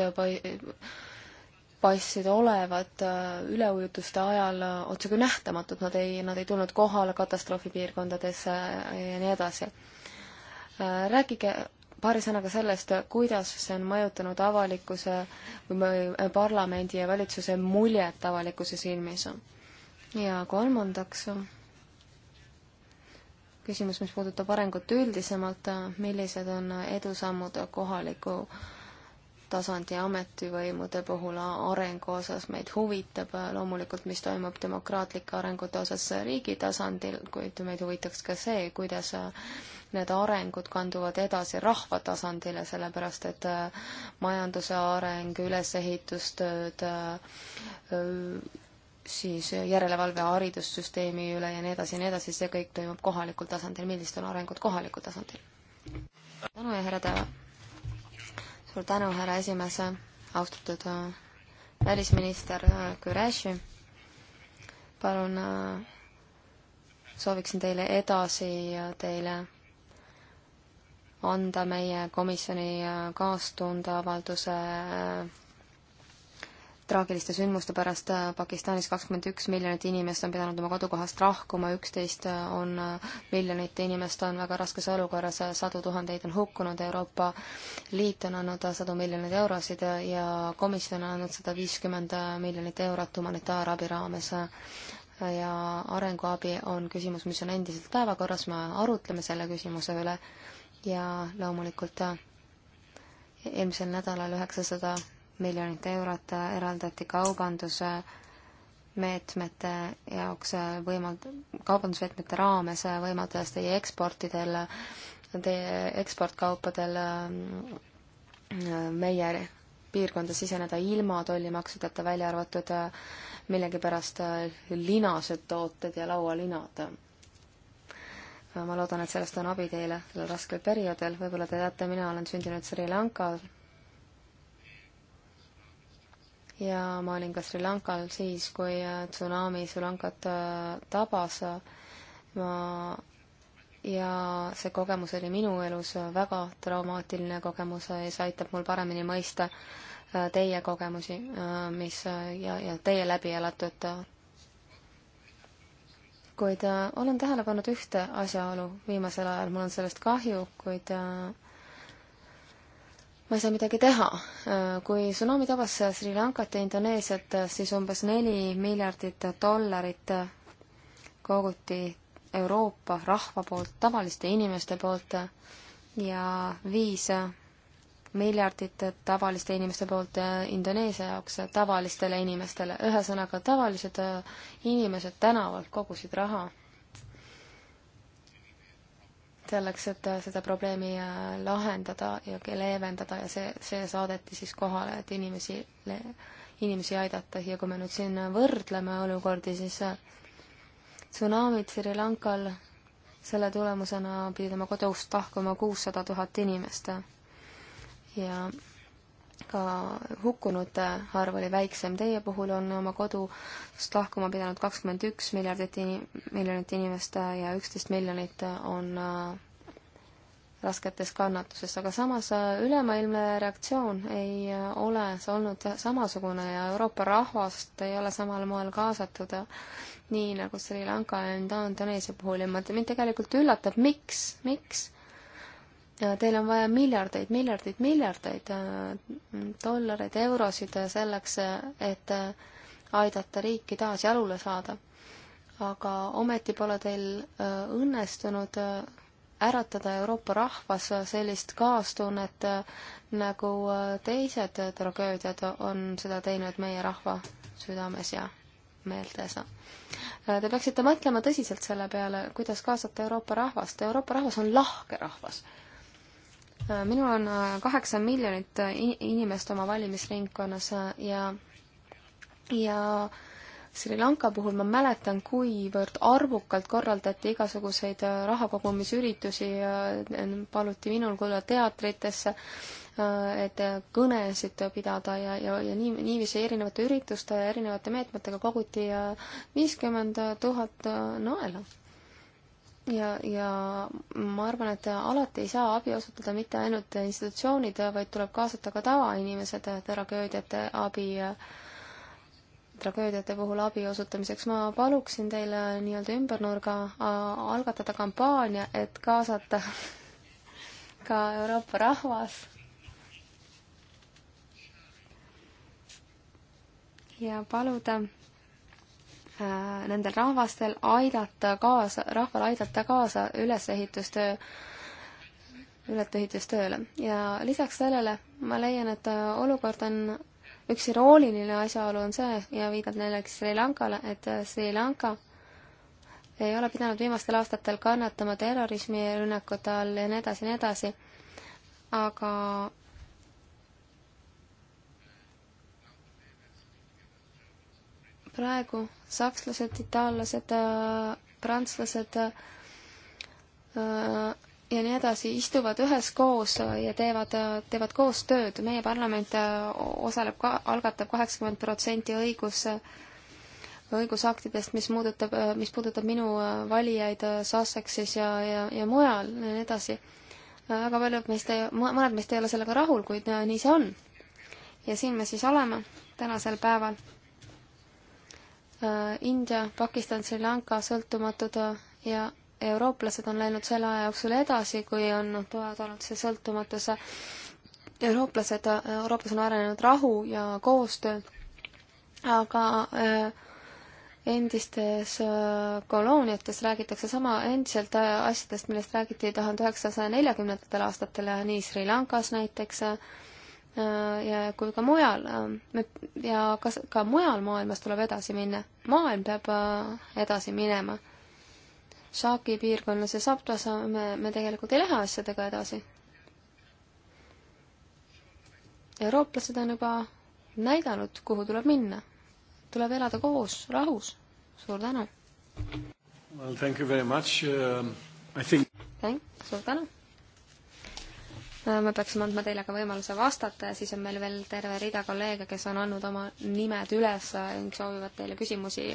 paistsid olevat äh, üleujutuste ajal otsekui nähtamatud, nad ei, nad ei tulnud kohale katastroofipiirkondadesse äh, ja nii edasi. Äh, rääkige paari sõnaga sellest, kuidas see on mõjutanud avalikkuse või parlamendi ja valitsuse muljet avalikkuse silmis. ja kolmandaks küsimus, mis puudutab arengut üldisemalt, millised on edusammud kohaliku tasandi ametivõimude puhul arengu osas meid huvitab loomulikult, mis toimub demokraatlike arengute osas riigi tasandil, kuid meid huvitaks ka see, kuidas need arengud kanduvad edasi rahva tasandile, sellepärast et majanduse areng, ülesehitustööd, siis järelevalve haridussüsteemi üle ja nii edasi ja nii edasi, see kõik toimub kohalikul tasandil, millised on arengud kohalikul tasandil? tänu ja härra Taeva! suur tänu, härra esimees, austatud äh, välisminister äh, Küreši, palun äh, sooviksin teile edasi teile anda meie komisjoni kaastundavalduse traagiliste sündmuste pärast äh, Pakistanis kakskümmend üks miljonit inimest on pidanud oma kodukohast lahkuma, üksteist äh, on äh, miljonit inimest on väga raskes olukorras, sadu tuhandeid on hukkunud, Euroopa Liit on andnud sadu miljoneid eurosid ja komisjon on andnud sada viiskümmend miljonit eurot humanitaarabi raames ja arenguabi on küsimus, mis on endiselt päevakorras, me arutleme selle küsimuse üle ja loomulikult eelmisel nädalal üheksasada miljonit eurot eraldati kaubanduse meetmete jaoks võimald-, kaubandusmeetmete raames võimaldades teie eksportidel, teie eksportkaupadel meie piirkonda siseneda ilma tollimaksudeta, välja arvatud millegipärast linased tooted ja laualinad. ma loodan, et sellest on abi teile sellel raskel perioodil, võib-olla te teate, mina olen sündinud Sri Lankal ja ma olin ka Sri Lankal siis, kui äh, tsunami Sri Lankat äh, tabas. ma ja see kogemus oli minu elus äh, väga traumaatiline kogemus ja see aitab mul paremini mõista teie kogemusi, mis ja, ja teie läbi elatud. kuid olen tähele pannud ühte asjaolu viimasel ajal, mul on sellest kahju, kuid ma ei saa midagi teha. kui tsunami tabas Sri Lankat ja Indoneesiat, siis umbes neli miljardit dollarit koguti Euroopa rahva poolt, tavaliste inimeste poolt ja viis miljardit tavaliste inimeste poolt Indoneesia jaoks tavalistele inimestele. ühesõnaga, tavalised inimesed tänavalt kogusid raha selleks, et seda probleemi äh, lahendada ja leevendada ja see, see saadeti siis kohale, et inimesi, inimesi aidata ja kui me nüüd siin võrdleme olukordi, siis äh, tsunamid Sri Lankal, selle tulemusena pidid oma kodust lahkuma kuussada tuhat inimest ja ka hukkunute arv oli väiksem. Teie puhul on oma kodust lahkuma pidanud kakskümmend üks miljardit in-, miljonit inimest äh, ja üksteist miljonit äh, on äh, rasketes kannatuses, aga samas ülemaailmne reaktsioon ei ole olnud samasugune ja Euroopa rahvast ei ole samal moel kaasatud, nii nagu Sri Lanka ja Indoneesia puhul ja mind tegelikult üllatab, miks, miks Teil on vaja miljardeid, miljardeid, miljardeid äh, dollareid, eurosid selleks, et äh, aidata riiki taas jalule saada. aga ometi pole teil äh, õnnestunud äratada Euroopa rahvas sellist kaastunnet, nagu teised tragöödiad on seda teinud meie rahva südames ja meeltes. Te peaksite mõtlema tõsiselt selle peale, kuidas kaasata Euroopa rahvast. Euroopa rahvas on lahke rahvas Äh, minul on äh, kaheksa miljonit äh, inimest oma valimisringkonnas ja, ja Sri Lanka puhul ma mäletan, kuivõrd arvukalt korraldati igasuguseid rahakogumisüritusi ja paluti minul tulla teatritesse, et kõnesid pidada ja, ja, ja nii, niiviisi erinevate ürituste ja erinevate meetmetega koguti viiskümmend tuhat naela no ja, ja ma arvan, et alati ei saa abi osutada mitte ainult institutsioonid, vaid tuleb kaasata ka tavainimesed tragöödiate abi, tragöödiate puhul abi osutamiseks. ma paluksin teile nii-öelda ümbernurga algatada kampaania, et kaasata [laughs] ka Euroopa rahvas. ja paluda Äh, nendel rahvastel aidata kaasa, rahval aidata kaasa ülesehitustöö, ületehitustööle. ja lisaks sellele ma leian, et äh, olukord on, üks irooniline asjaolu on see ja viidab näiteks Sri Lankale, et äh, Sri Lanka ei ole pidanud viimastel aastatel kannatama terrorismirünnakute all ja nii edasi ja nii edasi, aga praegu sakslased, itaallased, prantslased äh, ja nii edasi istuvad üheskoos ja teevad, teevad koostööd. meie parlament äh, osaleb ka algatab, algatab kaheksakümmend protsenti õigus, õigusaktidest, mis muudutab, äh, mis puudutab minu valijaid Sussexis ja, ja, ja mujal ja nii edasi. väga paljud meist, mõned meist ei ole sellega rahul, kuid nii see on. ja siin me siis oleme tänasel päeval Äh, India, Pakistan, Sri Lanka sõltumatud äh, ja eurooplased on läinud selle aja jooksul edasi, kui on toodanud see sõltumatus. eurooplased, äh, Euroopas on arenenud rahu ja koostöö, aga endistes kolooniates räägitakse sama endiselt asjadest, millest räägiti tuhande üheksasaja neljakümnendatel aastatel, nii Sri Lankas näiteks, Äh, ja kui ka mujal äh, ja kas ka mujal maailmas tuleb edasi minna. maailm peab äh, edasi minema. Shaaki piirkonnas ja Saptas me, me tegelikult ei lähe asjadega edasi. eurooplased on juba näidanud, kuhu tuleb minna. tuleb elada koos, rahus. suur tänu! Well, thank you very much uh,. I think. Thank, suur tänu! Äh, me peaksime andma teile ka võimaluse vastata ja siis on meil veel terve rida kolleege, kes on andnud oma nimed üles ning soovivad teile küsimusi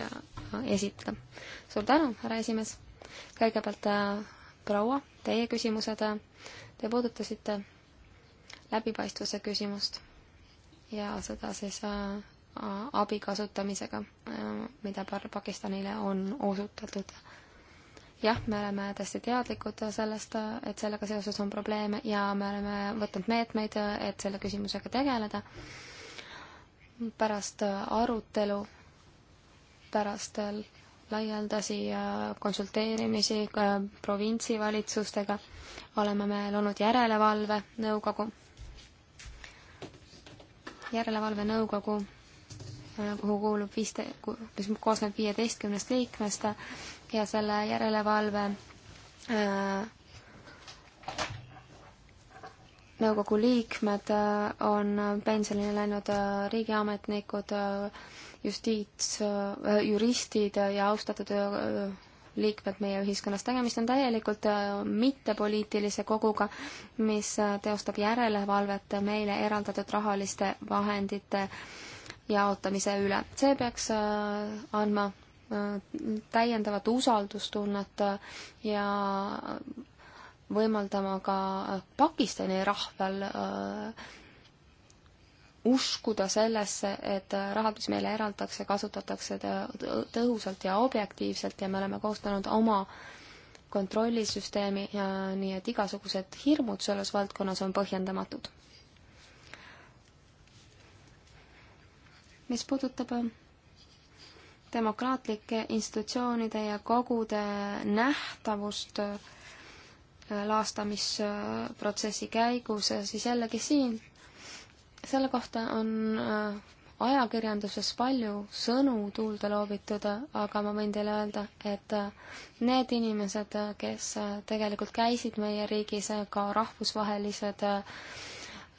esitada. suur tänu, härra esimees! kõigepealt äh, proua, teie küsimused, te puudutasite läbipaistvuse küsimust ja seda siis äh, abi kasutamisega, mida Pakistanile on osutatud jah, me oleme täiesti teadlikud sellest, et sellega seoses on probleeme ja me oleme võtnud meetmeid, et selle küsimusega tegeleda. pärast arutelu, pärast laialdasi äh, konsulteerimisi äh, provintsivalitsustega oleme me loonud järelevalvenõukogu, järelevalvenõukogu, äh, kuhu kuulub viiste-, mis koosneb viieteistkümnest liikmest ja selle järelevalve äh, nõukogu liikmed äh, on pensionile läinud äh, riigiametnikud, justiits, juristid ja austatud liikmed meie ühiskonnas. tegemist on täielikult mittepoliitilise koguga, mis teostab järelevalvet meile eraldatud rahaliste vahendite jaotamise üle. see peaks andma täiendavat usaldustunnet ja võimaldama ka Pakistani rahval äh, uskuda sellesse, et rahad, mis meile eraldatakse, kasutatakse tõhusalt ja objektiivselt ja me oleme koostanud oma kontrollisüsteemi ja nii, et igasugused hirmud selles valdkonnas on põhjendamatud. mis puudutab äh, demokraatlike institutsioonide ja kogude nähtavust äh, laastamisprotsessi käigus, siis jällegi siin, selle kohta on äh, ajakirjanduses palju sõnu tuulde loobitud, aga ma võin teile öelda, et äh, need inimesed, kes tegelikult käisid meie riigis, ka rahvusvahelised äh,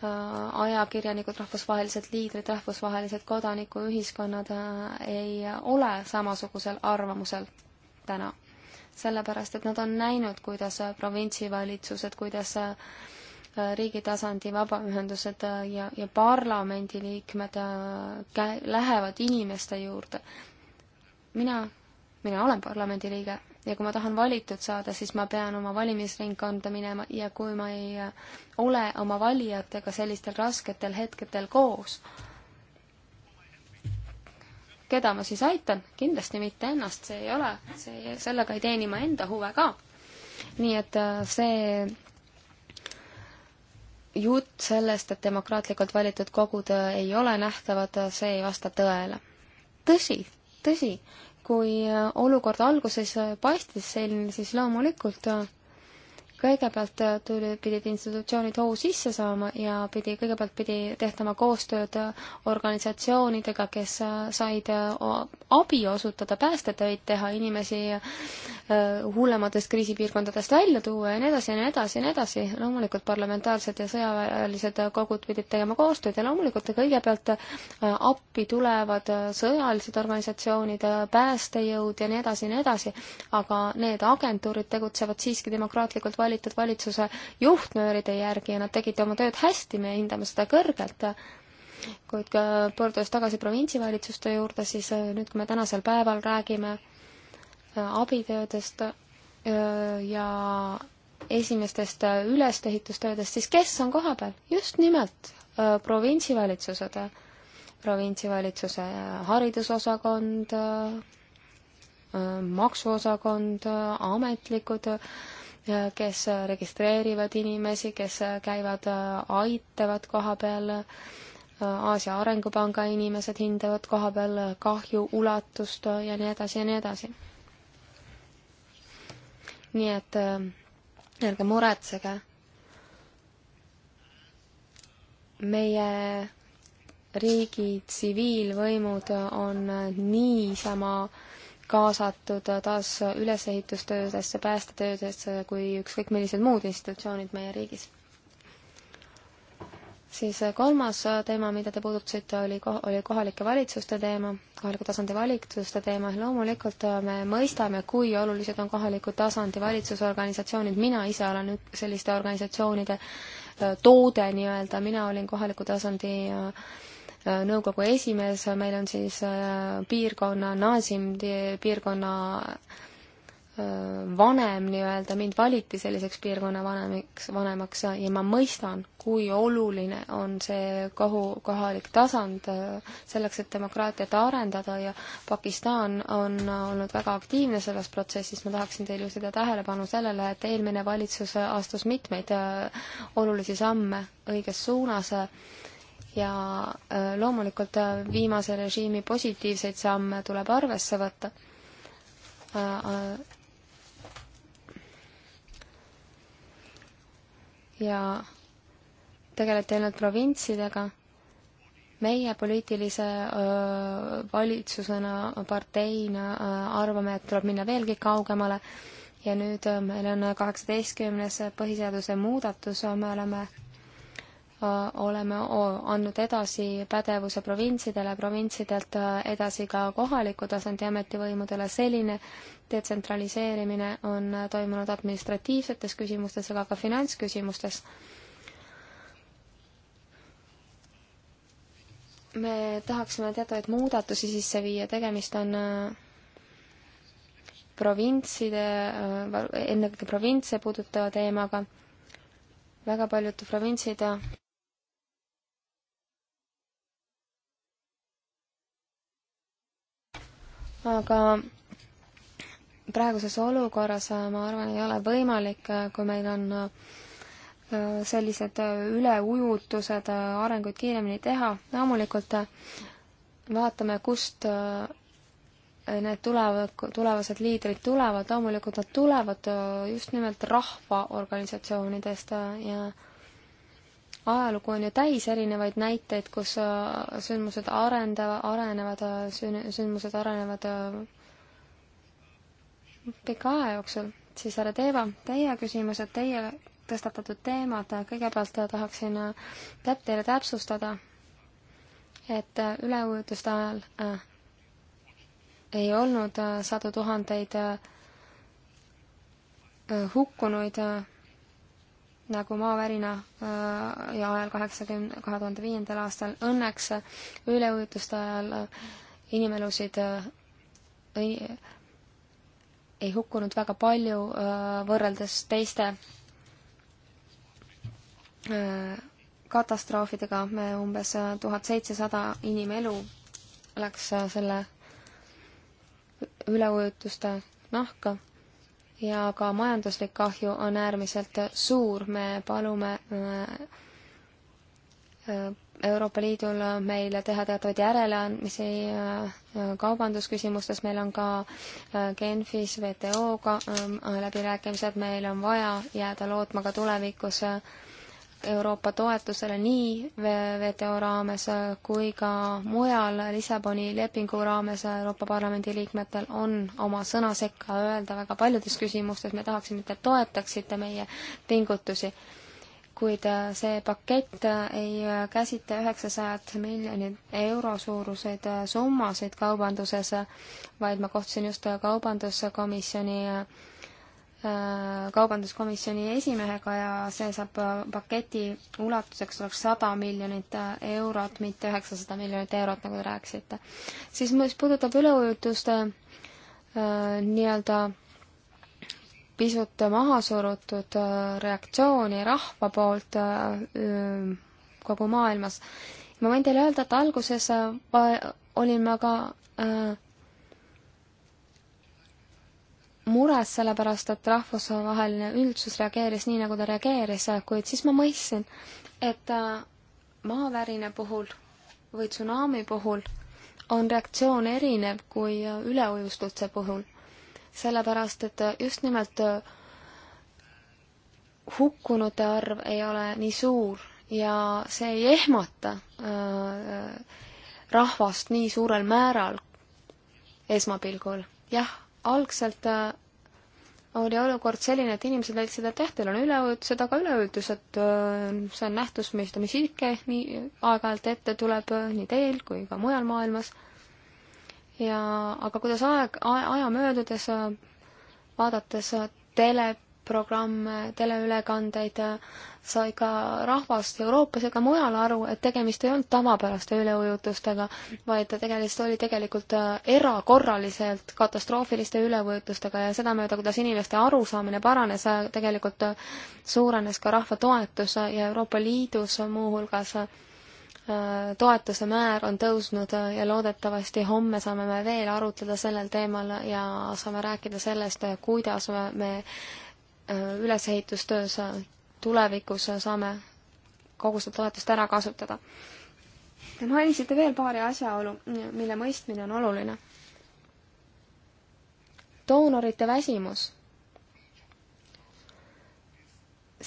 Äh, ajakirjanikud, rahvusvahelised liidrid, rahvusvahelised kodanikuühiskonnad äh, ei ole samasugusel arvamusel täna. sellepärast, et nad on näinud, kuidas äh, provintsivalitsused, kuidas riigi tasandi vabaühendused ja, ja parlamendiliikmed lähevad inimeste juurde. mina, mina olen parlamendiliige ja kui ma tahan valitud saada, siis ma pean oma valimisringkonda minema ja kui ma ei äh, ole oma valijatega sellistel rasketel hetketel koos, keda ma siis aitan, kindlasti mitte ennast, see ei ole, see, sellega ei teeni ma enda huve ka. nii et äh, see jutt sellest, et demokraatlikult valitud kogud äh, ei ole nähtavad, see ei vasta tõele. tõsi, tõsi kui äh, olukord alguses äh, paistis selline, siis loomulikult äh, kõigepealt äh, tuli, pidid institutsioonid hoo sisse saama ja pidi, kõigepealt pidi tehtama koostööd äh, organisatsioonidega, kes äh, said abi osutada, päästetöid teha, inimesi hullematest kriisipiirkondadest välja tuua ja nii edasi ja nii edasi ja nii edasi. loomulikult parlamentaarsed ja sõjaväelised kogud pidid tegema koostööd ja loomulikult kõigepealt appi tulevad sõjalised organisatsioonid, päästejõud ja nii edasi ja nii edasi, aga need agentuurid tegutsevad siiski demokraatlikult valmis valitud valitsuse juhtnööride järgi ja nad tegid oma tööd hästi, me hindame seda kõrgelt kuid ka pöördudes tagasi provintsivalitsuste juurde, siis äh, nüüd, kui me tänasel päeval räägime äh, abitöödest äh, ja esimestest ülesehitustöödest, siis kes on kohapeal? just nimelt provintsivalitsused, provintsivalitsuse haridusosakond, maksuosakond, ametlikud kes registreerivad inimesi, kes käivad, aitavad koha peal. Aasia Arengupanga inimesed hindavad koha peal kahju ulatust ja nii edasi ja nii edasi. nii et äh, ärge muretsege. meie riigi tsiviilvõimud on niisama äh, kaasatud taas ülesehitustöödesse, päästetöödesse kui ükskõik millised muud institutsioonid meie riigis. siis kolmas teema, mida te puudutasite, oli, oli kohalike valitsuste teema, kohaliku tasandi valitsuste teema. loomulikult me mõistame, kui olulised on kohaliku tasandi valitsusorganisatsioonid, mina ise olen üks selliste organisatsioonide toode nii-öelda, mina olin kohaliku tasandi äh, nõukogu esimees, meil on siis äh, piirkonna Nasim, piirkonna äh, vanem nii-öelda, mind valiti selliseks piirkonna vanemiks, vanemaks ja ma mõistan, kui oluline on see kohu, kohalik tasand äh, selleks, et demokraatiat arendada ja Pakistan on olnud väga aktiivne selles protsessis, ma tahaksin teile juhtida tähelepanu sellele, et eelmine valitsus astus mitmeid olulisi samme õiges suunas ja äh, loomulikult äh, viimase režiimi positiivseid samme tuleb arvesse võtta. Äh, ja tegeleti ainult provintsidega. meie poliitilise öö, valitsusena, parteina öö, arvame, et tuleb minna veelgi kaugemale ja nüüd öö, meil on kaheksateistkümnes põhiseaduse muudatus, me oleme Äh, oleme andnud edasi pädevuse provintsidele, provintsidelt äh, edasi ka kohaliku tasandi ametivõimudele, selline detsentraliseerimine on äh, toimunud administratiivsetes küsimustes, aga ka finantsküsimustes. me tahaksime teatavaid muudatusi sisse viia, tegemist on provintside, ennekõike provintse puudutava teemaga, väga paljud provintsid aga praeguses olukorras äh, ma arvan, ei ole võimalik, äh, kui meil on äh, sellised üleujutused, arenguid kiiremini teha. loomulikult vaatame, kust need tulevad, tulevased liidrid tulevad, loomulikult nad tulevad just nimelt rahvaorganisatsioonidest ja ajalugu on ju täis erinevaid näiteid, kus äh, sündmused arendava, arenevad, äh, sündmused arenevad äh, pika aja jooksul, siis härra Teeva, teie küsimused, teie tõstatatud teemad, kõigepealt tahaksin täp-, teile täpsustada, et üleujutuste ajal äh, ei olnud äh, sadu tuhandeid äh, hukkunuid äh, nagu maavärina äh, ja ajal kaheksakümne, kahe tuhande viiendal aastal. Õnneks üleujutuste ajal äh, inimelusid äh, ei, ei hukkunud väga palju võrreldes teiste katastroofidega. me umbes tuhat seitsesada inimelu läks selle üleujutuste nahka ja ka majanduslik kahju on äärmiselt suur, me palume äh, äh, Euroopa Liidul meile teha teatavaid järeleandmisi äh, kaubandusküsimustes, meil on ka Genfis WTO-ga läbirääkimised, meil on vaja jääda lootma ka tulevikus äh, Euroopa toetusele nii WTO raames kui ka mujal Lissaboni lepingu raames Euroopa Parlamendi liikmetel on oma sõna sekka öelda väga paljudes küsimustes, me tahaksime, et te toetaksite meie pingutusi. kuid äh, see pakett äh, ei äh, käsita üheksasajat miljonit euro suuruseid summasid kaubanduses, vaid ma kohtusin just kaubanduskomisjoni Äh, kaubanduskomisjoni esimehega ja see saab äh, paketi ulatuseks oleks sada miljonit äh, eurot, mitte üheksasada miljonit eurot, nagu te rääkisite. siis mis puudutab üleujutuste nii-öelda pisut maha surutud reaktsiooni rahva poolt kogu maailmas, ma võin teile öelda, et alguses olin ma ka mures sellepärast, et rahvusvaheline üldsus reageeris nii, nagu ta reageeris, kuid siis ma mõistsin, et äh, maavärina puhul või tsunami puhul on reaktsioon erinev kui äh, üleujustuse puhul. sellepärast, et äh, just nimelt hukkunute arv ei ole nii suur ja see ei ehmata rahvast nii suurel määral esmapilgul. jah algselt äh, oli olukord selline, et inimesed leidsid, et jah, teil on üleujutused, aga üleujutused, äh, see on nähtus, mis, mis ikka nii aeg-ajalt ette tuleb äh, nii teil kui ka mujal maailmas. ja aga kuidas aeg, aja möödudes, vaadates tele, programme, teleülekandeid, sai ka rahvas Euroopas ega mujal aru, et tegemist ei olnud tavapäraste üleujutustega, vaid tegemist oli tegelikult äh, erakorraliselt katastroofiliste üleujutustega ja sedamööda, kuidas inimeste arusaamine paranes, äh, tegelikult äh, suurenes ka rahva toetus ja Euroopa Liidus muuhulgas toetuse määr on tõusnud ja loodetavasti homme saame me veel arutleda sellel teemal ja saame rääkida sellest, kuidas me Äh, ülesehitustöös äh, tulevikus äh, saame kogu seda toetust ära kasutada. Te mainisite veel paari asjaolu, mille mõistmine on oluline. doonorite väsimus.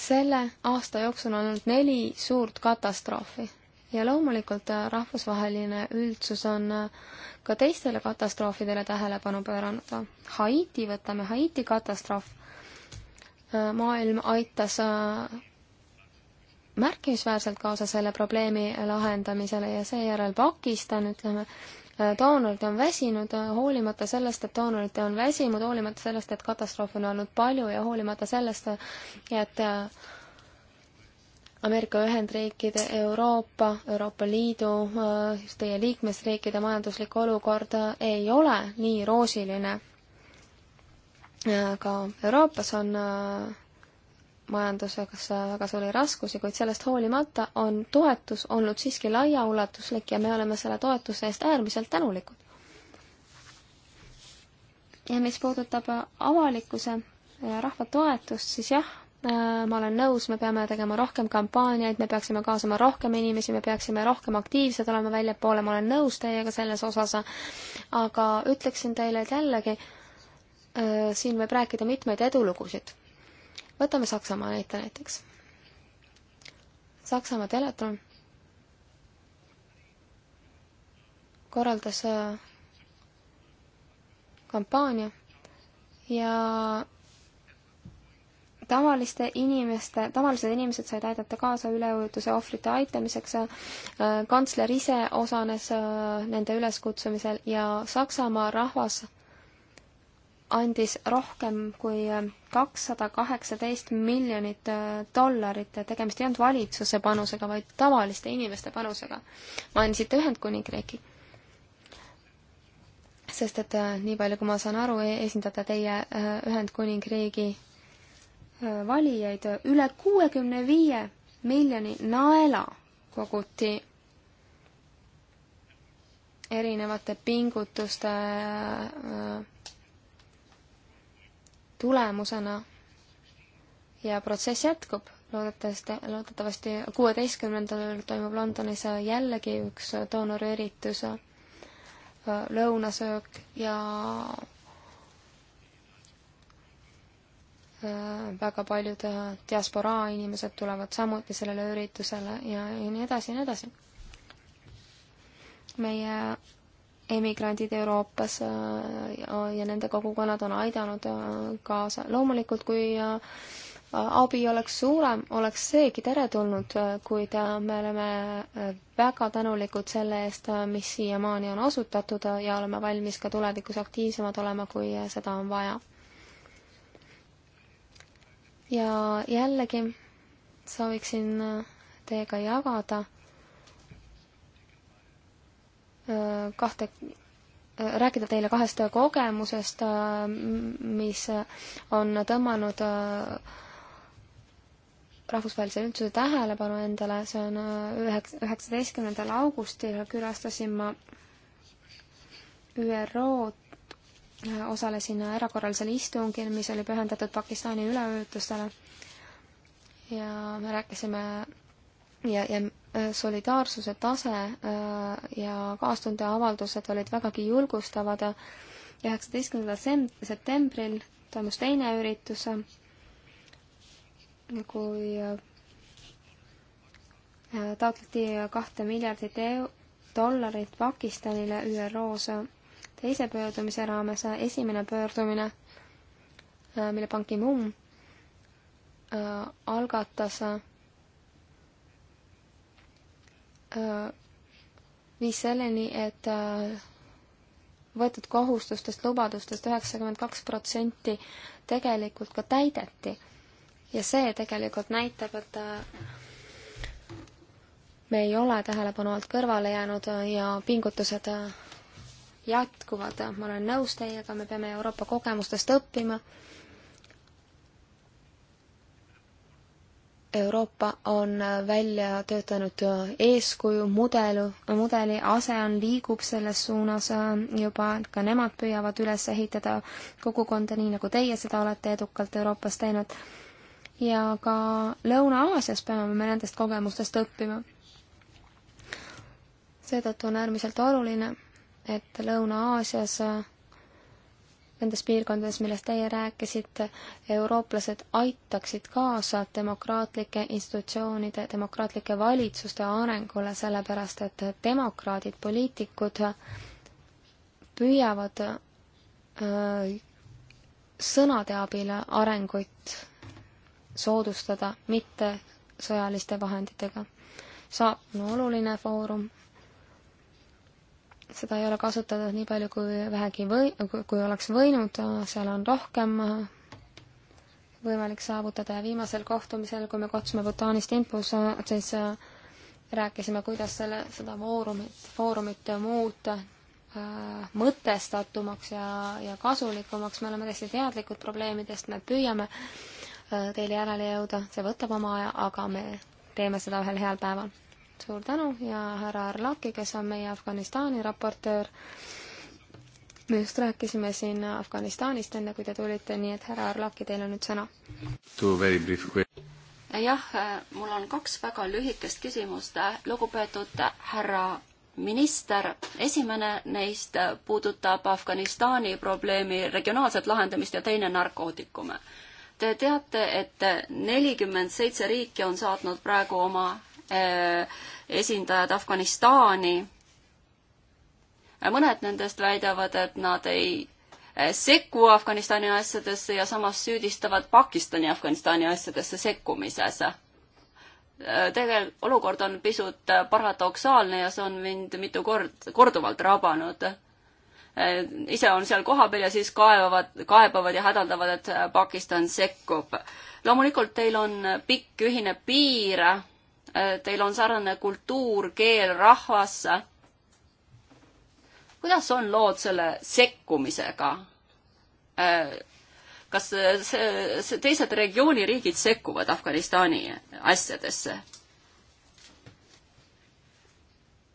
selle aasta jooksul on olnud neli suurt katastroofi ja loomulikult rahvusvaheline üldsus on ka teistele katastroofidele tähelepanu pööranud. Haiti, võtame Haiti katastroof maailm aitas äh, märkimisväärselt kaasa selle probleemi lahendamisele ja seejärel Pakistan, ütleme, äh, doonorid äh, on väsinud, hoolimata sellest, et doonorid on väsinud, hoolimata sellest, et katastroofe on olnud palju ja hoolimata sellest, et Ameerika Ühendriikide, Euroopa, Euroopa Liidu, teie liikmesriikide majanduslik olukord ei ole nii roosiline ka Euroopas on äh, majanduses väga suuri raskusi, kuid sellest hoolimata on toetus olnud siiski laiaulatuslik ja me oleme selle toetuse eest äärmiselt tänulikud. ja mis puudutab avalikkuse ja rahva toetust, siis jah, äh, ma olen nõus, me peame tegema rohkem kampaaniaid, me peaksime kaasama rohkem inimesi, me peaksime rohkem aktiivsed olema väljapoole, ma olen nõus teiega selles osas, aga ütleksin teile, et jällegi, Äh, siin võib rääkida mitmeid edulugusid. võtame Saksamaa näite näiteks. Saksamaa Teleton korraldas äh, kampaania ja tavaliste inimeste, tavalised inimesed said aidata kaasa üleujutuse ohvrite aitamiseks. Äh, kantsler ise osales nende üleskutsumisel ja Saksamaa rahvas andis rohkem kui äh, kakssada kaheksateist miljonit äh, dollarit ja tegemist ei olnud valitsuse panusega, vaid tavaliste inimeste panusega. mainisite Ühendkuningriigi. sest et äh, nii palju, kui ma saan aru, e-, esindate teie Ühendkuningriigi valijaid üle kuuekümne viie miljoni naela koguti erinevate pingutuste tulemusena ja protsess jätkub. loodetavasti, loodetavasti kuueteistkümnendal toimub Londonis jällegi üks doonoriüritus, äh, lõunasöök ja äh, väga paljud äh, diasporaa inimesed tulevad samuti sellele üritusele ja, ja nii edasi ja nii edasi. meie emigrandid Euroopas äh, ja nende kogukonnad on aidanud äh, kaasa. loomulikult, kui äh, abi oleks suurem, oleks seegi teretulnud, kuid me oleme väga tänulikud selle eest, mis siiamaani on osutatud ja oleme valmis ka tulevikus aktiivsemad olema, kui seda on vaja. ja jällegi sooviksin teiega jagada kahte, rääkida teile kahest kogemusest, äh, mis on tõmmanud äh, rahvusvahelise üldsuse tähelepanu endale, see on äh, üheks-, üheksateistkümnendal augustil külastasin ma ÜRO-d, osalesin erakorralisel istungil, mis oli pühendatud Pakistani üleujutustele ja me rääkisime ja, ja Äh, solidaarsuse tase äh, ja kaastunde avaldused olid vägagi julgustavad. üheksateistkümnendal septembril toimus teine üritus, kui äh, taotleti kahte miljardit dollarit Pakistanile ÜRO-s teise pöördumise raames. esimene pöördumine, mille Ban Ki-moon algatas Äh, viis selleni, et äh, võetud kohustustest, lubadustest üheksakümmend kaks protsenti tegelikult ka täideti. ja see tegelikult näitab, et äh, me ei ole tähelepanu alt kõrvale jäänud ja pingutused jätkuvad. ma olen nõus teiega, me peame Euroopa kogemustest õppima Euroopa on välja töötanud eeskuju mudelu, mudeli, ASEAN liigub selles suunas juba, ka nemad püüavad üles ehitada kogukonda, nii nagu teie seda olete edukalt Euroopas teinud. ja ka Lõuna-Aasias peame me nendest kogemustest õppima. seetõttu on äärmiselt oluline, et Lõuna-Aasias nendes piirkondades, millest teie rääkisite, eurooplased aitaksid kaasa demokraatlike institutsioonide, demokraatlike valitsuste arengule, sellepärast et demokraadid, poliitikud püüavad öö, sõnade abil arenguid soodustada, mitte sõjaliste vahenditega. saab on oluline foorum seda ei ole kasutatud nii palju kui vähegi või, kui oleks võinud, seal on rohkem võimalik saavutada ja viimasel kohtumisel, kui me kohtusime Bhutanist impus, siis rääkisime, kuidas selle, seda foorumit, foorumit muuta äh, mõtestatumaks ja, ja kasulikumaks, me oleme täiesti teadlikud probleemidest, me püüame äh, teile järele jõuda, see võtab oma aja, aga me teeme seda ühel heal päeval suur tänu ja härra Arlaki, kes on meie Afganistani raportöör. me just rääkisime siin Afganistanist, enne kui te tulite, nii et härra Arlaki, teil on nüüd sõna. jah, mul on kaks väga lühikest küsimust, lugupeetud härra minister, esimene neist puudutab Afganistani probleemi regionaalset lahendamist ja teine narkootikume. Te teate, et nelikümmend seitse riiki on saatnud praegu oma Äh, esindajad Afganistani. mõned nendest väidavad, et nad ei äh, sekku Afganistani asjadesse ja samas süüdistavad Pakistani Afganistani asjadesse sekkumises. Äh, tegelikult olukord on pisut paradoksaalne ja see on mind mitu kord, korduvalt rabanud. ise on seal kohapeal ja siis kaevavad, kaebavad ja hädaldavad, et Pakistan sekkub. loomulikult teil on pikk ühine piir Äh, teil on sarnane kultuur, keel, rahvas. kuidas on lood selle sekkumisega? Äh, kas äh, see, see teised regiooni riigid sekkuvad Afganistani asjadesse?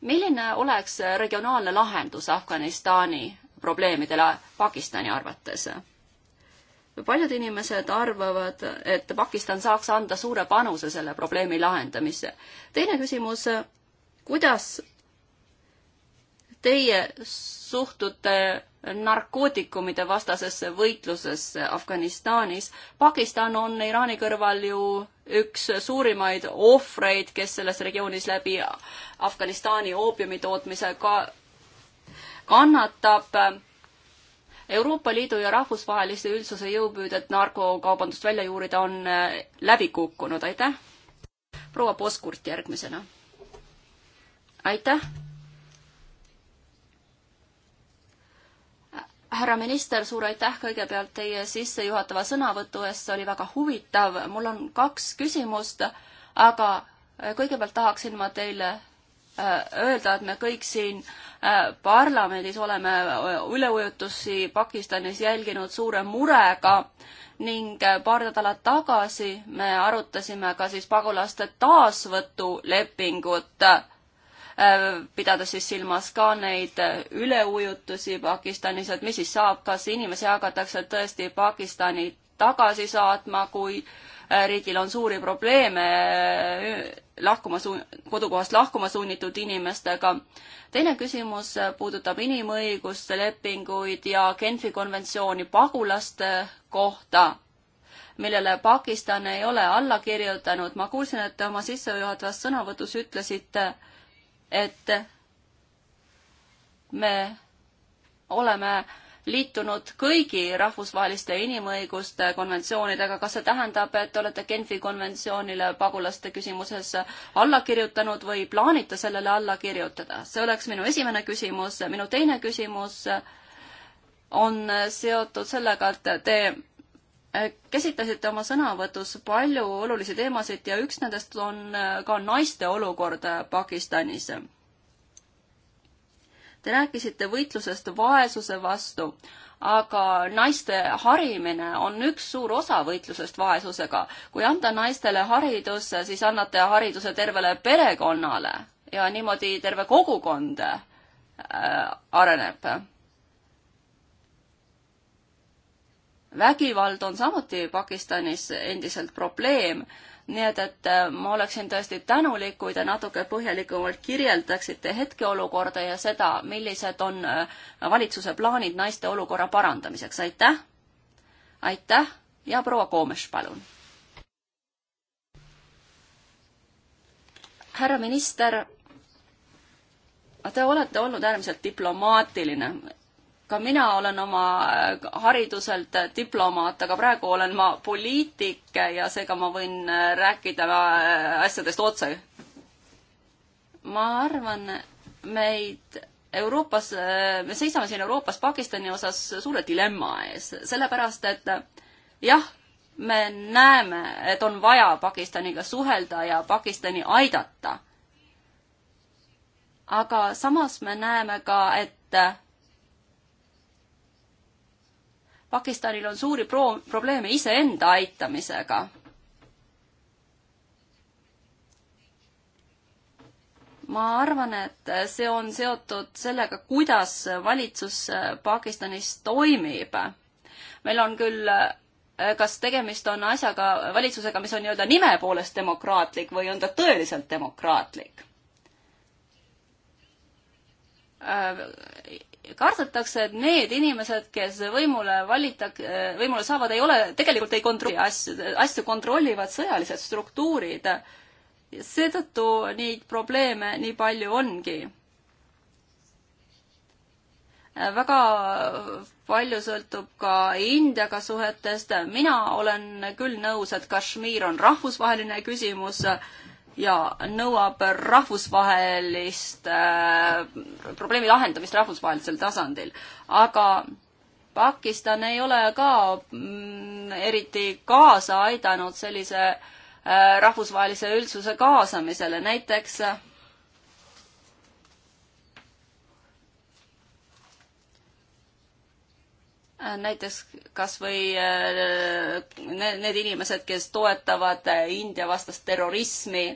milline oleks regionaalne lahendus Afganistani probleemidele Pakistani arvates? paljud inimesed arvavad, et Pakistan saaks anda suure panuse selle probleemi lahendamisse. teine küsimus, kuidas teie suhtute narkootikumide vastasesse võitlusesse Afganistanis. Pakistan on Iraani kõrval ju üks suurimaid ohvreid, kes selles regioonis läbi Afganistani oopiumitootmise ka kannatab Euroopa Liidu ja rahvusvahelise üldsuse jõupüüded narkokaubandust välja juurida on äh, läbi kukkunud, aitäh. proua Poskurt järgmisena. aitäh. härra minister, suur aitäh kõigepealt teie sissejuhatava sõnavõtu eest, see oli väga huvitav. mul on kaks küsimust, aga äh, kõigepealt tahaksin ma teile äh, öelda, et me kõik siin Äh, parlamendis oleme äh, üleujutusi Pakistanis jälginud suure murega ning äh, paar nädalat tagasi me arutasime ka siis pagulaste taasvõtulepingut, pidades siis silmas ka neid üleujutusi Pakistanis, et mis siis saab, kas inimesi hakatakse tõesti Pakistani tagasi saatma, kui äh, Äh, riigil on suuri probleeme äh, lahkuma suun-, kodukohast lahkuma sunnitud inimestega. teine küsimus äh, puudutab inimõiguste lepinguid ja Genfi konventsiooni pagulaste kohta, millele Pakistan ei ole alla kirjutanud. ma kuulsin, et te oma sissejuhatavas sõnavõtus ütlesite, et me oleme äh, liitunud kõigi rahvusvaheliste inimõiguste konventsioonidega, kas see tähendab, et te olete Genfi konventsioonile pagulaste küsimuses alla kirjutanud või plaanite sellele alla kirjutada? see oleks minu esimene küsimus. minu teine küsimus on seotud sellega, et te käsitlesite oma sõnavõtus palju olulisi teemasid ja üks nendest on ka naiste olukord Pakistanis Te rääkisite võitlusest vaesuse vastu, aga naiste harimine on üks suur osa võitlusest vaesusega. kui anda naistele haridus, siis annate hariduse tervele perekonnale ja niimoodi terve kogukond äh, areneb. vägivald on samuti Pakistanis endiselt probleem nii et, et äh, ma oleksin tõesti tänulik, kui te natuke põhjalikumalt kirjeldaksite hetkeolukorda ja seda, millised on äh, valitsuse plaanid naiste olukorra parandamiseks, aitäh! aitäh ja proua Koomes, palun! härra minister, te olete olnud äärmiselt diplomaatiline ka mina olen oma äh, hariduselt äh, diplomaat, aga praegu olen ma poliitik ja seega ma võin äh, rääkida asjadest otse. ma arvan, meid Euroopas, me seisame siin Euroopas Pakistani osas suure dilemma ees, sellepärast et jah, me näeme, et on vaja Pakistaniga suhelda ja Pakistani aidata. aga samas me näeme ka, et Pakistanil on suuri pro-, probleeme iseenda aitamisega. ma arvan, et see on seotud sellega, kuidas valitsus Pakistanis toimib. meil on küll kas tegemist on asjaga, valitsusega, mis on nii-öelda nime poolest demokraatlik või on ta tõeliselt demokraatlik? kardetakse, et need inimesed, kes võimule valitakse, võimule saavad, ei ole, tegelikult ei kontrolli asju, asju kontrollivad sõjalised struktuurid. seetõttu neid probleeme nii palju ongi. väga palju sõltub ka Indiaga suhetest. mina olen küll nõus, et Kashmir on rahvusvaheline küsimus ja nõuab rahvusvahelist äh,, probleemi lahendamist rahvusvahelisel tasandil. aga Pakistan ei ole ka mm, eriti kaasa aidanud sellise äh, rahvusvahelise üldsuse kaasamisele, näiteks äh, näiteks kas või äh, need, need inimesed, kes toetavad äh, India vastast terrorismi,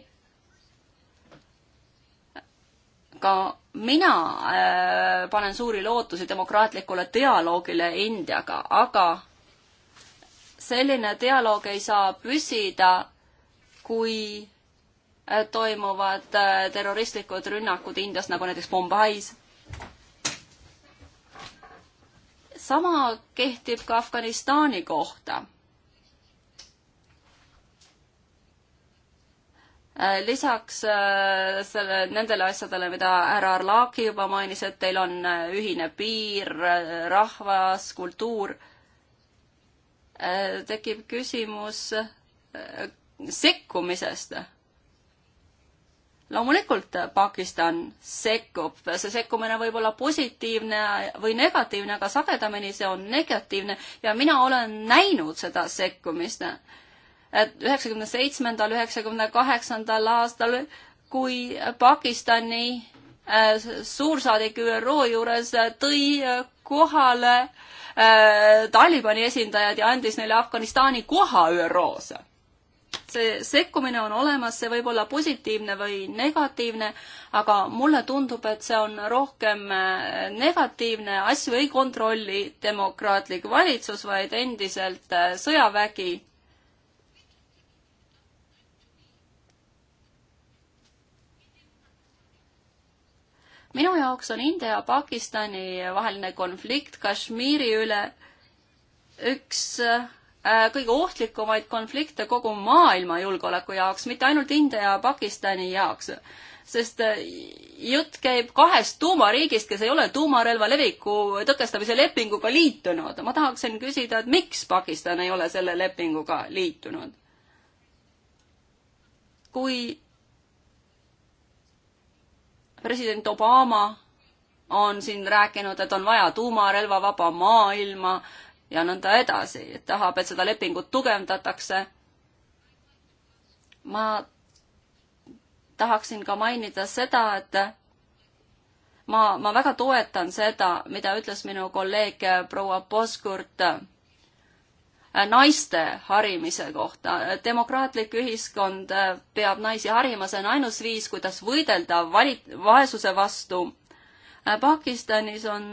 ka mina äh, panen suuri lootusi demokraatlikule dialoogile Indiaga, aga selline dialoog ei saa püsida, kui äh, toimuvad äh, terroristlikud rünnakud Indias, nagu näiteks Mumbais. sama kehtib ka Afganistani kohta Äh, lisaks äh, selle, nendele asjadele, mida härra Arlaki juba mainis, et teil on äh, ühine piir, rahvas, kultuur, tekib küsimus sekkumisest. loomulikult Pakistan sekkub, see sekkumine võib olla positiivne või negatiivne, aga sagedamini see on negatiivne ja mina olen näinud seda sekkumist üheksakümne seitsmendal, üheksakümne kaheksandal aastal, kui Pakistani äh, suursaadik ÜRO juures tõi kohale äh, Talibani esindajad ja andis neile Afganistani koha ÜRO-s. see sekkumine on olemas, see võib olla positiivne või negatiivne, aga mulle tundub, et see on rohkem äh, negatiivne, asju ei kontrolli demokraatlik valitsus, vaid endiselt sõjavägi minu jaoks on India ja Pakistani vaheline konflikt Kashmiri üle üks äh, kõige ohtlikumaid konflikte kogu maailma julgeoleku jaoks, mitte ainult India ja Pakistani jaoks. sest äh, jutt käib kahest tuumariigist, kes ei ole tuumarelva leviku tõkestamise lepinguga liitunud. ma tahaksin küsida, et miks Pakistan ei ole selle lepinguga liitunud? kui president Obama on siin rääkinud, et on vaja tuumarelvavaba maailma ja nõnda edasi, et tahab, et seda lepingut tugevdatakse. ma tahaksin ka mainida seda, et ma, ma väga toetan seda, mida ütles minu kolleeg proua Poskurt Äh, naiste harimise kohta. demokraatlik ühiskond äh, peab naisi harima, see on ainus viis, kuidas võidelda vali-, vaesuse vastu. Äh, Pakistanis on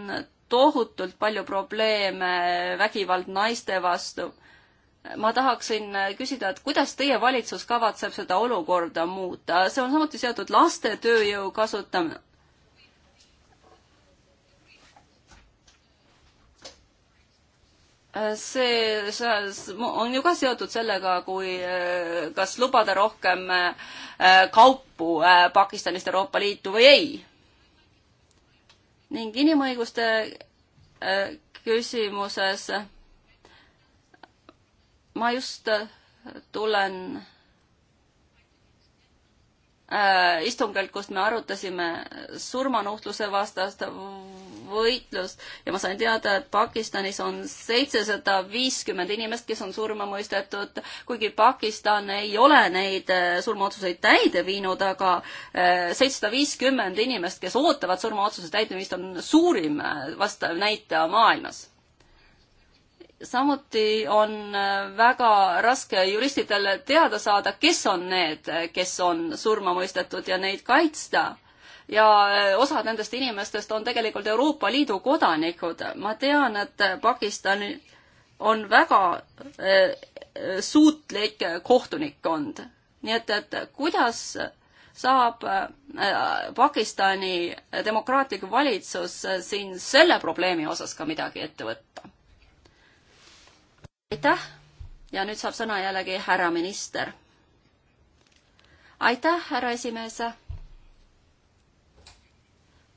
tohutult palju probleeme vägivald naiste vastu ma tahaksin küsida, et kuidas teie valitsus kavatseb seda olukorda muuta, see on samuti seotud laste tööjõu kasutamine, see, see on ju ka seotud sellega, kui kas lubada rohkem äh, kaupu äh, Pakistanist Euroopa Liitu või ei. ning inimõiguste äh, küsimuses ma just tulen Äh, istungil, kus me arutasime surmanuhtluse vastast võitlust ja ma sain teada, et Pakistanis on seitsesada viiskümmend inimest, kes on surma mõistetud, kuigi Pakistan ei ole neid äh, surmaotsuseid täide viinud, aga äh, seitsesada viiskümmend inimest, kes ootavad surmaotsuse täitmist, on suurim vastav näitaja maailmas samuti on äh, väga raske juristidel teada saada, kes on need, äh, kes on surma mõistetud ja neid kaitsta. ja äh, osad nendest inimestest on tegelikult Euroopa Liidu kodanikud. ma tean, et Pakistan on väga suutlik kohtunikkond. nii et, et kuidas saab Pakistani demokraatlik valitsus siin selle probleemi osas ka midagi ette võtta? aitäh ja nüüd saab sõna jällegi härra minister. aitäh, härra esimees.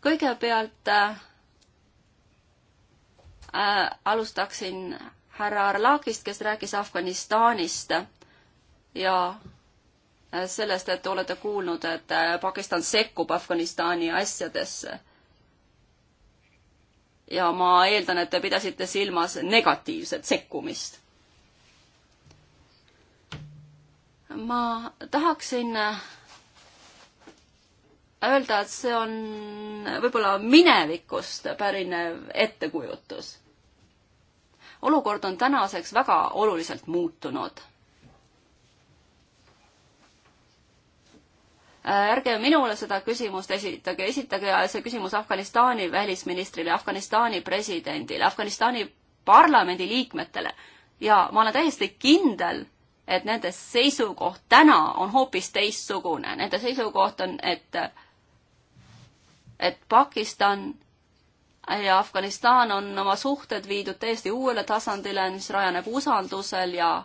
kõigepealt äh, alustaksin härra Arlakist, kes rääkis Afganistanist ja äh, sellest, et olete kuulnud, et äh, Pakistan sekkub Afganistani asjadesse. ja ma eeldan, et te pidasite silmas negatiivset sekkumist. ma tahaksin äh, öelda, et see on võib-olla minevikust pärinev ettekujutus. olukord on tänaseks väga oluliselt muutunud. Äh, ärge minule seda küsimust esitage, esitage see küsimus Afganistani välisministrile, Afganistani presidendile, Afganistani parlamendi liikmetele ja ma olen täiesti kindel, et nende seisukoht täna on hoopis teistsugune, nende seisukoht on, et, et Pakistan ja Afganistan on oma suhted viidud täiesti uuele tasandile, mis rajaneb usaldusel ja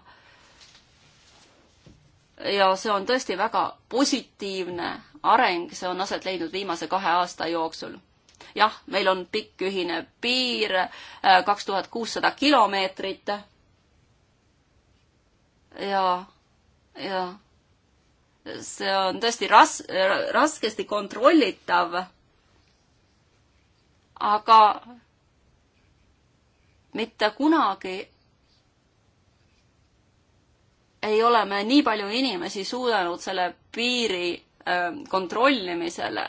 ja see on tõesti väga positiivne areng, see on aset leidnud viimase kahe aasta jooksul. jah, meil on pikk ühine piir, kaks tuhat kuussada kilomeetrit ja, ja see on tõesti ras-, raskesti kontrollitav, aga mitte kunagi ei ole me nii palju inimesi suudanud selle piiri ähm, kontrollimisele.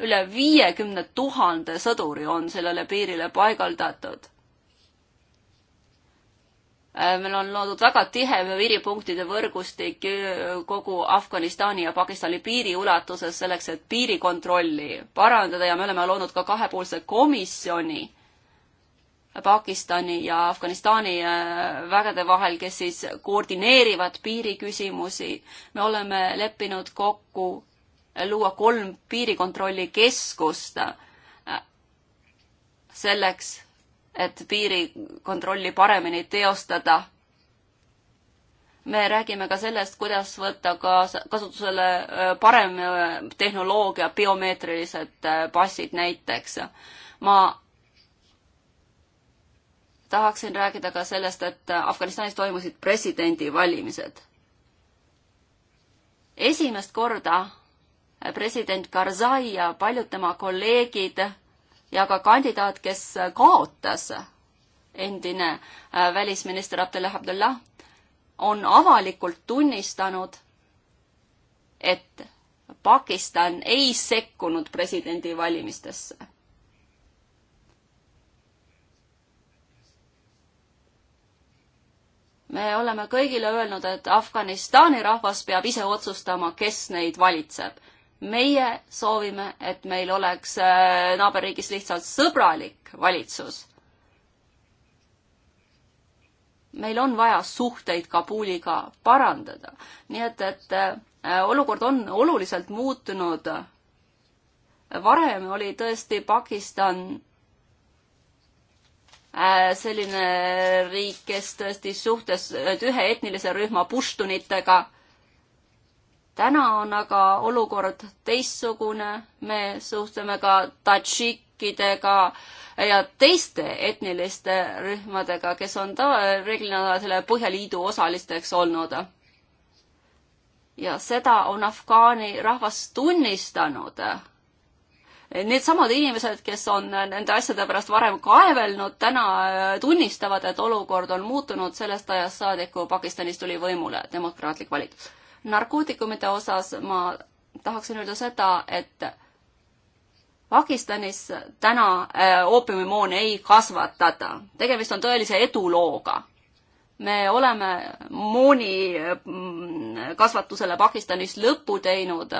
üle viiekümne tuhande sõduri on sellele piirile paigaldatud Äh, meil on loodud väga tihe piiripunktide võrgustik äh, kogu Afganistani ja Pakistani piiri ulatuses selleks, et piirikontrolli parandada ja me oleme loonud ka kahepoolse komisjoni Pakistani ja Afganistani äh, vägede vahel, kes siis koordineerivad piiriküsimusi. me oleme leppinud kokku luua kolm piirikontrollikeskust selleks et piirikontrolli paremini teostada. me räägime ka sellest, kuidas võtta kaasa, kasutusele parem tehnoloogia, biomeetrilised passid näiteks. ma tahaksin rääkida ka sellest, et Afganistanis toimusid presidendivalimised. esimest korda president Karzai ja paljud tema kolleegid ja ka kandidaat, kes kaotas, endine äh, välisminister Abdullah Abdullah, on avalikult tunnistanud, et Pakistan ei sekkunud presidendivalimistesse. me oleme kõigile öelnud, et Afganistani rahvas peab ise otsustama, kes neid valitseb meie soovime, et meil oleks äh, naaberriigis lihtsalt sõbralik valitsus. meil on vaja suhteid Kabuliga parandada, nii et, et äh, olukord on oluliselt muutunud. varem oli tõesti Pakistan äh, selline riik, kes tõesti suhtles ühe etnilise rühma puštunitega täna on aga olukord teistsugune, me suhtleme ka tadžikkidega ja teiste etniliste rühmadega, kes on ta reeglina selle Põhjaliidu osalisteks olnud. ja seda on afgaani rahvas tunnistanud. Needsamad inimesed, kes on nende asjade pärast varem kaevelnud, täna äh, tunnistavad, et olukord on muutunud sellest ajast saadik, kui Pakistanis tuli võimule demokraatlik valitsus narkootikumide osas ma tahaksin öelda seda, et Pakistanis täna äh, oopiumimooni ei kasvatata. tegemist on tõelise edulooga. me oleme mooni mm, kasvatusele Pakistanis lõpu teinud.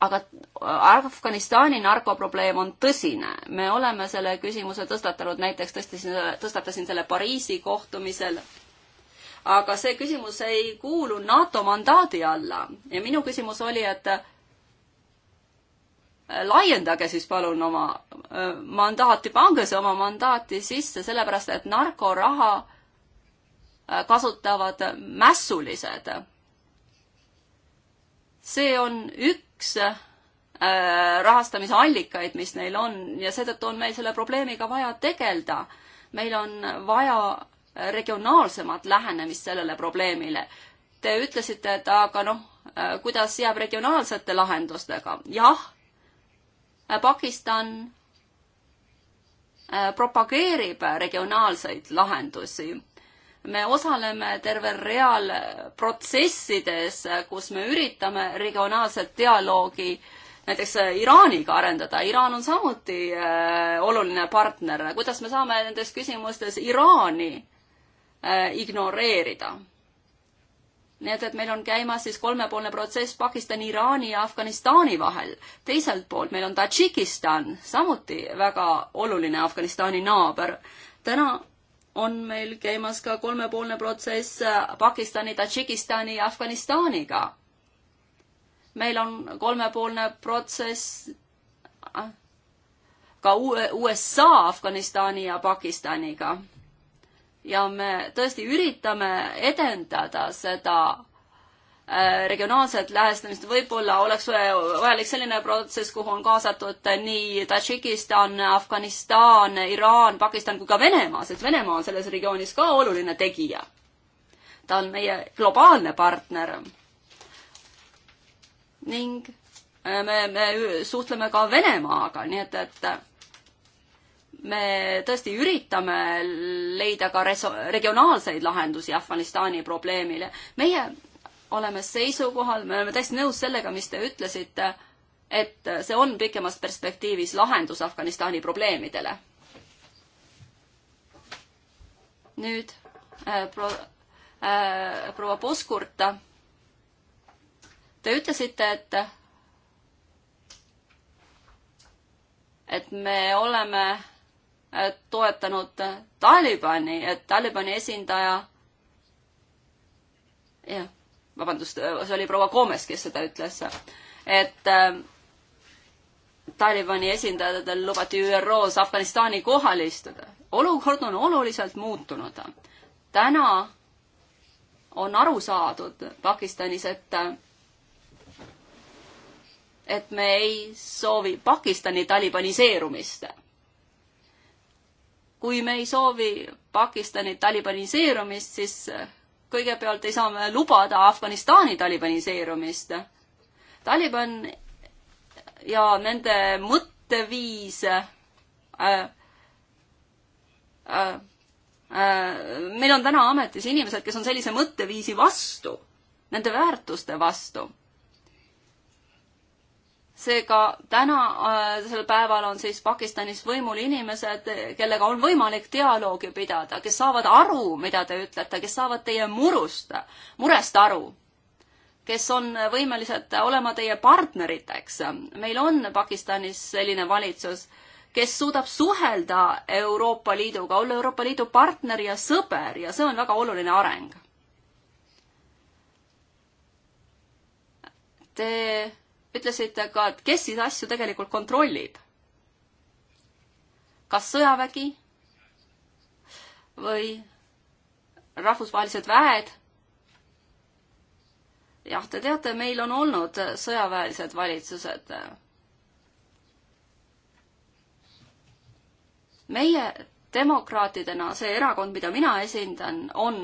aga äh, Afganistani narkoprobleem on tõsine. me oleme selle küsimuse tõstatanud, näiteks tõstasin, tõstatasin selle Pariisi kohtumisel aga see küsimus ei kuulu NATO mandaadi alla ja minu küsimus oli, et äh, laiendage siis palun oma äh, mandaati, pange see oma mandaati sisse, sellepärast et narkoraha äh, kasutavad mässulised. see on üks rahastamise allikaid, mis neil on ja seetõttu on meil selle probleemiga vaja tegeleda. meil on vaja regionaalsemat lähenemist sellele probleemile. Te ütlesite, et aga noh, kuidas jääb regionaalsete lahendustega? jah, Pakistan äh, propageerib regionaalseid lahendusi me osaleme tervel real protsessides, kus me üritame regionaalset dialoogi näiteks äh, Iraaniga arendada. Iraan on samuti äh, oluline partner. kuidas me saame nendes küsimustes Iraani Äh, ignoreerida. nii et, et meil on käimas siis kolmepoolne protsess Pakistani, Iraani ja Afganistani vahel. teiselt poolt meil on Tadžikistan, samuti väga oluline Afganistani naaber. täna on meil käimas ka kolmepoolne protsess äh, Pakistani, Tadžikistani ja Afganistaniga. meil on kolmepoolne protsess äh, ka USA, Afganistani ja Pakistaniga ja me tõesti üritame edendada seda äh, regionaalset lähestamist, võib-olla oleks vajalik selline protsess, kuhu on kaasatud nii Tadžikistan, Afganistan, Iraan, Pakistan kui ka Venemaa, sest Venemaa on selles regioonis ka oluline tegija. ta on meie globaalne partner. ning äh, me, me suhtleme ka Venemaaga, nii et, et me tõesti üritame leida ka regionaalseid lahendusi Afganistani probleemile. meie oleme seisukohal, me oleme täiesti nõus sellega, mis te ütlesite, et see on pikemas perspektiivis lahendus Afganistani probleemidele. nüüd äh, pro, äh, proua Poskurt, te ütlesite, et et me oleme Äh, toetanud Talibani, et Talibani esindaja, jah, vabandust, see oli proua Koomes, kes seda ütles, et äh, Talibani esindajatel lubati ÜRO-s Afganistani kohale istuda. olukord on oluliselt muutunud. täna on aru saadud Pakistanis, et et me ei soovi Pakistani talibaniseerumist kui me ei soovi Pakistani talibaniseerumist, siis kõigepealt ei saa me lubada Afganistani talibaniseerumist. Taliban ja nende mõtteviis äh, äh, äh meil on täna ametis inimesed, kes on sellise mõtteviisi vastu, nende väärtuste vastu seega täna äh,, sel päeval on siis Pakistanis võimul inimesed, kellega on võimalik dialoogi pidada, kes saavad aru, mida te ütlete, kes saavad teie murust, murest aru, kes on võimelised olema teie partneriteks. meil on Pakistanis selline valitsus, kes suudab suhelda Euroopa Liiduga, olla Euroopa Liidu partner ja sõber ja see on väga oluline areng. Te ütlesite ka, et kes siis asju tegelikult kontrollib? kas sõjavägi või rahvusvahelised väed? jah, te teate, meil on olnud sõjaväelised valitsused. meie demokraatidena, see erakond, mida mina esindan, on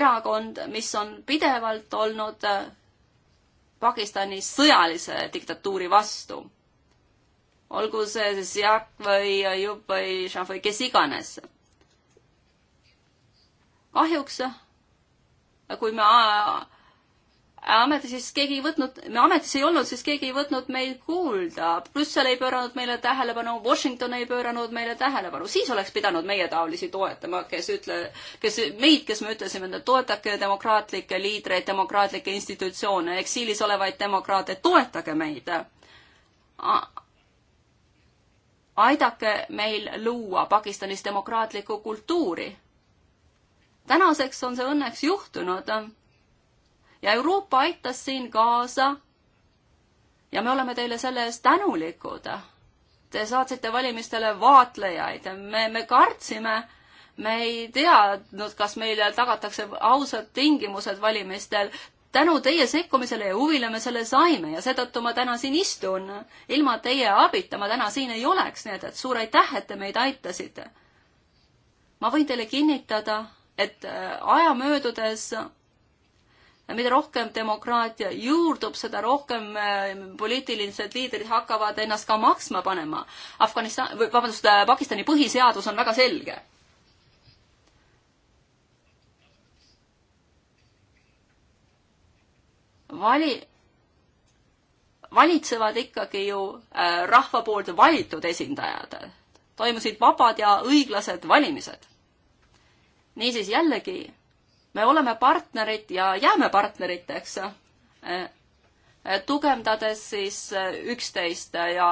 erakond, mis on pidevalt olnud Pakistani sõjalise diktatuuri vastu. olgu see siis Jaak või Jupp või Šaf või kes iganes. kahjuks, kui me ametis siis keegi ei võtnud, me ametis ei olnud, siis keegi ei võtnud meid kuulda. Brüssel ei pööranud meile tähelepanu, Washington ei pööranud meile tähelepanu. siis oleks pidanud meie taolisi toetama, kes ütle, kes meid, kes me ütlesime, et toetage demokraatlikke liidreid, demokraatlikke institutsioone, eksiilis olevaid demokraate, toetage meid aidake meil luua Pakistanis demokraatlikku kultuuri. tänaseks on see õnneks juhtunud ja Euroopa aitas siin kaasa. ja me oleme teile selle eest tänulikud. Te saatsite valimistele vaatlejaid, me, me kartsime, me ei teadnud, kas meile tagatakse ausad tingimused valimistel. tänu teie sekkumisele ja huvile me selle saime ja seetõttu ma täna siin istun. ilma teie abita ma täna siin ei oleks, nii et, et suur aitäh, et te meid aitasite. ma võin teile kinnitada, et äh, aja möödudes mida rohkem demokraatia juurdub, seda rohkem äh, poliitilised liidrid hakkavad ennast ka maksma panema. Afganistan, vabandust, äh, Pakistani põhiseadus on väga selge. vali, valitsevad ikkagi ju äh, rahva poolt valitud esindajad. toimusid vabad ja õiglased valimised. niisiis jällegi me oleme partnerid ja jääme partneriteks, eh, eh, tugevdades siis eh, üksteist ja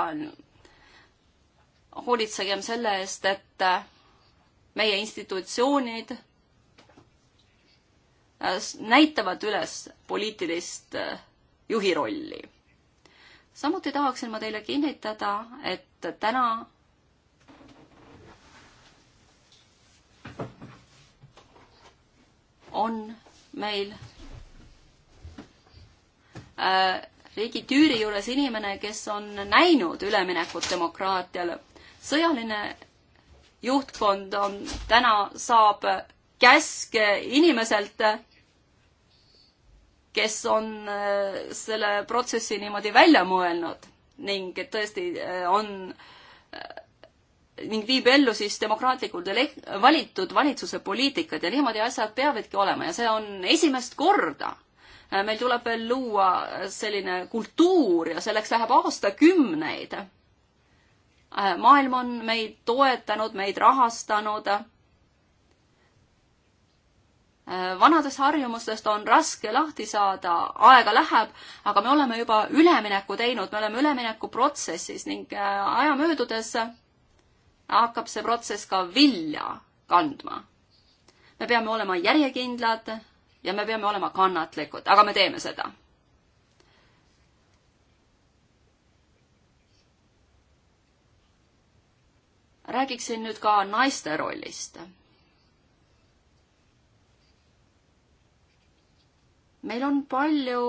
hoolitsegem selle eest, et meie institutsioonid näitavad üles poliitilist juhi rolli. samuti tahaksin ma teile kinnitada, et täna on meil äh, riigi tüüri juures inimene, kes on näinud üleminekut demokraatiale. sõjaline juhtkond on, täna saab käske inimeselt, kes on äh, selle protsessi niimoodi välja mõelnud ning tõesti äh, on ning viib ellu siis demokraatlikult valitud valitsuse poliitikad ja niimoodi asjad peavadki olema ja see on esimest korda. meil tuleb veel luua selline kultuur ja selleks läheb aastakümneid. maailm on meid toetanud, meid rahastanud. vanadest harjumustest on raske lahti saada, aega läheb, aga me oleme juba ülemineku teinud, me oleme üleminekuprotsessis ning äh, aja möödudes hakkab see protsess ka vilja kandma. me peame olema järjekindlad ja me peame olema kannatlikud, aga me teeme seda. räägiksin nüüd ka naiste rollist. meil on palju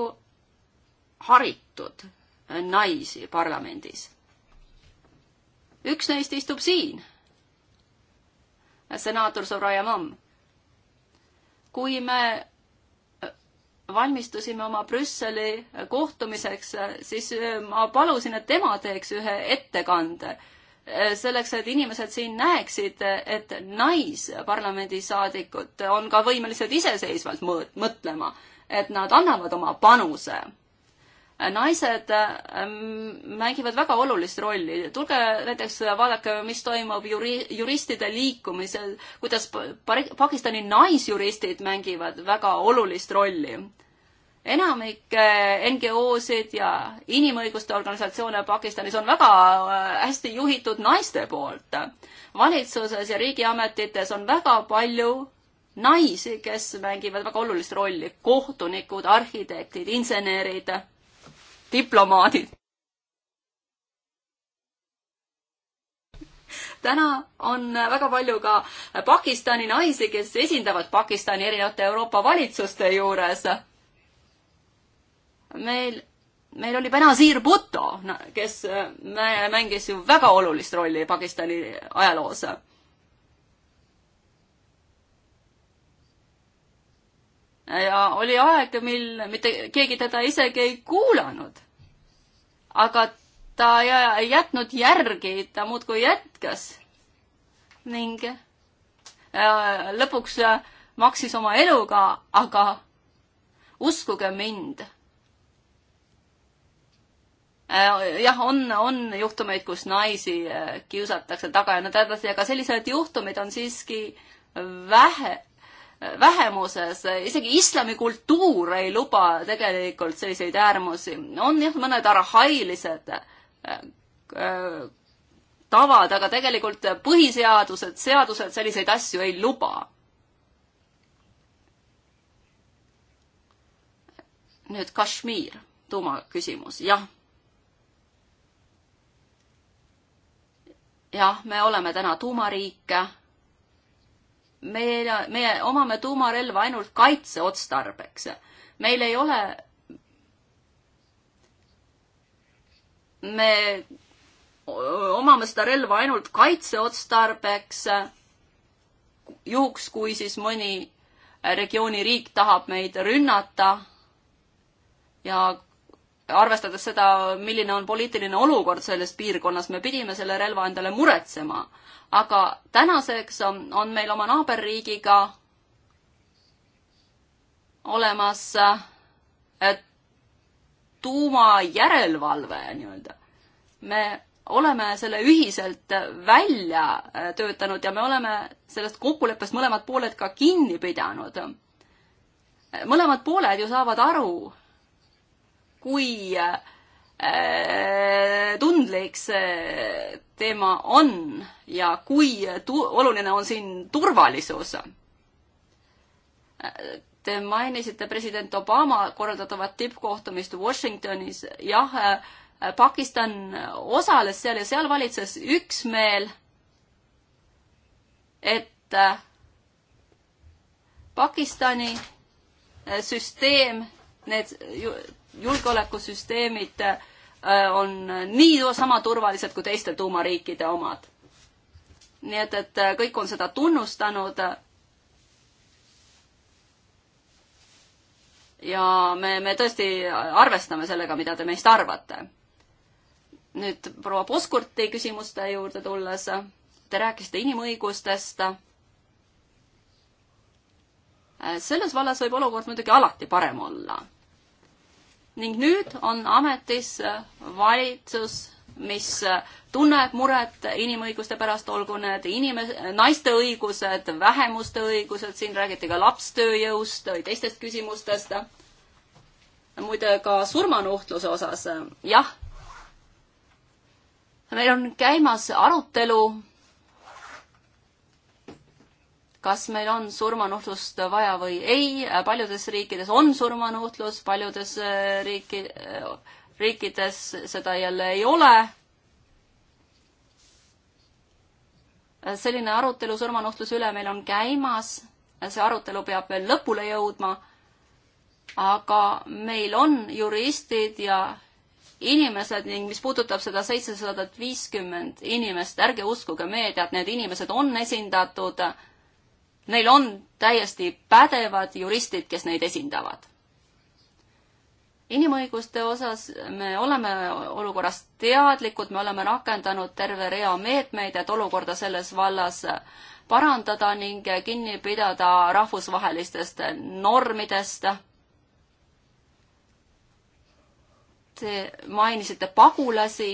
haritud naisi parlamendis üks neist istub siin. senaator Soraya Mamm. kui me äh, valmistusime oma Brüsseli kohtumiseks, äh, siis äh, ma palusin, et tema teeks ühe ettekande selleks, et inimesed siin näeksid, et naisparlamendisaadikud on ka võimelised iseseisvalt mõõt-, mõtlema, et nad annavad oma panuse naised ähm, mängivad väga olulist rolli. tulge näiteks vaadake, mis toimub juri-, juristide liikumisel, kuidas Pakistani naisjuristid mängivad väga olulist rolli. enamik äh, NGO-sid ja inimõiguste organisatsioone Pakistanis on väga äh, hästi juhitud naiste poolt. valitsuses ja riigiametites on väga palju naisi, kes mängivad väga olulist rolli, kohtunikud, arhitektid, insenerid diplomaadid. täna on väga palju ka Pakistani naisi, kes esindavad Pakistani erinevate Euroopa valitsuste juures. meil meil oli Benazir Bhutto, kes mängis ju väga olulist rolli Pakistani ajaloos. ja oli aeg, mil mitte keegi teda isegi ei kuulanud. aga ta ei jätnud järgi, ta muudkui jätkas. ning äh, lõpuks äh, maksis oma eluga, aga uskuge mind. Äh, jah, on, on juhtumeid, kus naisi kiusatakse taga ja nõnda edasi, aga selliseid juhtumeid on siiski vähe vähemuses, isegi islamikultuur ei luba tegelikult selliseid äärmusi. on jah, mõned arhailised äh, äh, tavad, aga tegelikult põhiseadused, seadused selliseid asju ei luba. nüüd Kashmir, tuumaküsimus, jah. jah, me oleme täna tuumariik meil, meie omame tuumarelva ainult kaitseotstarbeks. meil ei ole, me omame seda relva ainult kaitseotstarbeks, juhuks kui siis mõni regiooni riik tahab meid rünnata ja arvestades seda, milline on poliitiline olukord selles piirkonnas, me pidime selle relva endale muretsema. aga tänaseks on, on meil oma naaberriigiga olemas äh, tuumajärelevalve nii-öelda. me oleme selle ühiselt välja äh, töötanud ja me oleme sellest kokkuleppest mõlemad pooled ka kinni pidanud. mõlemad pooled ju saavad aru, kui äh, tundlik see teema on ja kui tu-, oluline on siin turvalisus. Te mainisite president Obama korraldatavat tippkohtumist Washingtonis, jah, äh, Pakistan osales seal ja seal valitses üksmeel, et äh, Pakistani süsteem, need julgeolekusüsteemid äh, on nii sama turvalised kui teiste tuumariikide omad. nii et, et äh, kõik on seda tunnustanud. ja me, me tõesti arvestame sellega, mida te meist arvate. nüüd proua Poskurti küsimuste juurde tulles. Te rääkisite inimõigustest äh, selles vallas võib olukord muidugi alati parem olla ning nüüd on ametis äh, valitsus, mis äh, tunneb muret inimõiguste pärast, olgu need inimes-, naiste õigused, vähemuste õigused, siin räägiti ka lapstööjõust või teistest küsimustest. muide, ka surmanuhtluse osas, äh, jah. meil on käimas arutelu kas meil on surmanuhtlust vaja või ei, paljudes riikides on surmanuhtlus, paljudes äh, riiki, riikides seda jälle ei ole. selline arutelu surmanuhtluse üle meil on käimas, see arutelu peab veel lõpule jõudma, aga meil on juristid ja inimesed ning mis puudutab seda seitsesadat viiskümmend inimest, ärge uskuge meediat, need inimesed on esindatud äh, Neil on täiesti pädevad juristid, kes neid esindavad. inimõiguste osas me oleme olukorrast teadlikud, me oleme rakendanud terve rea meetmeid, et olukorda selles vallas parandada ning kinni pidada rahvusvahelistest normidest. Te mainisite pagulasi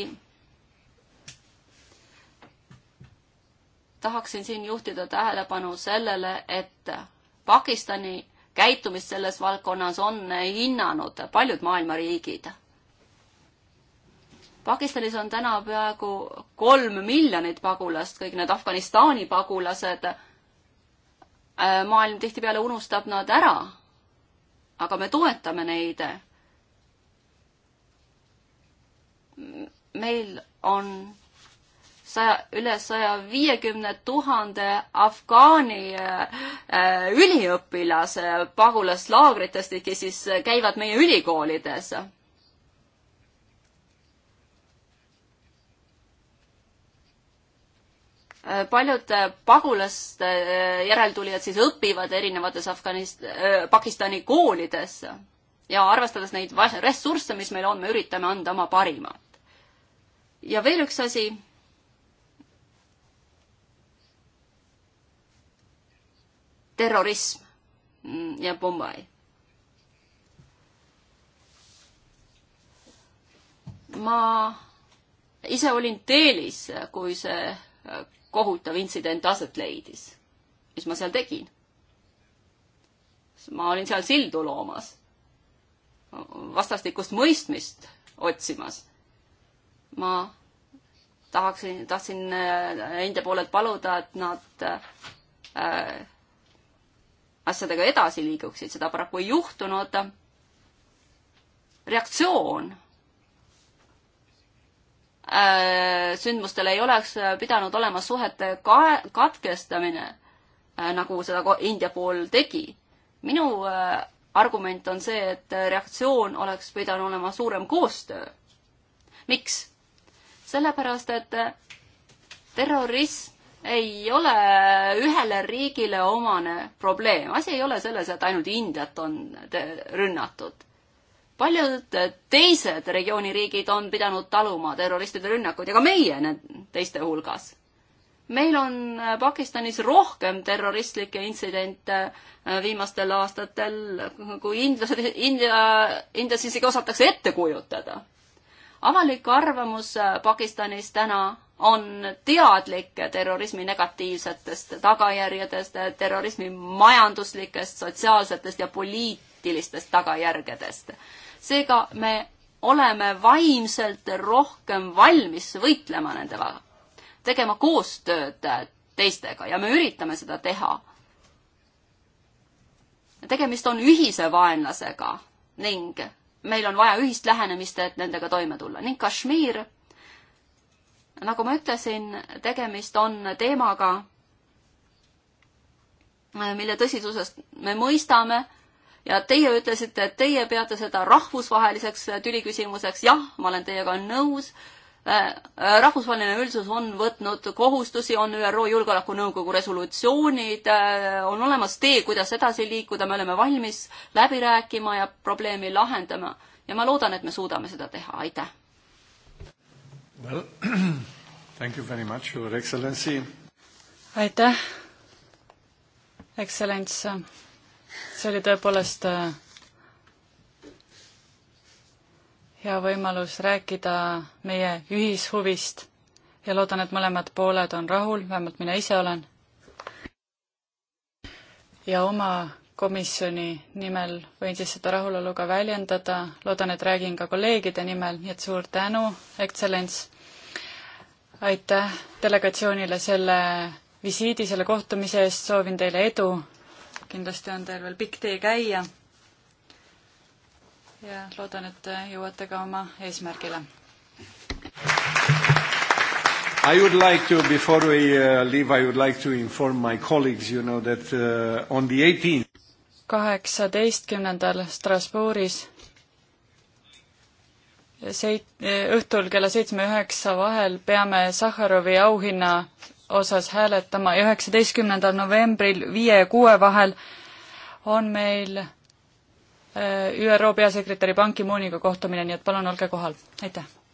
tahaksin siin juhtida tähelepanu sellele, et Pakistani käitumist selles valdkonnas on hinnanud paljud maailma riigid. Pakistanis on täna peaaegu kolm miljonit pagulast, kõik need Afganistani pagulased. Äh, maailm tihtipeale unustab nad ära. aga me toetame neid. meil on saja, üle saja viiekümne tuhande Afgaani äh, üliõpilase pagulaslaagritest, kes siis käivad meie ülikoolides. paljud pagulaste äh, järeltulijad siis õpivad erinevates Afganist-, äh, Pakistani koolides ja arvestades neid ressursse, mis meil on, me üritame anda oma parimat. ja veel üks asi. terrorism ja Bombay. ma ise olin Delhis, kui see kohutav intsident aset leidis. mis ma seal tegin? ma olin seal sildu loomas, vastastikust mõistmist otsimas. ma tahaksin, tahtsin äh, enda poolelt paluda, et nad äh, asjadega edasi liiguksid, seda paraku ei juhtunud. reaktsioon äh, sündmustel ei oleks pidanud olema suhete ka-, katkestamine, äh, nagu seda India pool tegi. minu äh, argument on see, et reaktsioon oleks pidanud olema suurem koostöö. miks? sellepärast, et terrorism ei ole ühele riigile omane probleem. asi ei ole selles, et ainult Indiat on rünnatud. paljud teised regiooni riigid on pidanud taluma terroristide rünnakuid ja ka meie need teiste hulgas. meil on Pakistanis rohkem terroristlikke intsidente äh, viimastel aastatel, kui indlased, India, Indias isegi osatakse ette kujutada avalik arvamus äh, Pakistanis täna on teadlik terrorismi negatiivsetest tagajärjedest, terrorismi majanduslikest, sotsiaalsetest ja poliitilistest tagajärgedest. seega me oleme vaimselt rohkem valmis võitlema nendega, tegema koostööd teistega ja me üritame seda teha. tegemist on ühise vaenlasega ning meil on vaja ühist lähenemist, et nendega toime tulla ning Kashmir nagu ma ütlesin, tegemist on teemaga, mille tõsisusest me mõistame ja teie ütlesite, et teie peate seda rahvusvaheliseks tüliküsimuseks. jah, ma olen teiega nõus. Äh, äh, rahvusvaheline üldsus on võtnud kohustusi, on ÜRO Julgeolekunõukogu resolutsioonid, äh, on olemas tee, kuidas edasi liikuda, me oleme valmis läbi rääkima ja probleemi lahendama ja ma loodan, et me suudame seda teha. aitäh! Well, [clears throat] thank you very much, your excellency. aitäh, ekstsellents. see oli tõepoolest äh, hea võimalus rääkida meie ühishuvist ja loodan, et mõlemad pooled on rahul, vähemalt mina ise olen. ja oma komisjoni nimel võin siis seda rahulolu ka väljendada, loodan, et räägin ka kolleegide nimel, nii et suur tänu, ekstsellents aitäh delegatsioonile selle visiidi, selle kohtumise eest, soovin teile edu. kindlasti on teil veel pikk tee käia. ja loodan, et jõuate ka oma eesmärgile. I would like to, before we uh, leave, I would like to inform my colleagues, you know, that uh, on the eighteenth kaheksateistkümnendal Strasbourgis seit-, õhtul kella seitsme ja üheksa vahel peame Sahharovi auhinna osas hääletama ja üheksateistkümnendal novembril viie ja kuue vahel on meil äh, ÜRO peasekretäri Ban Ki-mooniga kohtumine, nii et palun olge kohal, aitäh!